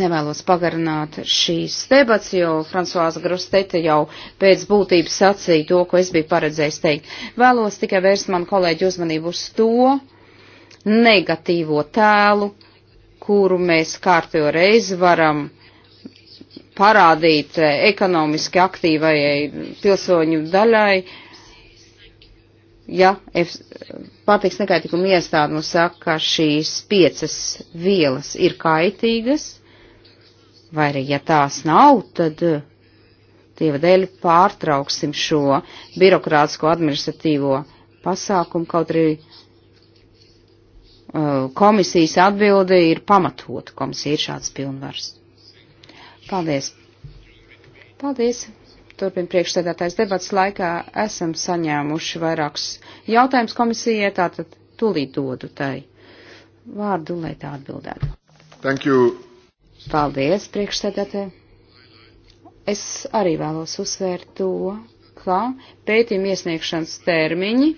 Nevēlos pagarināt šīs debats, jo Fransuāza Grostete jau pēc būtības sacīja to, ko es biju paredzējis teikt. Vēlos tikai vērst manu kolēģu uzmanību uz to negatīvo tēlu, kuru mēs kārtējo reizi varam parādīt ekonomiski aktīvajai pilsoņu daļai, ja pārtiks nekaitīguma iestāde mums saka, ka šīs piecas vielas ir kaitīgas vai arī, ja tās nav, tad eh, dieva dēļ pārtrauksim šo birokrātisko administratīvo pasākumu, kaut arī uh, komisijas atbilde ir pamatot, komisija ir šāds pilnvars. Paldies. Paldies. Turpin priekšsēdētājs debats laikā esam saņēmuši vairākus jautājumus komisijai, tātad tūlīt dodu tai vārdu, lai tā atbildētu. Thank you. Paldies, priekšsēdētē. Es arī vēlos uzsvērt to, ka pētījuma iesniegšanas termiņi,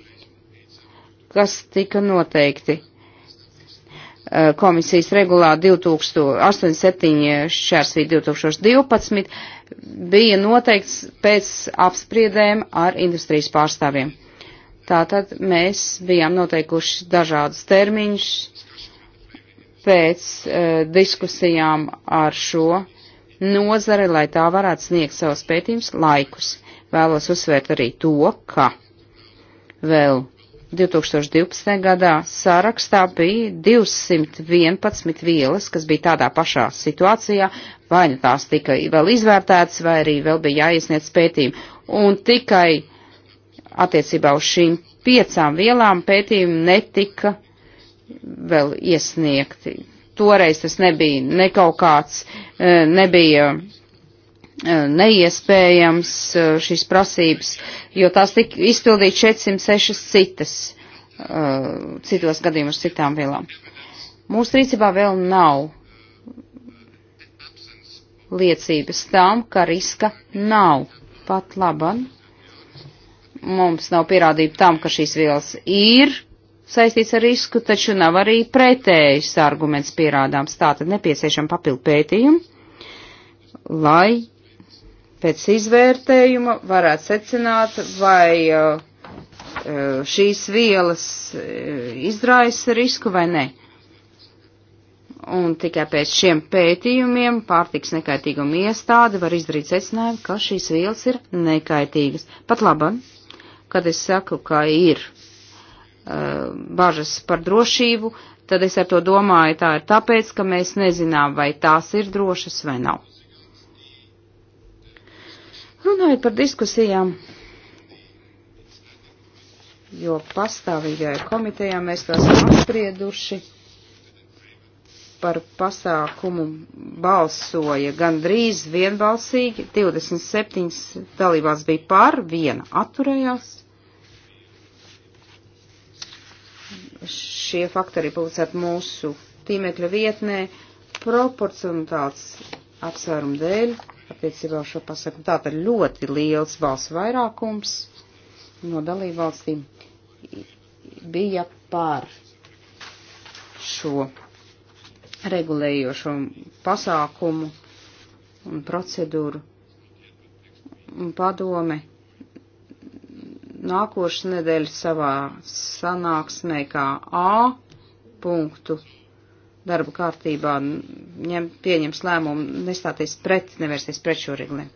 kas tika noteikti eh, komisijas regulā 2087 šķērsvī 2012, bija noteikts pēc apspriedēm ar industrijas pārstāvjiem. Tātad mēs bijām noteikuši dažādus termiņus, pēc e, diskusijām ar šo nozari, lai tā varētu sniegt savus pētījumus laikus. Vēlos uzsvērt arī to, ka vēl 2012. gadā sarakstā bija 211 vielas, kas bija tādā pašā situācijā, vai nu tās tika vēl izvērtētas, vai arī vēl bija jāiesniedz pētījumi. Un tikai attiecībā uz šīm piecām vielām pētījumi netika vēl iesniegti. Toreiz tas nebija nekaut kāds, e, nebija e, neiespējams e, šīs prasības, jo tās tika izpildīt 406 citas, citos gadījumos citām vielām. Mūsu rīcībā vēl nav liecības tam, ka riska nav pat laban. Mums nav pierādība tam, ka šīs vielas ir saistīts ar risku, taču nav arī pretējs arguments pierādāms. Tātad nepieciešama papildu pētījuma, lai pēc izvērtējuma varētu secināt, vai uh, uh, šīs vielas uh, izraisa risku vai nē. Un tikai pēc šiem pētījumiem pārtiks nekaitīguma iestāde var izdarīt secinājumu, ka šīs vielas ir nekaitīgas. Pat labam, kad es saku, ka ir Uh, bažas par drošību, tad es ar to domāju, tā ir tāpēc, ka mēs nezinām, vai tās ir drošas vai nav. Runājot par diskusijām, jo pastāvīgajā komitejā mēs tās apsprieduši par pasākumu balsoja gandrīz vienbalsīgi, 27 dalībās bija pār, viena atturējās. šie faktori publicēti mūsu tīmekļa vietnē proporcionāls apsvērumu dēļ attiecībā uz šo pasaku. Tātad ļoti liels valsts vairākums no dalībvalstīm bija pār šo regulējošo pasākumu un procedūru un padome nākošu nedēļu savā sanāksmē kā A punktu darba kārtībā ņem, pieņems lēmumu nestāties pret, nevērsties pret šo regli.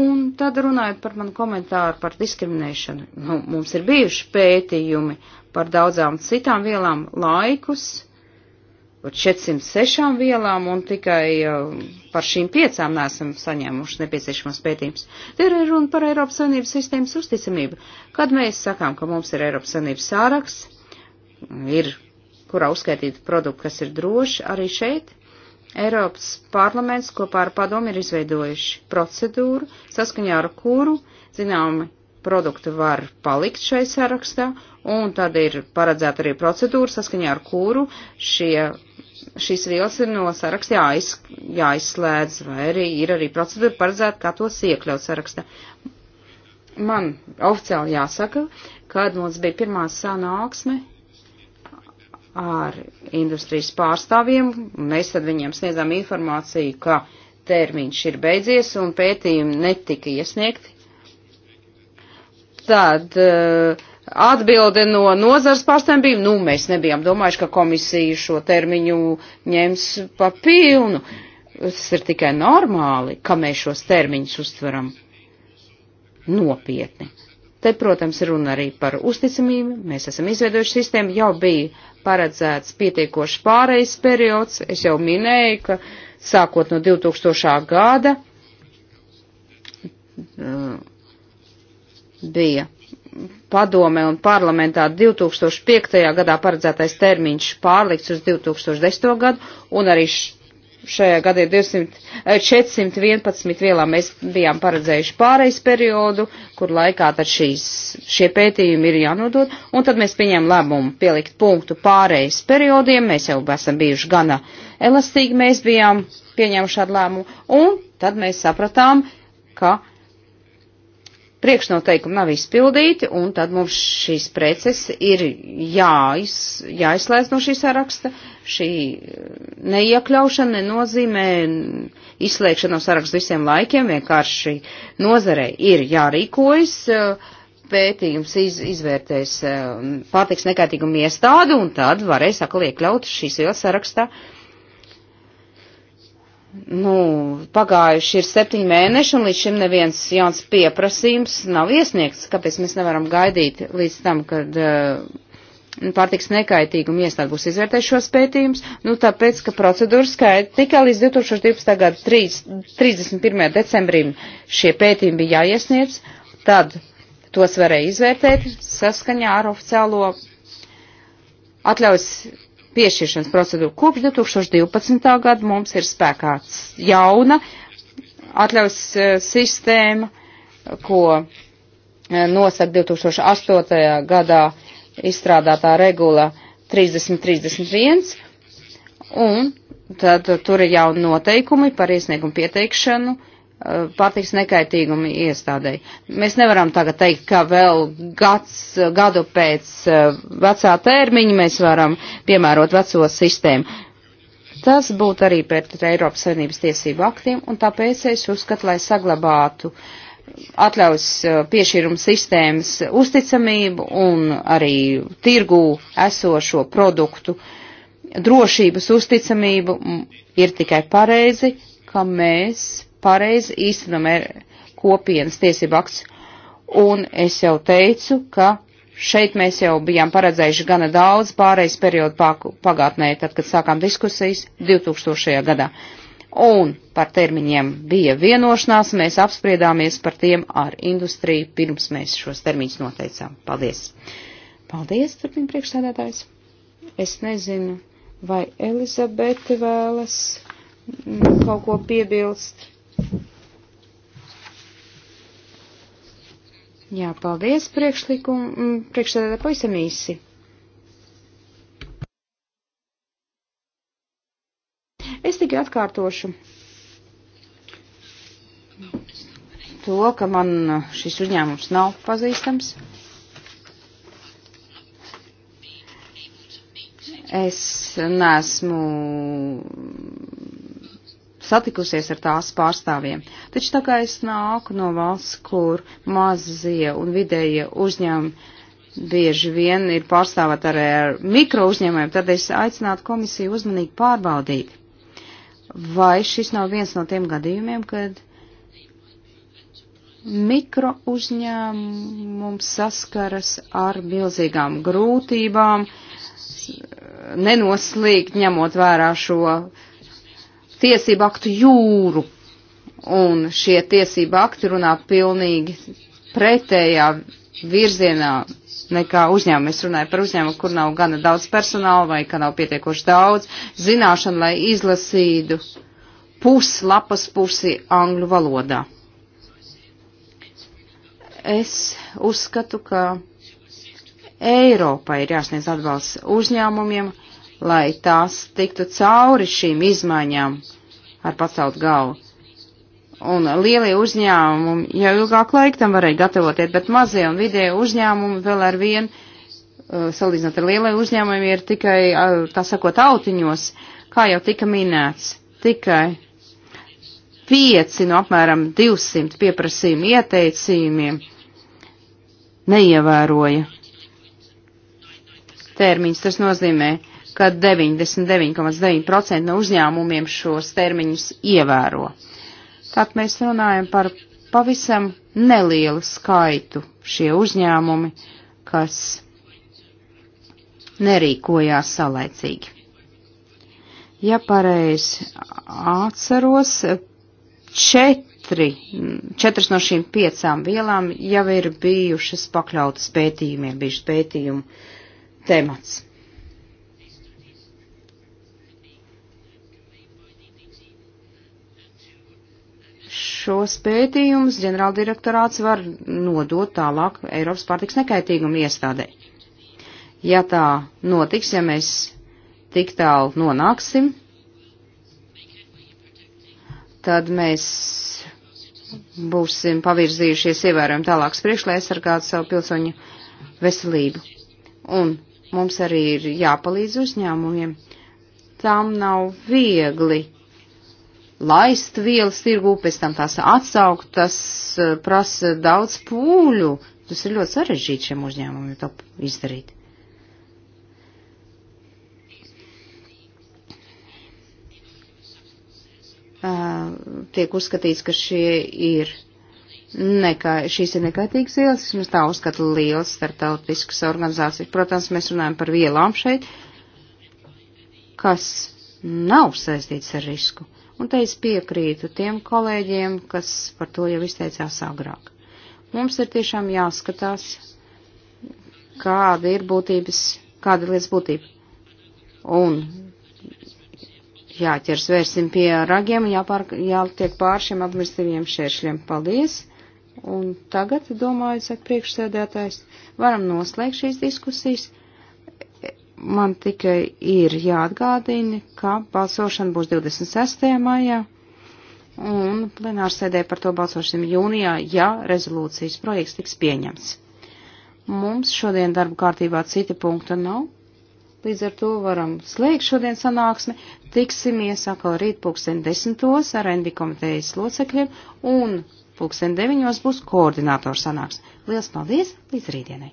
Un tad runājot par manu komentāru par diskriminēšanu, nu, mums ir bijuši pētījumi par daudzām citām vielām laikus, 406 vielām un tikai par šīm piecām nesam saņēmuši nepieciešamos pētījumus. Te ir runa par Eiropas Savienības sistēmas uzticamību. Kad mēs sakām, ka mums ir Eiropas Savienības sāraksts, ir, kurā uzskaitīta produkta, kas ir droši, arī šeit Eiropas parlaments kopā ar padomu ir izveidojuši procedūru, saskaņā ar kuru, zināmi, produkti var palikt šai sarakstā, un tad ir paredzēta arī procedūra, saskaņā ar kuru šie šīs vielas ir no saraksta jāiz, jāizslēdz, vai arī ir arī procedūra paredzēta, kā tos iekļaut sarakstā. Man oficiāli jāsaka, kad mums bija pirmā sanāksme ar industrijas pārstāvjiem, mēs tad viņiem sniedzām informāciju, ka termiņš ir beidzies un pētījumi netika iesniegti. Tad uh, Atbilde no nozars pārstāvjiem bija, nu, mēs nebijām domājuši, ka komisija šo termiņu ņems pa pilnu. Tas ir tikai normāli, ka mēs šos termiņus uztveram nopietni. Te, protams, runa arī par uzticamību. Mēs esam izveidojuši sistēmu, jau bija paredzēts pietiekošs pārejas periods. Es jau minēju, ka sākot no 2000. gada uh, bija padome un parlamentā 2005. gadā paredzētais termiņš pārlikts uz 2010. gadu, un arī šajā gadā ir 200, 411 eh, vielām mēs bijām paredzējuši pārejas periodu, kur laikā tad šīs, šie pētījumi ir jānodod, un tad mēs pieņēmām lēmumu pielikt punktu pārejas periodiem, mēs jau esam bijuši gana elastīgi, mēs bijām pieņēmuši šādu lēmumu, un tad mēs sapratām, ka priekšnoteikumi nav izpildīti, un tad mums šīs preces ir jāiz, jāizslēdz no šī saraksta. Šī eh, neiekļaušana nenozīmē izslēgšanu no saraksta visiem laikiem, vienkārši nozarei ir jārīkojas. Eh, pētījums iz, izvērtēs eh, pārtiks nekaitīgumu iestādi, un tad varēs atkal iekļaut šīs vielas sarakstā. Uh, nu, pagājuši ir septiņi mēneši un līdz šim neviens jauns pieprasījums nav iesniegts. Kāpēc mēs nevaram gaidīt līdz tam, kad uh, pārtiks nekaitīguma iestāde būs izvērtējusi šos pētījumus? Nu, tāpēc, ka procedūra skaita tikai līdz 2012. gada 3, 31. decembrim šie pētījumi bija jāiesniedz, tad tos varēja izvērtēt saskaņā ar oficiālo atļaus piešķiršanas procedūru. Kopš 2012. gada mums ir spēkā jauna atļaus e, sistēma, ko e, nosaka 2008. gadā izstrādātā regula 3031, un tad tur ir jau noteikumi par iesniegumu pieteikšanu Uh, pārtiks nekaitīguma iestādēji. Mēs nevaram tagad teikt, ka vēl gads, gadu pēc uh, vecā termiņa mēs varam piemērot veco sistēmu. Tas būtu arī pret Eiropas Savienības tiesību aktiem, un tāpēc es uzskatu, lai saglabātu atļaus uh, piešķīrumu sistēmas uzticamību un arī tirgū esošo produktu drošības uzticamību, ir tikai pareizi, ka mēs pareizi īstenam kopienas tiesību akts. Un es jau teicu, ka šeit mēs jau bijām paredzējuši gana daudz pārejas periodu pagātnē, tad, kad sākām diskusijas 2000. gadā. Un par termiņiem bija vienošanās, mēs apspriedāmies par tiem ar industriju, pirms mēs šos termiņus noteicām. Paldies! Paldies, turpina priekšsēdētājs. Es nezinu, vai Elizabete vēlas kaut ko piebilst. Jā, paldies priekšlikumu, mm, priekšsēdētāji pavisam īsi. Es tikai atkārtošu to, ka man uh, šis uzņēmums nav pazīstams. Es nesmu satikusies ar tās pārstāvjiem. Taču tā kā es nāku no valsts, kur mazie un vidējie uzņēmumi bieži vien ir pārstāvēt arī ar mikro uzņēmumiem, tad es aicinātu komisiju uzmanīgi pārbaudīt, vai šis nav viens no tiem gadījumiem, kad mikro uzņēmums saskaras ar milzīgām grūtībām, nenoslīgt ņemot vērā šo uh, tiesību aktu jūru, un šie tiesību akti runā pilnīgi pretējā virzienā nekā uzņēmumi. Es runāju par uzņēmumu, kur nav gana daudz personāla vai ka nav pietiekoši daudz zināšanu, lai izlasītu puslapas pusi angļu valodā. Es uzskatu, ka Eiropai ir jāsniedz atbalsts uzņēmumiem, lai tās tiktu cauri šīm izmaiņām ar pacelt galvu. Un lielie uzņēmumi jau ilgāk laika tam varēja gatavoties, bet mazie un vidēji uzņēmumi vēl ar vienu, uh, salīdzinot ar lielajiem uzņēmumiem, ir tikai, uh, tā sakot, autiņos, kā jau tika minēts, tikai pieci no apmēram 200 pieprasījumu ieteicījumiem neievēroja termiņus. Tas nozīmē, ka 99,9% no uzņēmumiem šos termiņus ievēro. Tad mēs runājam par pavisam nelielu skaitu šie uzņēmumi, kas nerīkojās salaicīgi. Ja pareizi atceros, četri, četras no šīm piecām vielām jau ir bijušas pakļautas pētījumiem, bijušas pētījumu temats. Šos pētījumus ģenerāldirektorāts var nodot tālāk Eiropas pārtiks nekaitīguma iestādē. Ja tā notiks, ja mēs tik tālu nonāksim, tad mēs būsim pavirzījušies ievērojami tālāks priekš, lai aizsargātu savu pilsoņu veselību. Un mums arī ir jāpalīdz uzņēmumiem. Tām nav viegli laist vielas tirgū, pēc tam tās atsaukt, tas eh, prasa daudz pūļu. Tas ir ļoti sarežģīti šiem uzņēmumiem to izdarīt. Tiek uzskatīts, ka šie ir nekā, šīs ir nekaitīgas vielas, vismaz tā uzskata liels startautiskas organizācijas. Protams, mēs runājam par vielām šeit, kas nav saistīts ar risku. Un te es piekrītu tiem kolēģiem, kas par to jau izteicās agrāk. Mums ir tiešām jāskatās, kāda ir būtības, kāda ir lietas būtība. Un jāķers vērsim pie ragiem, jāpār, jātiek pār šiem administratīviem šēršļiem. Paldies! Un tagad, domāju, saka priekšsēdētājs, varam noslēgt šīs diskusijas man tikai ir jāatgādina, ka balsošana būs 26. maijā un plenārs sēdē par to balsošim jūnijā, ja rezolūcijas projekts tiks pieņemts. Mums šodien darba kārtībā cita punkta nav, līdz ar to varam slēgt šodien sanāksmi. Tiksimies atkal rīt pulksten desmitos ar Endi komitejas locekļiem un pulksten deviņos būs koordinātors sanāksme. Lielas paldies, līdz rītdienai!